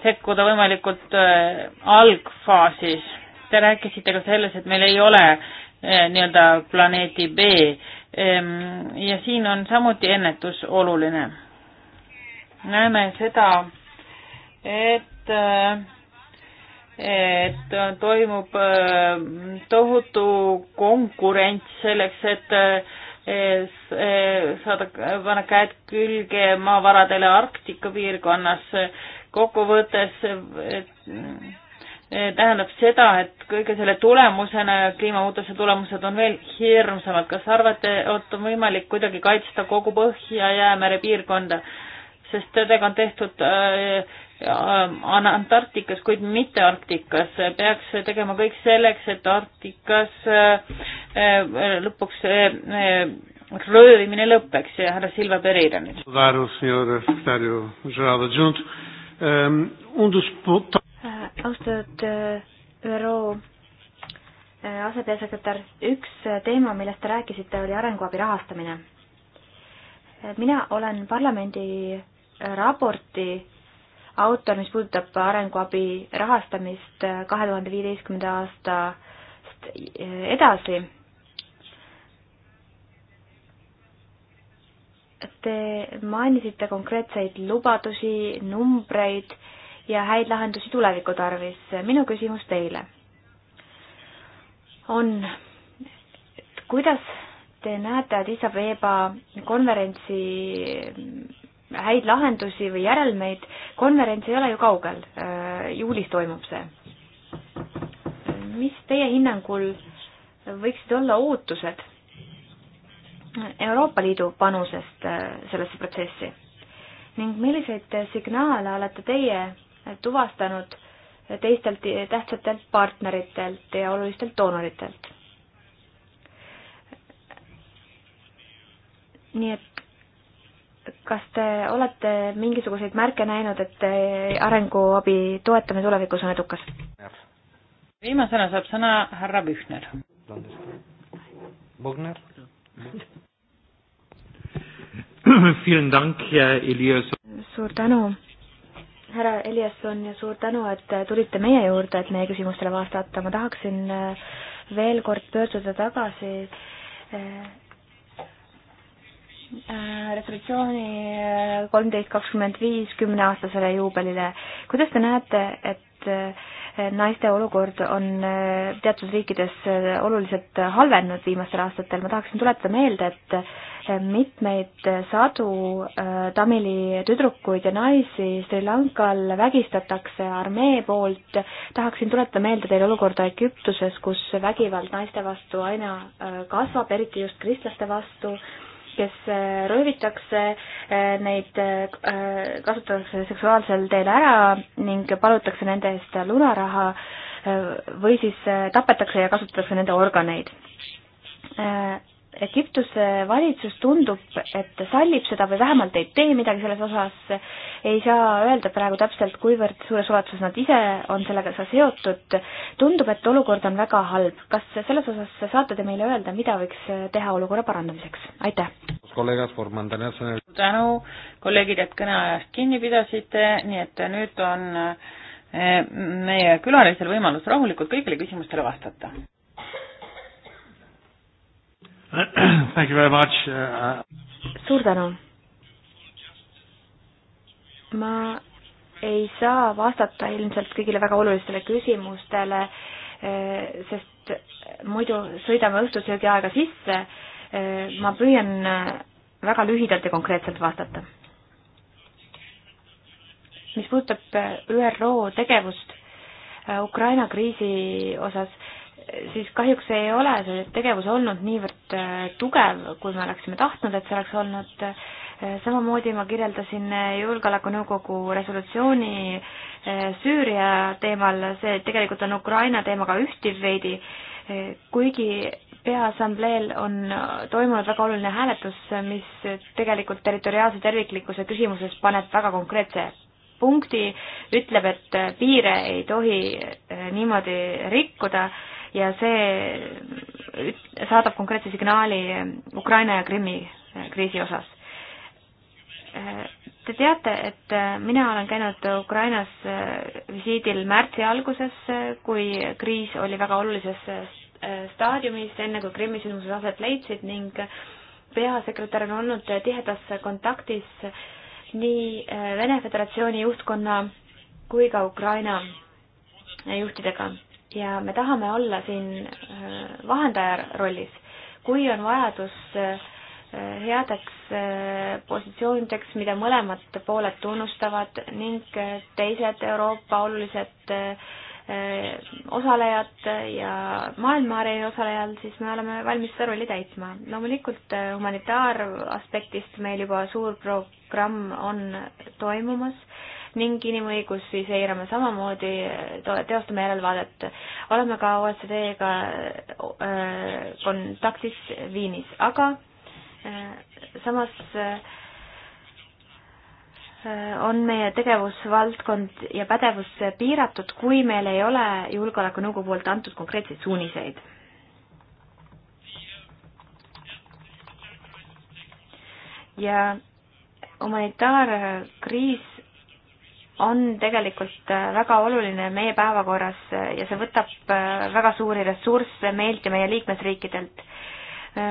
sekkuda võimalikult äh, algfaasis. Te rääkisite ka selles, et meil ei ole äh, nii-öelda planeedi B ehm, ja siin on samuti ennetus oluline. näeme seda, et, äh, et toimub tohutu konkurents selleks, et saada, panna käed külge maavaradele Arktika piirkonnas kokkuvõttes eh, tähendab seda, et kõige selle tulemusena ja kliimamuutuse tulemused on veel hirmsamad. kas arvate, et on võimalik kuidagi kaitsta kogu Põhja-Jäämere piirkonda? sest tõdega on tehtud äh, Antarktikas, kuid mitte Arktikas. peaks tegema kõik selleks, et Arktikas äh, lõpuks äh, röövimine lõpeks ja härra Silva Pereira nüüd. Ehm, äh, austatud äh, ÜRO äh, asepeasekretär, üks teema, millest te rääkisite, oli arenguabi rahastamine. mina olen parlamendi raporti autor, mis puudutab arenguabi rahastamist kahe tuhande viieteistkümnenda aastast edasi Te mainisite konkreetseid lubadusi, numbreid ja häid lahendusi tuleviku tarvis. minu küsimus teile on, kuidas te näete Addis Abeba konverentsi häid lahendusi või järelmeid, konverents ei ole ju kaugel, äh, juulis toimub see. mis teie hinnangul võiksid olla ootused Euroopa Liidu panusest äh, sellesse protsessi ning milliseid signaale olete teie tuvastanud teistelt tähtsatelt partneritelt ja olulistelt doonoritelt? nii et kas te olete mingisuguseid märke näinud, et arenguabi toetamine tulevikus on edukas? viimasena saab sõna härra Pühner. Bogner? *clears throat* suur tänu, härra Eliasson ja suur tänu, et tulite meie juurde, et meie küsimustele vastata. ma tahaksin äh, veel kord pöörduda tagasi äh, äh, resolutsiooni kolmteist kakskümmend viis kümneaastasele juubelile. kuidas te näete, et naiste olukord on teatud riikides oluliselt halvenenud viimastel aastatel, ma tahaksin tuletada meelde, et mitmeid sadu äh, Tamili tüdrukuid ja naisi Sri Lankal vägistatakse armee poolt. tahaksin tuletada meelde teile olukorda Egiptuses, kus vägivald naiste vastu aina äh, kasvab, eriti just kristlaste vastu, kes äh, röövitakse, neid kasutatakse seksuaalsel teel ära ning palutakse nende eest lunaraha või siis tapetakse ja kasutatakse nende organeid Egiptuse valitsus tundub, et sallib seda või vähemalt ei tee midagi selles osas, ei saa öelda praegu täpselt, kuivõrd suures ulatuses nad ise on sellega seotud. tundub, et olukord on väga halb. kas selles osas saate te meile öelda, mida võiks teha olukorra parandamiseks? aitäh! tänu, kolleegid, et kõneajast kinni pidasite, nii et nüüd on eh, meie külalisel võimalus rahulikult kõigile küsimustele vastata. *clears throat* Thank you very much uh, uh.... suur tänu. ma ei saa vastata ilmselt kõigile väga olulistele küsimustele, eh, sest muidu sõidame õhtusöögi aega sisse. Eh, ma püüan eh, väga lühidalt ja konkreetselt vastata. mis puudutab ÜRO tegevust Ukraina kriisi osas, siis kahjuks ei ole see tegevus olnud niivõrd äh, tugev, kui me oleksime tahtnud, et see oleks olnud. Äh, samamoodi ma kirjeldasin äh, Julgeolekunõukogu resolutsiooni Süüria teemal, see tegelikult on Ukraina teemaga ühtiv veidi, kuigi Peaassambleel on toimunud väga oluline hääletus, mis tegelikult territoriaalse terviklikkuse küsimuses paneb väga konkreetse punkti, ütleb, et piire ei tohi niimoodi rikkuda ja see saadab konkreetse signaali Ukraina ja Krimmi äh, kriisi osas. Äh, te teate, et äh, mina olen käinud Ukrainas visiidil märtsi alguses, kui kriis oli väga olulises staadiumis, enne kui Krimmi sündmused aset leidsid ning peasekretär on olnud tihedas kontaktis nii Vene Föderatsiooni juhtkonna kui ka Ukraina juhtidega ja me tahame olla siin äh, vahendaja rollis. kui on vajadus äh, headeks äh, positsioonideks, mida mõlemad pooled tunnustavad ning teised Euroopa olulised osalejad ja maailmaareni osalejal, siis me oleme valmis seda rolli täitma. loomulikult humanitaaraspektist meil juba suur programm on toimumas ning inimõigusi seirame samamoodi, teostame järelevalvet. oleme ka OECD-ga äh, kontaktis Viinis, aga äh, samas äh, on meie tegevusvaldkond ja pädevus piiratud, kui meil ei ole Julgeolekunõukogu poolt antud konkreetseid suuniseid. ja humanitaarkriis on tegelikult äh, väga oluline meie päevakorras äh, ja see võtab äh, väga suuri ressursse meilt ja meie liikmesriikidelt.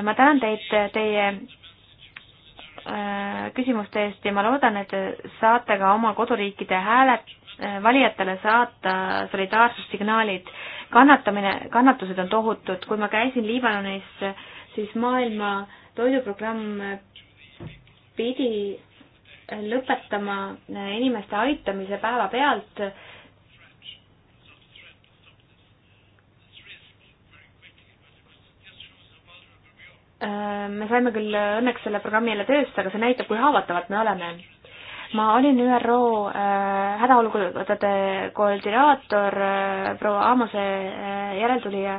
ma tänan teid teie küsimuste eest ja ma loodan, et te saate ka oma koduriikide hääled, valijatele saata solidaarsussignaalid. kannatamine, kannatused on tohutud, kui ma käisin Liibanonis, siis maailma toiduprogramm pidi lõpetama äh, inimeste aitamise päevapealt. Äh, me saime küll õnneks selle programmi jälle töösse, aga see näitab, kui haavatavad me oleme ma olin ÜRO äh, hädaolukordade koordinaator äh, proua Aamose äh, järeltulija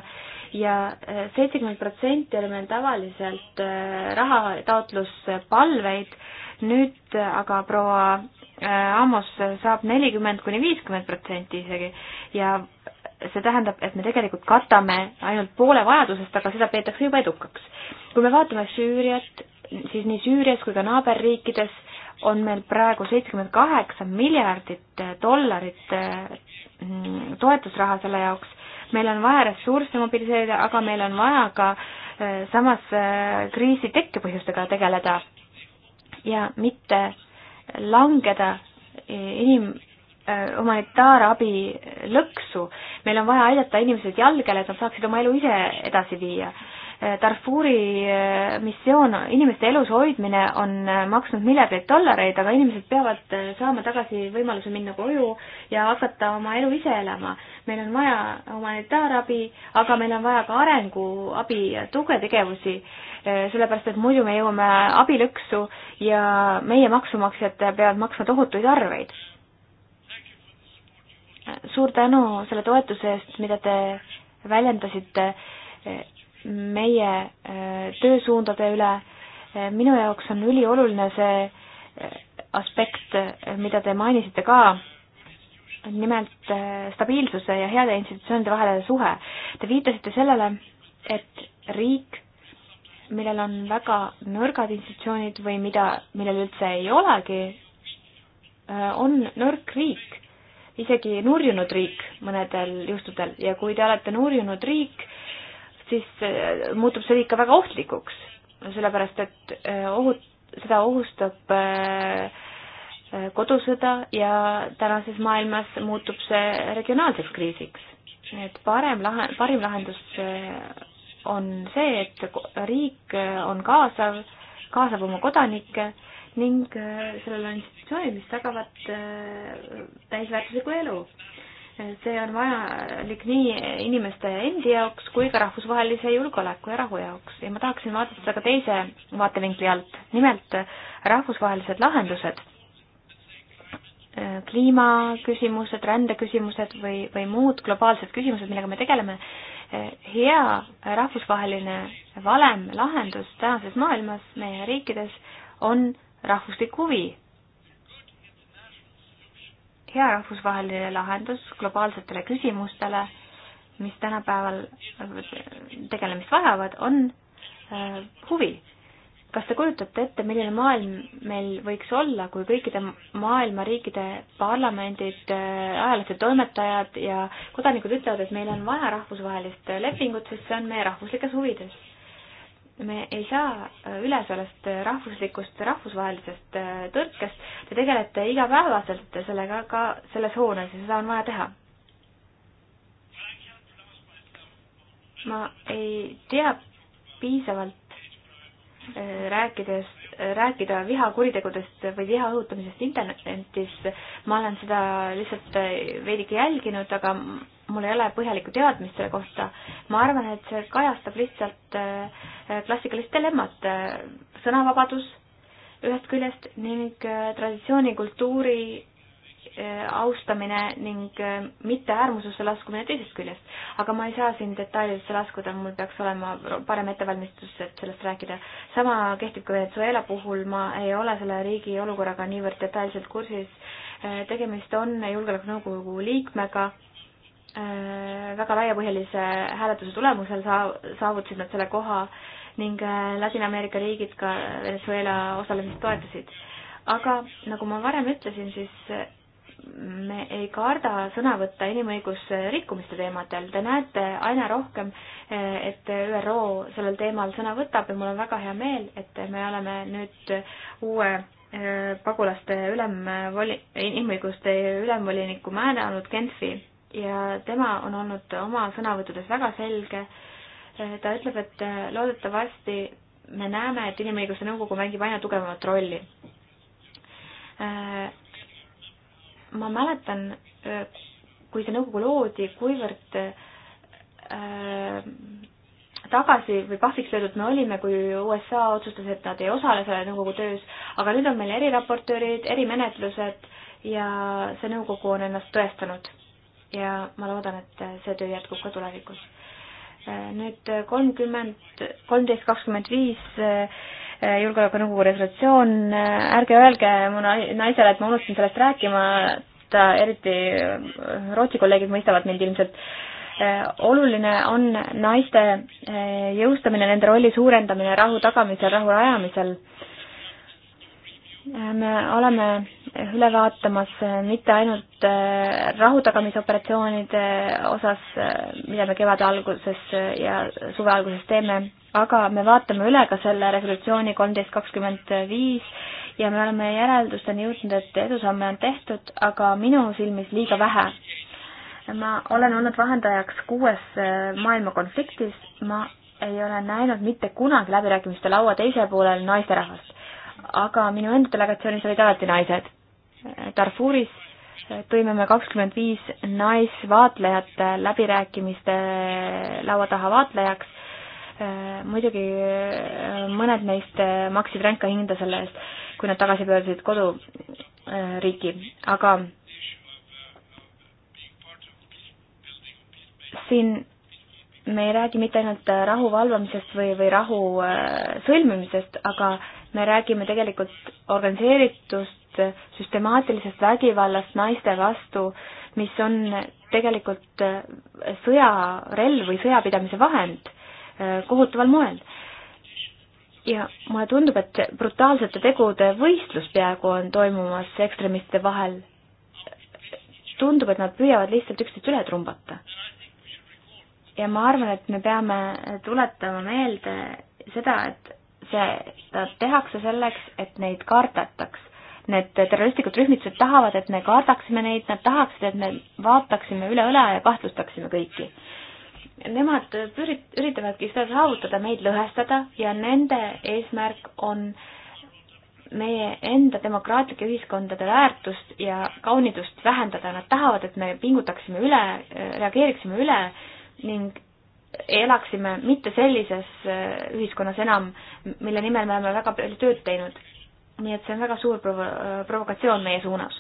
ja äh, seitsekümmend protsenti oli meil tavaliselt äh, rahataotluspalveid äh, nüüd aga proua äh, Amos saab nelikümmend kuni viiskümmend protsenti isegi ja see tähendab, et me tegelikult katame ainult poole vajadusest, aga seda peetakse juba edukaks. kui me vaatame Süüriat, siis nii Süürias kui ka naaberriikides on meil praegu seitsekümmend kaheksa miljardit dollarit mm, toetusraha selle jaoks. meil on vaja ressursse mobiliseerida, aga meil on vaja ka äh, samas äh, kriisi tekkepõhjustega tegeleda ja mitte langeda inim-, äh, humanitaarabi lõksu. meil on vaja aidata inimesed jalgele, et nad saaksid oma elu ise edasi viia. Darfuri eh, missioon, inimeste elus hoidmine on eh, maksnud miljardeid dollareid, aga inimesed peavad eh, saama tagasi võimaluse minna koju ja hakata oma elu ise elama. meil on vaja humanitaarabi, aga meil on vaja ka arenguabi ja tugetegevusi, sellepärast et muidu me jõuame abilõksu ja meie maksumaksjad peavad maksma tohutuid arveid. suur tänu selle toetuse eest, mida te väljendasite meie äh, töösuundade üle. Äh, minu jaoks on ülioluline see äh, aspekt, mida te mainisite ka, nimelt stabiilsuse ja heade institutsioonide vaheline suhe. Te viitasite sellele, et riik, millel on väga nõrgad institutsioonid või mida, millel üldse ei olegi, on nõrk riik, isegi nurjunud riik mõnedel juhtudel ja kui te olete nurjunud riik, siis äh, muutub see ikka väga ohtlikuks, sellepärast et äh, ohut-, seda ohustab äh, kodusõda ja tänases maailmas muutub see regionaalseks kriisiks. et parem lahe, parim lahendus on see, et riik on kaasav, kaasab oma kodanikke ning sellel on institutsioonid, mis tagavad täisväärtusliku elu see on vajalik nii inimeste endi jaoks kui ka rahvusvahelise julgeoleku ja rahu jaoks ja ma tahaksin vaadata seda ka teise vaatevinkli alt, nimelt rahvusvahelised lahendused, äh, kliimaküsimused, rändeküsimused või, või muud globaalsed küsimused, millega me tegeleme, äh, hea rahvusvaheline valem, lahendus tänases maailmas, meie riikides, on rahvuslik huvi hea rahvusvaheline lahendus globaalsetele küsimustele, mis tänapäeval äh, tegelemist vajavad, on äh, huvi. kas te kujutate ette, milline maailm meil võiks olla, kui kõikide maailma riikide parlamendid, äh, ajalehed, toimetajad ja kodanikud ütlevad, et meil on vaja rahvusvahelist lepingut, sest see on meie rahvuslikes huvides me ei saa äh, üle sellest äh, rahvuslikust rahvusvahelisest äh, tõrkest. Te tegelete igapäevaselt sellega ka selles hoones ja seda on vaja teha. ma ei tea piisavalt rääkides, rääkida vihakuritegudest või viha õhutamisest internetis, ma olen seda lihtsalt veidike jälginud, aga mul ei ole põhjalikku teadmist selle kohta. ma arvan, et see kajastab lihtsalt äh, klassikalist dilemmat, äh, sõnavabadus ühest küljest ning äh, traditsiooni, kultuuri austamine ning mitte äärmususse laskumine teisest küljest. aga ma ei saa siin detailidesse laskuda, mul peaks olema parem ettevalmistus, et sellest rääkida. sama kehtib ka Venezuela puhul, ma ei ole selle riigi olukorraga niivõrd detailselt kursis. tegemist on Julgeolekunõukogu liikmega Äh, väga laiapõhjalise hääletuse tulemusel saa-, saavutasid nad selle koha ning äh, Ladina-Ameerika riigid ka Venezuela osalemist toetasid. aga nagu ma varem ütlesin, siis äh, me ei karda sõna võtta inimõigusrikkumiste teemadel, te näete aina rohkem, et ÜRO sellel teemal sõna võtab ja mul on väga hea meel, et me oleme nüüd uue pagulaste ülemvoli-, inimõiguste ülemvoliniku määranud Genfi ja tema on olnud oma sõnavõttudes väga selge. ta ütleb, et äh, loodetavasti me näeme, et Inimõiguste Nõukogu mängib aina tugevamat rolli. Äh, ma mäletan, äh, kui see nõukogu loodi, kuivõrd tagasi või pahviks löödud me olime, kui USA otsustas, et nad ei osale selle nõukogu töös, aga nüüd on meil eriraportöörid, erimenetlused ja see nõukogu on ennast tõestanud ja ma loodan, et see töö jätkub ka tulevikus. nüüd kolmkümmend, kolmteist kakskümmend viis eh, julgeolekunõukogu resolutsioon, eh, ärge öelge mu naisele, et ma unustasin sellest rääkima, et eriti eh, Rootsi kolleegid mõistavad mind ilmselt oluline on naiste jõustamine, nende rolli suurendamine rahu tagamisel, rahu ajamisel me oleme üle vaatamas mitte ainult äh, rahu tagamisoperatsioonide osas, äh, mida me kevade alguses äh, ja suve alguses teeme, aga me vaatame üle ka selle resolutsiooni kolmteist kakskümmend viis ja me oleme järeldusteni jõudnud, et edusamme on tehtud, aga minu silmis liiga vähe. ma olen olnud vahendajaks kuues maailmakonfliktis, ma ei ole näinud mitte kunagi läbirääkimiste laua teisel poolel naisterahvast aga minu enda delegatsioonis olid alati naised. Darfuris tõime me kakskümmend viis naisvaatlejat läbirääkimiste laua taha vaatlejaks. muidugi mõned neist maksid ränka hinda selle eest, kui nad tagasi pöördusid koduriiki, aga siin me ei räägi mitte ainult rahu valvamisest või, või rahu äh, sõlmimisest, aga äh, me räägime tegelikult organiseeritust süstemaatilisest vägivallast naiste vastu, mis on tegelikult äh, sõjarelv või sõjapidamise vahend äh, kohutaval moel. ja mulle tundub, et brutaalsete tegude võistlus peaaegu on toimumas ekstremistide vahel. tundub, et nad püüavad lihtsalt üksteist üle trumbata. ja ma arvan, et me peame tuletama meelde seda, et seda tehakse selleks, et neid kardetaks. Need terroristlikud rühmitused tahavad, et me kardaksime neid, nad tahaksid, et me vaataksime üle õla ja kahtlustaksime kõiki. Nemad pürit-, üritavadki seda saavutada, meid lõhestada ja nende eesmärk on meie enda demokraatlike ühiskondade väärtust ja kaunidust vähendada, nad tahavad, et me pingutaksime üle, reageeriksime üle ning elaksime mitte sellises äh, ühiskonnas enam, mille nimel me oleme väga palju tööd teinud. nii et see on väga suur provo-, äh, provokatsioon meie suunas.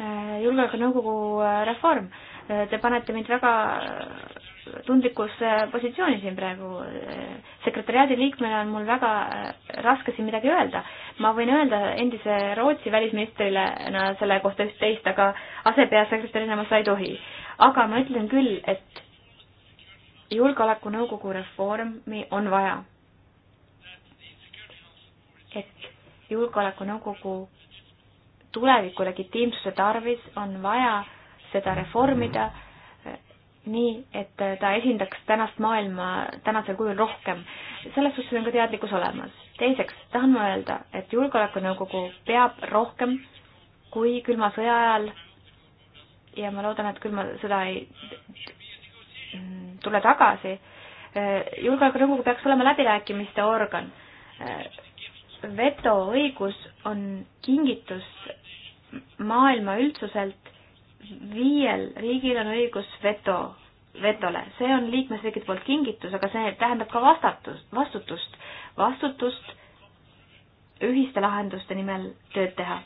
Äh, julgeolekunõukogu reform, te panete mind väga tundlikus positsioonis siin praegu. sekretäriaadi liikmena on mul väga raske siin midagi öelda. ma võin öelda endise Rootsi välisministrile no, selle kohta üht-teist, aga asepeasekretärina ma seda ei tohi aga ma ütlen küll, et julgeolekunõukogu reformi on vaja. et julgeolekunõukogu tuleviku legitiimsuse tarvis on vaja seda reformida nii, et ta esindaks tänast maailma tänasel kujul rohkem. selles suhtes on ka teadlikkus olemas. teiseks tahan ma öelda, et Julgeolekunõukogu peab rohkem kui külma sõja ajal ja ma loodan, et küll ma seda ei tule tagasi, julgeolekunõukogu peaks olema läbirääkimiste organ. vetoõigus on kingitus maailma üldsuselt, viiel riigil on õigus veto, vetole, see on liikmesriikide poolt kingitus, aga see tähendab ka vastatust, vastutust, vastutust ühiste lahenduste nimel tööd teha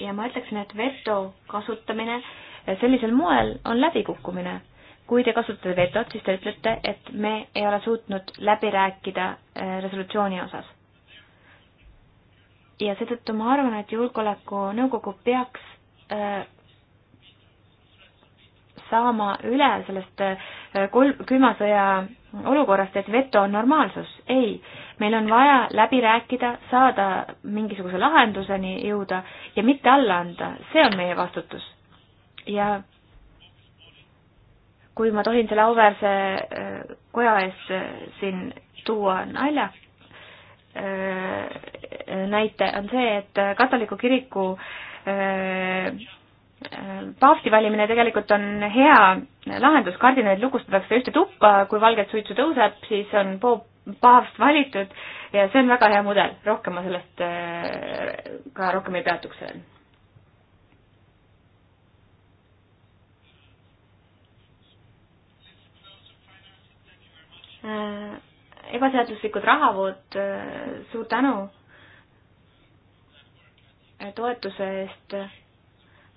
ja ma ütleksin, et veto kasutamine eh, sellisel moel on läbikukkumine. kui te kasutate vetot, siis te ütlete, et me ei ole suutnud läbi rääkida eh, resolutsiooni osas. ja seetõttu ma arvan, et Julgeolekunõukogu peaks eh, saama üle sellest kolm, külma sõja olukorrast, et veto on normaalsus. ei, meil on vaja läbi rääkida, saada mingisuguse lahenduseni jõuda ja mitte alla anda, see on meie vastutus. ja kui ma tohin selle auväärse äh, koja ees äh, siin tuua nalja, äh, näite, on see, et katoliku kiriku paavsti valimine tegelikult on hea lahendus, kardinaid lukustatakse ühte tuppa, kui valget suitsu tõuseb, siis on poop, paavst valitud ja see on väga hea mudel, rohkem ma sellest äh, ka rohkem ei peatuks sellel. Äh, ebaseaduslikud rahavood, äh, suur tänu toetuse eest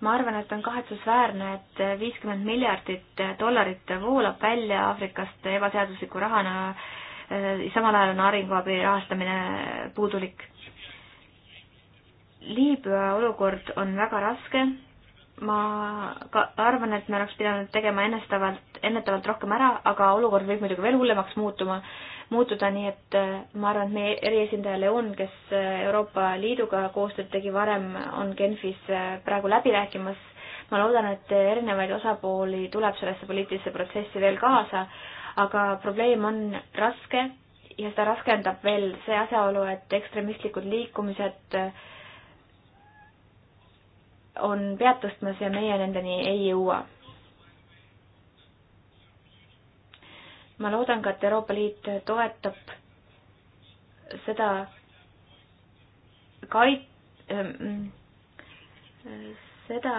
ma arvan, et on kahetsusväärne, et viiskümmend miljardit dollarit voolab välja Aafrikast ebaseadusliku rahana, eh, samal ajal on arenguabi rahastamine puudulik. Liibüa olukord on väga raske, ma ka arvan, et me oleks pidanud tegema ennetavalt, ennetavalt rohkem ära, aga olukord võib muidugi veel hullemaks muutuma muutuda, nii et äh, ma arvan, et meie eriesindaja Leon, kes äh, Euroopa Liiduga koostööd tegi varem, on Genfis äh, praegu läbi rääkimas. ma loodan, et erinevaid osapooli tuleb sellesse poliitilisse protsessi veel kaasa, aga probleem on raske ja seda raskendab veel see asjaolu, et ekstremistlikud liikumised on pead tõstmas ja meie nendeni ei jõua ma loodan ka, et Euroopa Liit toetab seda kait-, ähm, seda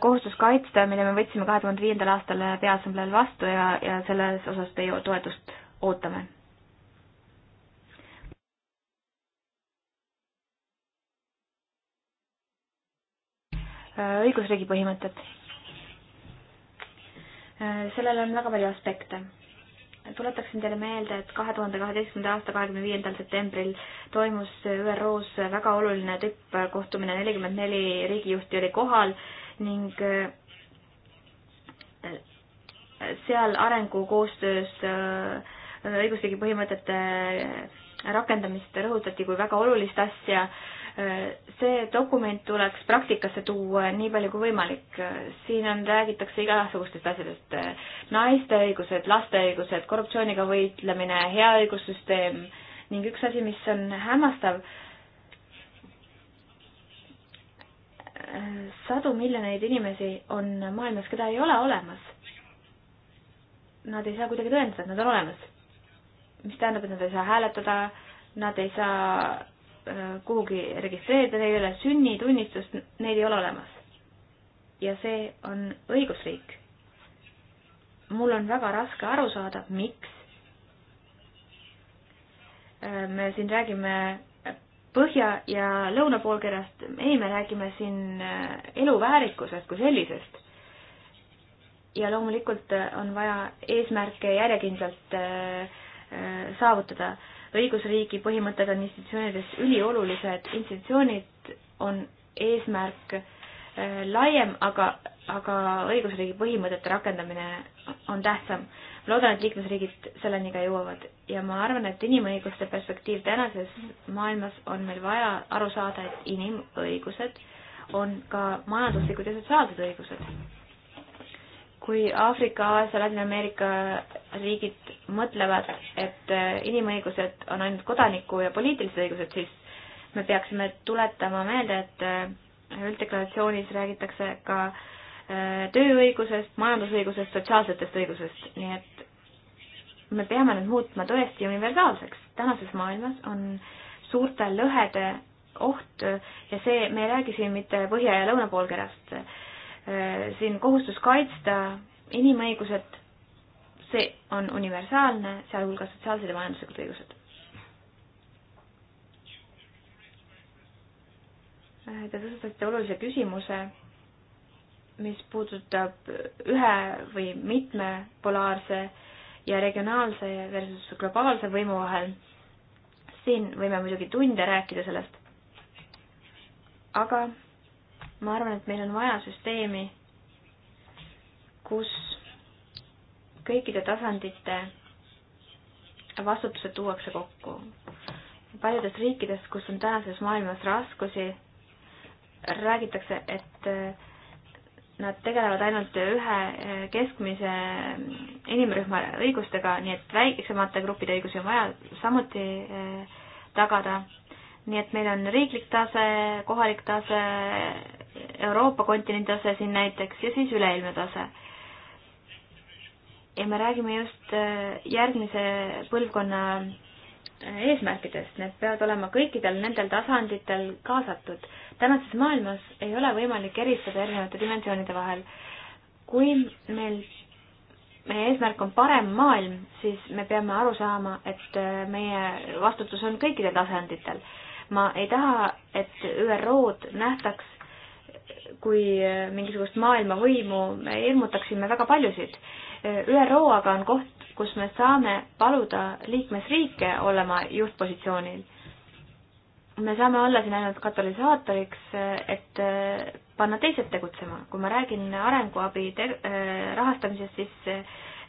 kohustus kaitsta, mille me võtsime kahe tuhande viiendal aastal Peaassambleel vastu ja, ja selles osas teie toetust ootame. õigusriigi põhimõtet. sellel on väga palju aspekte. tuletaksin teile meelde, et kahe tuhande kaheteistkümnenda aasta kahekümne viiendal septembril toimus ÜRO-s väga oluline tippkohtumine, nelikümmend neli riigijuhti oli kohal ning äh, seal arengukoostöös äh, õigusriigi põhimõtete rakendamist rõhutati kui väga olulist asja see dokument tuleks praktikasse tuua nii palju kui võimalik. siin on, räägitakse igasugustest asjadest, naiste õigused, laste õigused, korruptsiooniga võitlemine, hea õigussüsteem ning üks asi, mis on hämmastav, sadu miljoneid inimesi on maailmas, keda ei ole olemas. Nad ei saa kuidagi tõendada, et nad on olemas. mis tähendab, et nad ei saa hääletada, nad ei saa Äh, kuhugi registreerida, neil ei ole sünnitunnistust, neid ei ole olemas. ja see on õigusriik. mul on väga raske aru saada, miks äh, me siin räägime põhja- ja lõunapoolkerast, ei, me räägime siin äh, eluväärikusest kui sellisest. ja loomulikult on vaja eesmärke järjekindlalt saavutada õigusriigi põhimõtted on institutsioonides üliolulised, institutsioonid on eesmärk äh, laiem, aga, aga õigusriigi põhimõtete rakendamine on tähtsam. loodan, et liikmesriigid selleni ka jõuavad ja ma arvan, et inimõiguste perspektiiv tänases maailmas on meil vaja aru saada, et inimõigused on ka majanduslikud ja sotsiaalsed õigused kui Aafrika, Aasia, Ladina-Ameerika riigid mõtlevad, et äh, inimõigused on ainult kodaniku ja poliitilised õigused, siis me peaksime tuletama meelde, et äh, ülddeklaratsioonis räägitakse ka äh, tööõigusest, majandusõigusest, sotsiaalsetest õigusest, nii et me peame need muutma tõesti universaalseks. tänases maailmas on suurte lõhede oht ja see, me ei räägi siin mitte põhja- ja lõunapoolkerast Äh, siin kohustus kaitsta inimõigused, see on universaalne, sealhulgas sotsiaalsed ja majanduslikud õigused. Äh, te tõstatasite olulise küsimuse, mis puudutab ühe või mitmepolaarse ja regionaalse versus globaalse võimu vahel. siin võime muidugi tunde rääkida sellest, aga ma arvan, et meil on vaja süsteemi, kus kõikide tasandite vastutused tuuakse kokku. paljudes riikides, kus on tänases maailmas raskusi, räägitakse, et eh, nad tegelevad ainult ühe eh, keskmise mm, inimrühma õigustega, nii et väiksemate gruppide õigusi on vaja samuti eh, tagada. nii et meil on riiklik tase, kohalik tase, Euroopa kontinendi tase siin näiteks ja siis üleilmne tase. ja me räägime just äh, järgmise põlvkonna äh, eesmärkidest, need peavad olema kõikidel nendel tasanditel kaasatud. tänases maailmas ei ole võimalik eristada erinevate dimensioonide vahel. kui meil, meie eesmärk on parem maailm, siis me peame aru saama, et äh, meie vastutus on kõikidel tasanditel. ma ei taha, et ÜRO-d nähtaks kui mingisugust maailmavõimu me hirmutaksime väga paljusid. ÜRO aga on koht, kus me saame paluda liikmesriike olema juhtpositsioonil. me saame olla siin ainult katalüsaatoriks, et panna teised tegutsema. kui ma räägin arenguabi äh, rahastamisest, siis äh,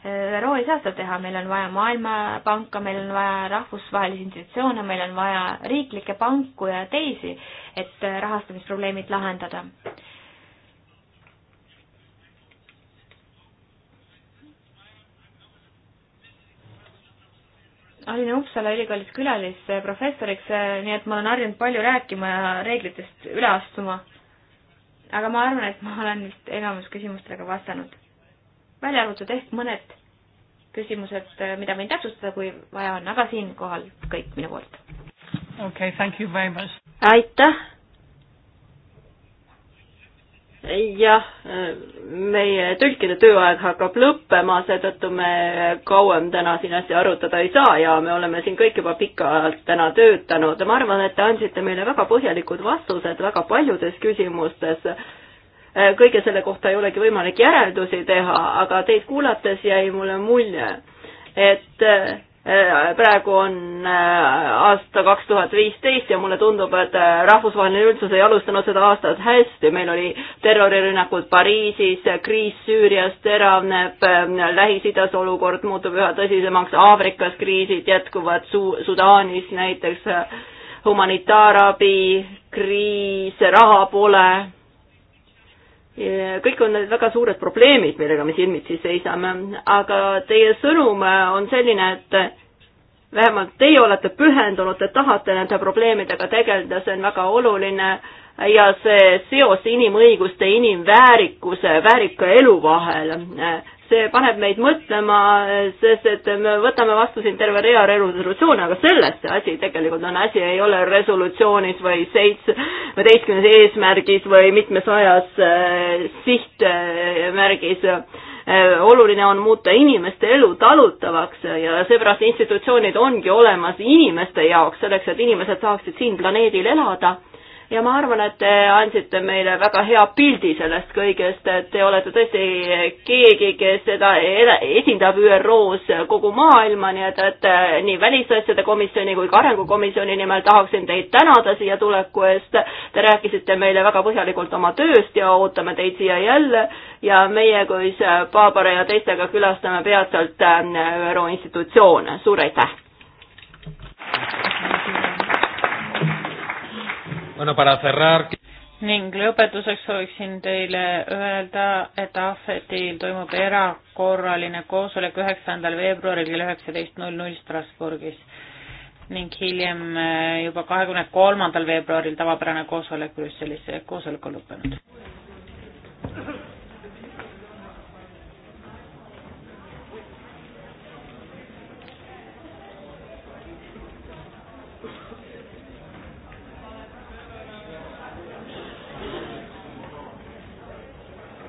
Äh, ÜRO ei saa seda teha, meil on vaja Maailmapanka, meil on vaja rahvusvahelisi institutsioone, meil on vaja riiklikke panku ja teisi, et äh, rahastamisprobleemid lahendada. olin Uppsala ülikoolis külalisprofessoriks, äh, nii et ma olen harjunud palju rääkima ja reeglitest üle astuma. aga ma arvan, et ma olen vist enamus küsimustele ka vastanud välja arvatud ehk mõned küsimused, äh, mida võin täpsustada, kui vaja on, aga siinkohal kõik minu poolt. okei okay,, thank you very much. aitäh. jah, meie tõlkide tööaeg hakkab lõppema, seetõttu me kauem täna siin asja arutada ei saa ja me oleme siin kõik juba pikalt täna töötanud. ma arvan, et te andsite meile väga põhjalikud vastused väga paljudes küsimustes Äh, kõige selle kohta ei olegi võimalik järeldusi teha, aga teid kuulates jäi mulle mulje, et äh, praegu on äh, aasta kaks tuhat viisteist ja mulle tundub, et rahvusvaheline üldsus ei alustanud seda aastat hästi, meil oli terrorirünnakud Pariisis, kriis Süürias teravneb, ähm, Lähis-Idas olukord muutub üha tõsisemaks, Aafrikas kriisid jätkuvad, Su-, Sudaanis näiteks humanitaarabi, kriis, raha pole kõik on need väga suured probleemid, millega me silmitsi seisame, aga teie sõnum äh, on selline, et äh, vähemalt teie olete pühendunud, te tahate nende probleemidega tegeleda, see on väga oluline ja see seos inimõiguste, inimväärikuse, väärika elu vahel äh, see paneb meid mõtlema, sest et me võtame vastu siin terve rea resolutsioone, aga selles see asi tegelikult on, asi ei ole resolutsioonis või seitse, üheteistkümnes eesmärgis või mitmesajas eh, sihtmärgis. Eh, oluline on muuta inimeste elu talutavaks ja seepärast institutsioonid ongi olemas inimeste jaoks, selleks et inimesed saaksid siin planeedil elada ja ma arvan, et te andsite meile väga hea pildi sellest kõigest, et te olete tõesti keegi, kes seda esindab ÜRO-s kogu maailma, nii et, et eh, nii Välisasjade Komisjoni kui ka Arengukomisjoni nimel tahaksin teid tänada siia tuleku eest. Te rääkisite meile väga põhjalikult oma tööst ja ootame teid siia jälle ja meie kui Paabara eh, ja teistega külastame peatselt eh, ÜRO institutsioone. suur aitäh! Bueno, para cerrar... ning lõpetuseks sooviksin teile öelda, et AFET-il toimub erakorraline koosolek üheksandal veebruaril kell üheksateist null null Strasbourgis ning hiljem eh, juba kahekümne kolmandal veebruaril tavapärane koosolek Brüsselis, koosolek on lõppenud.